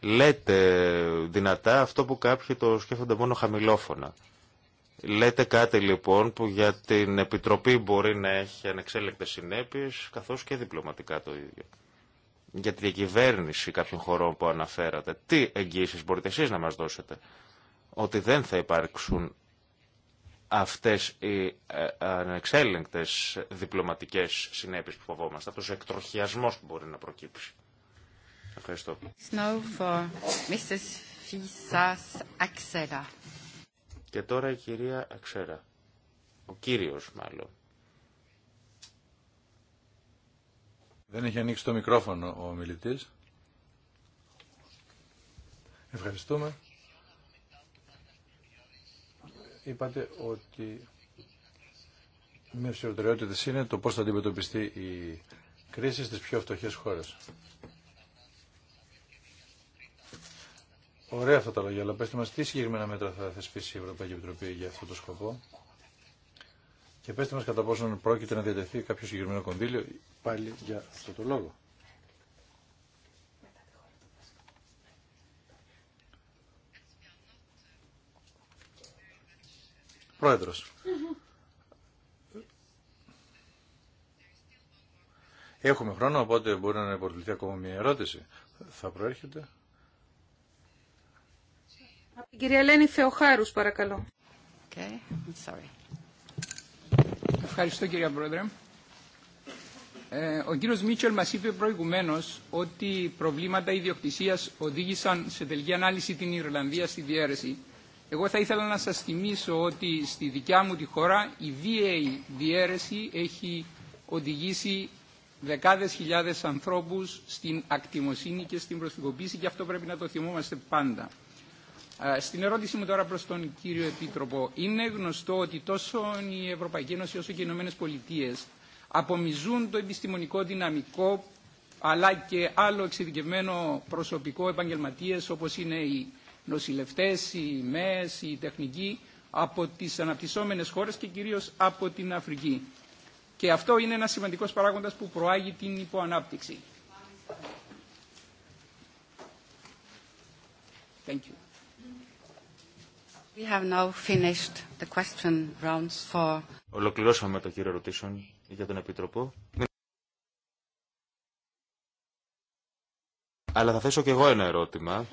Λέτε δυνατά αυτό που κάποιοι το σκέφτονται μόνο χαμηλόφωνα. Λέτε κάτι λοιπόν που για την Επιτροπή μπορεί να έχει ανεξέλεγκτες συνέπειες, καθώς και διπλωματικά το ίδιο για τη διακυβέρνηση κάποιων χωρών που αναφέρατε. Τι εγγύησεις μπορείτε εσείς να μας δώσετε ότι δεν θα υπάρξουν αυτές οι ε, ανεξέλεγκτες διπλωματικές συνέπειες που φοβόμαστε, αυτός ο εκτροχιασμός που μπορεί να προκύψει. Ευχαριστώ. Και τώρα η κυρία Αξέρα, ο κύριος μάλλον. Δεν έχει ανοίξει το μικρόφωνο ο μιλητής. Ευχαριστούμε. Είπατε ότι μια ψηφοτεραιότητας είναι το πώς θα αντιμετωπιστεί η κρίση στις πιο φτωχές χώρες. Ωραία αυτά τα λόγια, αλλά πέστε μας τι συγκεκριμένα μέτρα θα θεσπίσει η Ευρωπαϊκή Επιτροπή για αυτό το σκοπό. Και πέστε μας κατά πόσον πρόκειται να διατεθεί κάποιο συγκεκριμένο κονδύλιο πάλι για αυτό το λόγο. Πρόεδρος. Έχουμε χρόνο, οπότε μπορεί να υποβληθεί ακόμα μια ερώτηση. Θα προέρχεται. Κυρία Ελένη Θεοχάρους, παρακαλώ. Okay. I'm sorry. Ευχαριστώ κύριε Πρόεδρε. Ε, ο κύριος Μίτσελ μας είπε προηγουμένως ότι προβλήματα ιδιοκτησίας οδήγησαν σε τελική ανάλυση την Ιρλανδία στη διέρεση. Εγώ θα ήθελα να σας θυμίσω ότι στη δικιά μου τη χώρα η βίαιη ε διέρεση έχει οδηγήσει δεκάδες χιλιάδες ανθρώπους στην ακτιμοσύνη και στην προσφυγοποίηση και αυτό πρέπει να το θυμόμαστε πάντα. Ε, στην ερώτηση μου τώρα προς τον κύριο Επίτροπο, είναι γνωστό ότι τόσο η Ευρωπαϊκή Ένωση όσο και οι Ηνωμένες Πολιτείες απομιζούν το επιστημονικό δυναμικό αλλά και άλλο εξειδικευμένο προσωπικό επαγγελματίες όπως είναι οι νοσηλευτές, οι ΜΕΣ, οι τεχνικοί από τις αναπτυσσόμενες χώρες και κυρίως από την Αφρική. Και αυτό είναι ένας σημαντικός παράγοντας που προάγει την υποανάπτυξη. Thank you. Ολοκληρώσαμε το κύριο ερωτήσεων για τον Επίτροπο. Αλλά θα θέσω και εγώ ένα ερώτημα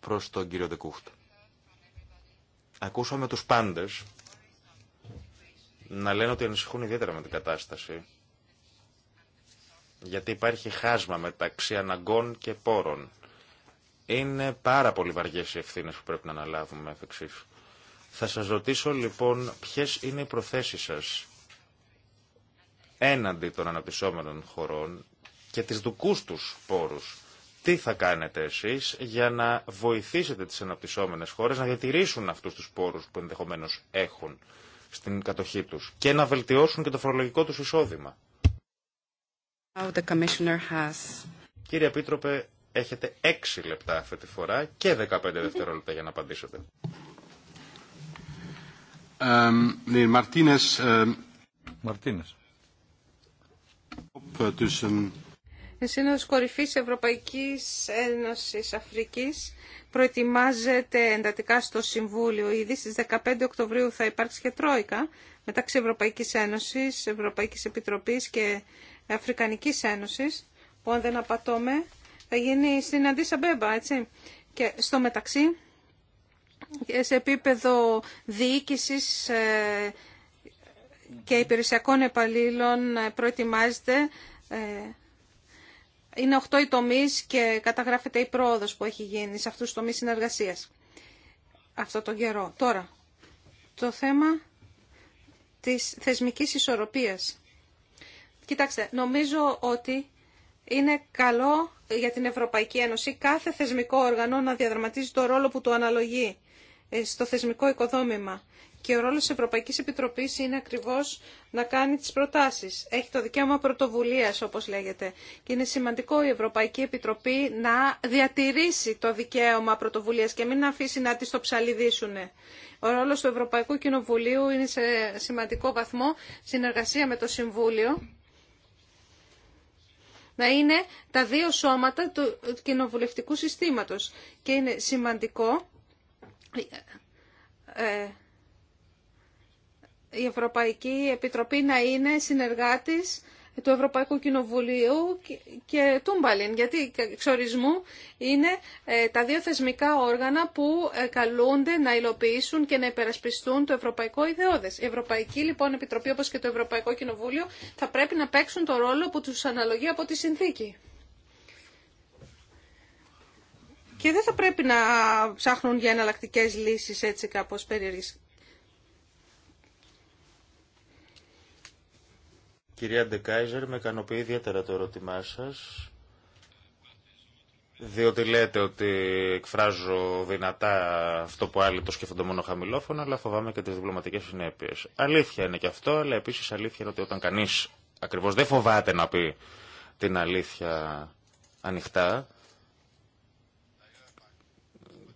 προς τον κύριο Δεκούχτ. Ακούσαμε τους πάντες να λένε ότι ανησυχούν ιδιαίτερα με την κατάσταση. Γιατί υπάρχει χάσμα μεταξύ αναγκών και πόρων. Είναι πάρα πολύ βαριές οι ευθύνες που πρέπει να αναλάβουμε εφ' Θα σας ρωτήσω λοιπόν ποιες είναι οι προθέσεις σας έναντι των αναπτυσσόμενων χωρών και τις δικούς τους πόρους. Τι θα κάνετε εσείς για να βοηθήσετε τις αναπτυσσόμενες χώρες να διατηρήσουν αυτούς τους πόρους που ενδεχομένως έχουν στην κατοχή τους και να βελτιώσουν και το φορολογικό τους εισόδημα. Κύριε Επίτροπε, Έχετε 6 λεπτά αυτή τη φορά και 15 δευτερόλεπτα για να απαντήσετε. Μαρτίνες. Ε, Μαρτίνες. ως ε, Κορυφής Ευρωπαϊκής Ένωσης Αφρικής προετοιμάζεται εντατικά στο Συμβούλιο. Ήδη στις 15 Οκτωβρίου θα υπάρξει και Τρόικα μεταξύ Ευρωπαϊκής Ένωσης, Ευρωπαϊκής Επιτροπής και Αφρικανικής Ένωσης που αν δεν απατώμε θα γίνει στην Αντίσα Μπέμπα, έτσι. Και στο μεταξύ, σε επίπεδο διοίκησης ε, και υπηρεσιακών επαλλήλων ε, προετοιμάζεται ε, είναι 8 οι τομεί και καταγράφεται η πρόοδος που έχει γίνει σε αυτού του τομεί συνεργασίας. αυτό το καιρό. Τώρα, το θέμα της θεσμικής ισορροπίας. Κοιτάξτε, νομίζω ότι είναι καλό για την Ευρωπαϊκή Ένωση κάθε θεσμικό όργανο να διαδραματίζει το ρόλο που του αναλογεί ε, στο θεσμικό οικοδόμημα. Και ο ρόλο τη Ευρωπαϊκή Επιτροπή είναι ακριβώ να κάνει τι προτάσει. Έχει το δικαίωμα πρωτοβουλία, όπω λέγεται. Και είναι σημαντικό η Ευρωπαϊκή Επιτροπή να διατηρήσει το δικαίωμα πρωτοβουλία και μην αφήσει να τη το ψαλιδίσουν. Ο ρόλο του Ευρωπαϊκού Κοινοβουλίου είναι σε σημαντικό βαθμό συνεργασία με το Συμβούλιο να είναι τα δύο σώματα του κοινοβουλευτικού συστήματος. Και είναι σημαντικό ε, ε, η Ευρωπαϊκή Επιτροπή να είναι συνεργάτης του Ευρωπαϊκού Κοινοβουλίου και του Μπάλιν, γιατί εξορισμού είναι ε, τα δύο θεσμικά όργανα που ε, καλούνται να υλοποιήσουν και να υπερασπιστούν το Ευρωπαϊκό Ιδεώδες. Η Ευρωπαϊκή λοιπόν Επιτροπή όπως και το Ευρωπαϊκό Κοινοβούλιο θα πρέπει να παίξουν το ρόλο που τους αναλογεί από τη συνθήκη. Και δεν θα πρέπει να ψάχνουν για εναλλακτικέ λύσεις έτσι κάπως Κυρία Ντεκάιζερ, με ικανοποιεί ιδιαίτερα το ερώτημά σας, διότι λέτε ότι εκφράζω δυνατά αυτό που άλλοι το σκέφτονται μόνο χαμηλόφωνα, αλλά φοβάμαι και τις διπλωματικές συνέπειες. Αλήθεια είναι και αυτό, αλλά επίσης αλήθεια είναι ότι όταν κανείς ακριβώς δεν φοβάται να πει την αλήθεια ανοιχτά,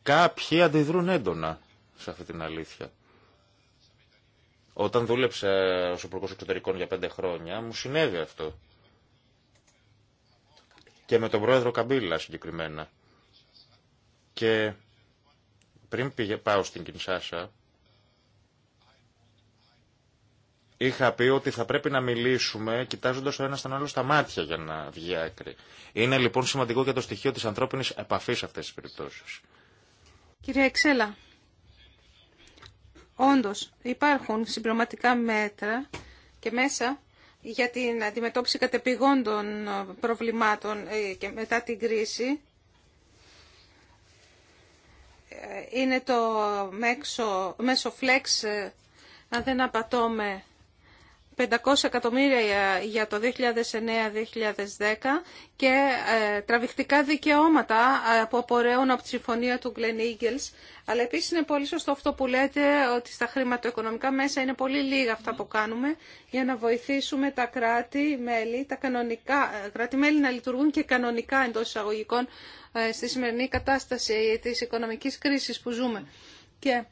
κάποιοι αντιδρούν έντονα σε αυτή την αλήθεια. Όταν δούλεψα ως Υπουργός Εξωτερικών για πέντε χρόνια, μου συνέβη αυτό. Και με τον πρόεδρο Καμπίλα συγκεκριμένα. Και πριν πήγε, πάω στην Κινσάσα, είχα πει ότι θα πρέπει να μιλήσουμε κοιτάζοντας ο ένας τον άλλο στα μάτια για να βγει άκρη. Είναι λοιπόν σημαντικό και το στοιχείο της ανθρώπινης επαφής αυτές τις περιπτώσεις. Κύριε Εξέλα, Όντως υπάρχουν συμπληρωματικά μέτρα και μέσα για την αντιμετώπιση κατεπηγόντων προβλημάτων ε, και μετά την κρίση. Ε, είναι το μέσο, μέσο flex, ε, αν δεν απατώμε, 500 εκατομμύρια για το 2009-2010 και ε, τραβηχτικά δικαιώματα που απορρέουν από τη συμφωνία του Glen Eagles. Αλλά επίσης είναι πολύ σωστό αυτό που λέτε ότι στα χρηματοοικονομικά μέσα είναι πολύ λίγα αυτά που κάνουμε για να βοηθήσουμε τα κράτη-μέλη, τα κανονικά ε, κράτη-μέλη να λειτουργούν και κανονικά εντός εισαγωγικών ε, στη σημερινή κατάσταση της οικονομικής κρίσης που ζούμε. Και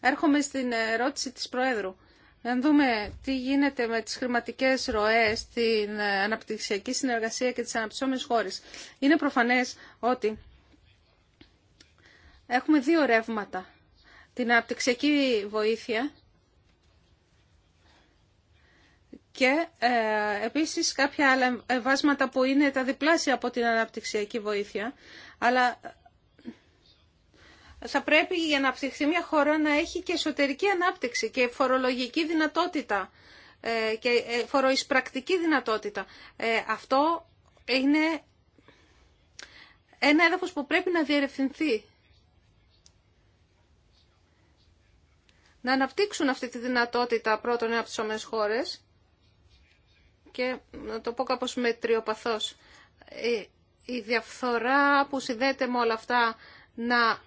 έρχομαι στην ερώτηση της Προέδρου αν δούμε τι γίνεται με τις χρηματικές ροές, την αναπτυξιακή συνεργασία και τις αναπτυσσόμενες χώρες, είναι προφανές ότι έχουμε δύο ρεύματα. Την αναπτυξιακή βοήθεια και ε, επίσης κάποια άλλα εμβάσματα που είναι τα διπλάσια από την αναπτυξιακή βοήθεια, αλλά θα πρέπει για να απτυχθεί μια χώρα να έχει και εσωτερική ανάπτυξη και φορολογική δυνατότητα ε, και ε, φοροεισπρακτική δυνατότητα. Ε, αυτό είναι ένα έδαφος που πρέπει να διερευθυνθεί. Να αναπτύξουν αυτή τη δυνατότητα πρώτον οι αναπτυσσόμενες χώρες και να το πω κάπως μετριοπαθώς. Η διαφθορά που συνδέεται με όλα αυτά να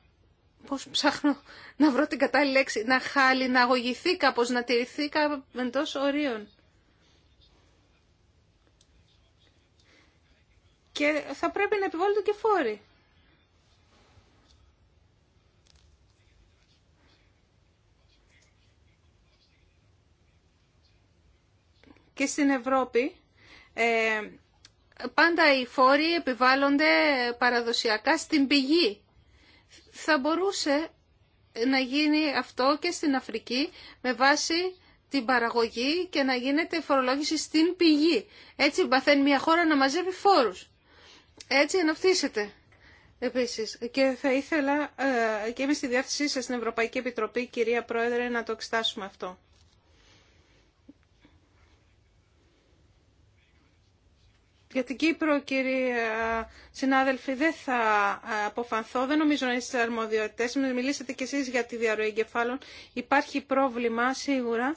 Πώ ψάχνω να βρω την κατάλληλη λέξη, να αγωγηθεί κάπως, να τηρηθεί με εντό ορίων. Και θα πρέπει να επιβάλλονται και φόροι. Και στην Ευρώπη ε, πάντα οι φόροι επιβάλλονται παραδοσιακά στην πηγή θα μπορούσε να γίνει αυτό και στην Αφρική με βάση την παραγωγή και να γίνεται φορολόγηση στην πηγή. Έτσι παθαίνει μια χώρα να μαζεύει φόρους. Έτσι αναπτύσσεται. Επίσης, και θα ήθελα ε, και είμαι στη διάθεσή σας στην Ευρωπαϊκή Επιτροπή, κυρία Πρόεδρε, να το εξτάσουμε αυτό. Για την Κύπρο, κύριοι συνάδελφοι, δεν θα αποφανθώ. Δεν νομίζω να είστε αρμοδιότητες. Μιλήσατε κι εσείς για τη διαρροή εγκεφάλων. Υπάρχει πρόβλημα σίγουρα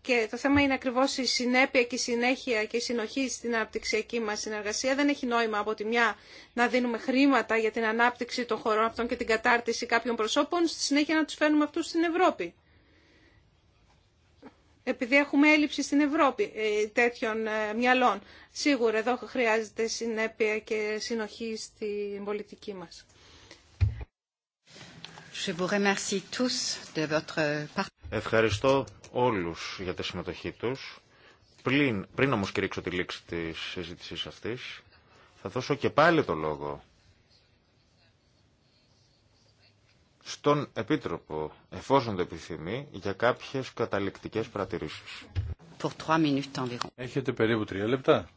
και το θέμα είναι ακριβώ η συνέπεια και η συνέχεια και η συνοχή στην αναπτυξιακή μα συνεργασία. Δεν έχει νόημα από τη μια να δίνουμε χρήματα για την ανάπτυξη των χωρών αυτών και την κατάρτιση κάποιων προσώπων, στη συνέχεια να του φέρνουμε αυτού στην Ευρώπη επειδή έχουμε έλλειψη στην Ευρώπη ε, τέτοιων ε, μυαλών. Σίγουρα εδώ χρειάζεται συνέπεια και συνοχή στην πολιτική μας. Ευχαριστώ όλους για τη συμμετοχή τους. Πριν πριν όμως κηρύξω τη λήξη της συζήτησης αυτής, θα δώσω και πάλι το λόγο στον Επίτροπο, εφόσον το επιθυμεί, για κάποιες καταληκτικές πρατηρήσεις. Έχετε περίπου τρία λεπτά.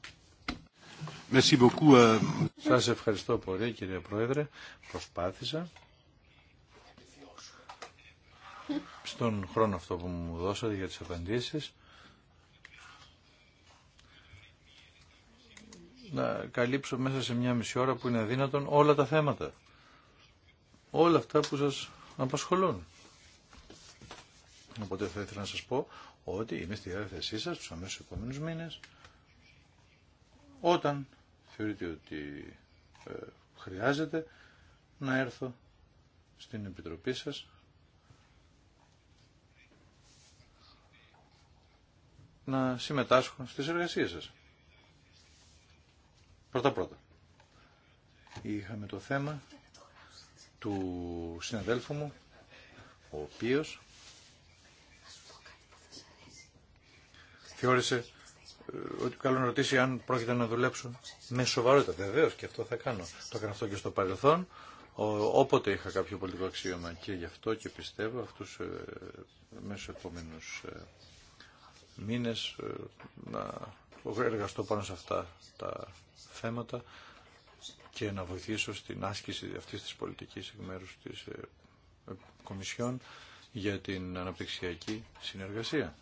Euh, Σας ευχαριστώ πολύ κύριε Πρόεδρε. Προσπάθησα στον χρόνο αυτό που μου δώσατε για τις απαντήσεις να καλύψω μέσα σε μια μισή ώρα που είναι αδύνατον όλα τα θέματα όλα αυτά που σας απασχολούν. Οπότε θα ήθελα να σας πω ότι είμαι στη διάθεσή σας τους αμέσως επόμενους μήνες όταν θεωρείτε ότι ε, χρειάζεται να έρθω στην Επιτροπή σας να συμμετάσχω στις εργασίες σας. Πρώτα πρώτα. Είχαμε το θέμα του συναδέλφου μου, ο οποίος θεώρησε ε, ότι καλό να ρωτήσει αν πρόκειται να δουλέψουν με σοβαρότητα. Βεβαίω και αυτό θα κάνω. Το έκανα αυτό και στο παρελθόν. Όποτε είχα κάποιο πολιτικό αξίωμα και γι' αυτό και πιστεύω αυτούς ε, μέσω επόμενους ε, μήνες ε, να εργαστώ πάνω σε αυτά τα θέματα και να βοηθήσω στην άσκηση αυτής της πολιτικής εκ τη της ε, ε, Κομισιόν για την αναπτυξιακή συνεργασία.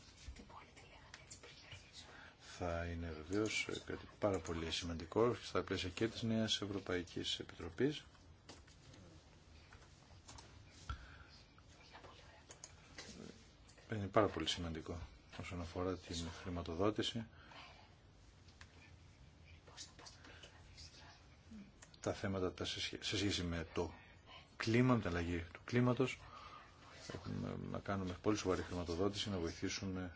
Θα είναι βεβαίω ε, κάτι πάρα πολύ σημαντικό στα πλαίσια και της Νέας Ευρωπαϊκής Επιτροπής. Είναι πάρα πολύ σημαντικό όσον αφορά την χρηματοδότηση τα θέματα τα σε σχέση με το κλίμα, με την αλλαγή του κλίματος. Έχουμε να κάνουμε πολύ σοβαρή χρηματοδότηση, να βοηθήσουμε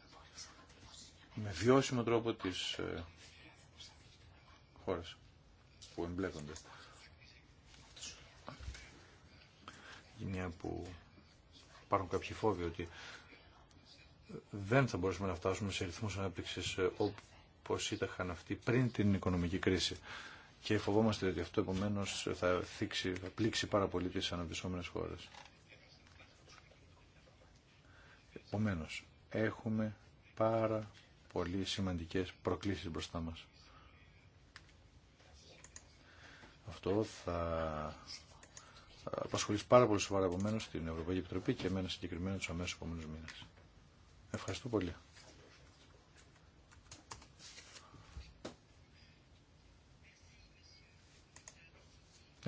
με βιώσιμο τρόπο τις ε, χώρες που εμπλέκονται. μια που υπάρχουν κάποιοι φόβοι ότι δεν θα μπορέσουμε να φτάσουμε σε ρυθμούς ανάπτυξης ε, όπως ήταν αυτοί πριν την οικονομική κρίση και φοβόμαστε ότι αυτό επομένω θα, θίξει, θα πλήξει πάρα πολύ τι αναπτυσσόμενε χώρες. Επομένω, έχουμε πάρα πολύ σημαντικέ προκλήσει μπροστά μας. Αυτό θα απασχολήσει πάρα πολύ σοβαρά επομένως την Ευρωπαϊκή Επιτροπή και εμένα συγκεκριμένα του αμέσω επόμενου μήνε. Ευχαριστώ πολύ.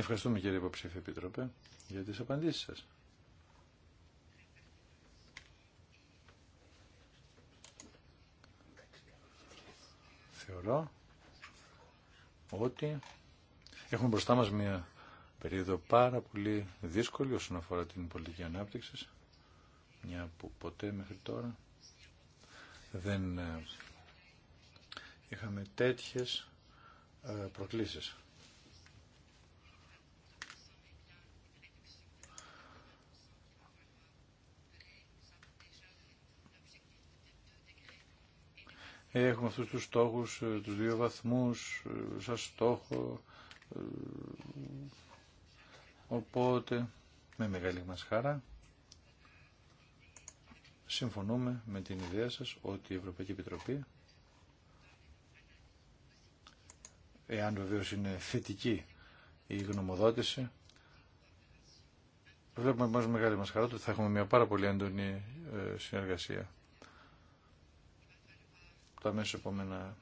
Ευχαριστούμε κύριε υποψήφιο Επιτροπέ για τις απαντήσεις σας. Θεωρώ ότι έχουμε μπροστά μας μια περίοδο πάρα πολύ δύσκολη όσον αφορά την πολιτική ανάπτυξη, μια που ποτέ μέχρι τώρα δεν ε, είχαμε τέτοιες ε, προκλήσεις. Έχουμε αυτούς τους στόχους, ε, τους δύο βαθμούς, ε, σαν στόχο. Ε, οπότε, με μεγάλη μας χαρά, συμφωνούμε με την ιδέα σας ότι η Ευρωπαϊκή Επιτροπή, εάν βεβαίως είναι θετική η γνωμοδότηση, βλέπουμε μας μεγάλη μας χαρά ότι θα έχουμε μια πάρα πολύ έντονη συνεργασία τα μέσα επόμενα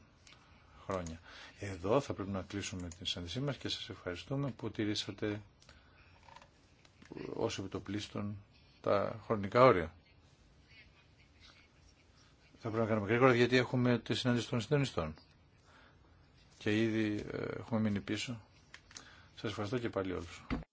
χρόνια. Εδώ θα πρέπει να κλείσουμε την συνάντησή μας και σας ευχαριστούμε που τηρήσατε όσο επιτοπλίστων τα χρονικά όρια. Θα πρέπει να κάνουμε γρήγορα γιατί έχουμε τη συνάντηση των συντονιστών. Και ήδη ε, έχουμε μείνει πίσω. Σας ευχαριστώ και πάλι όλους.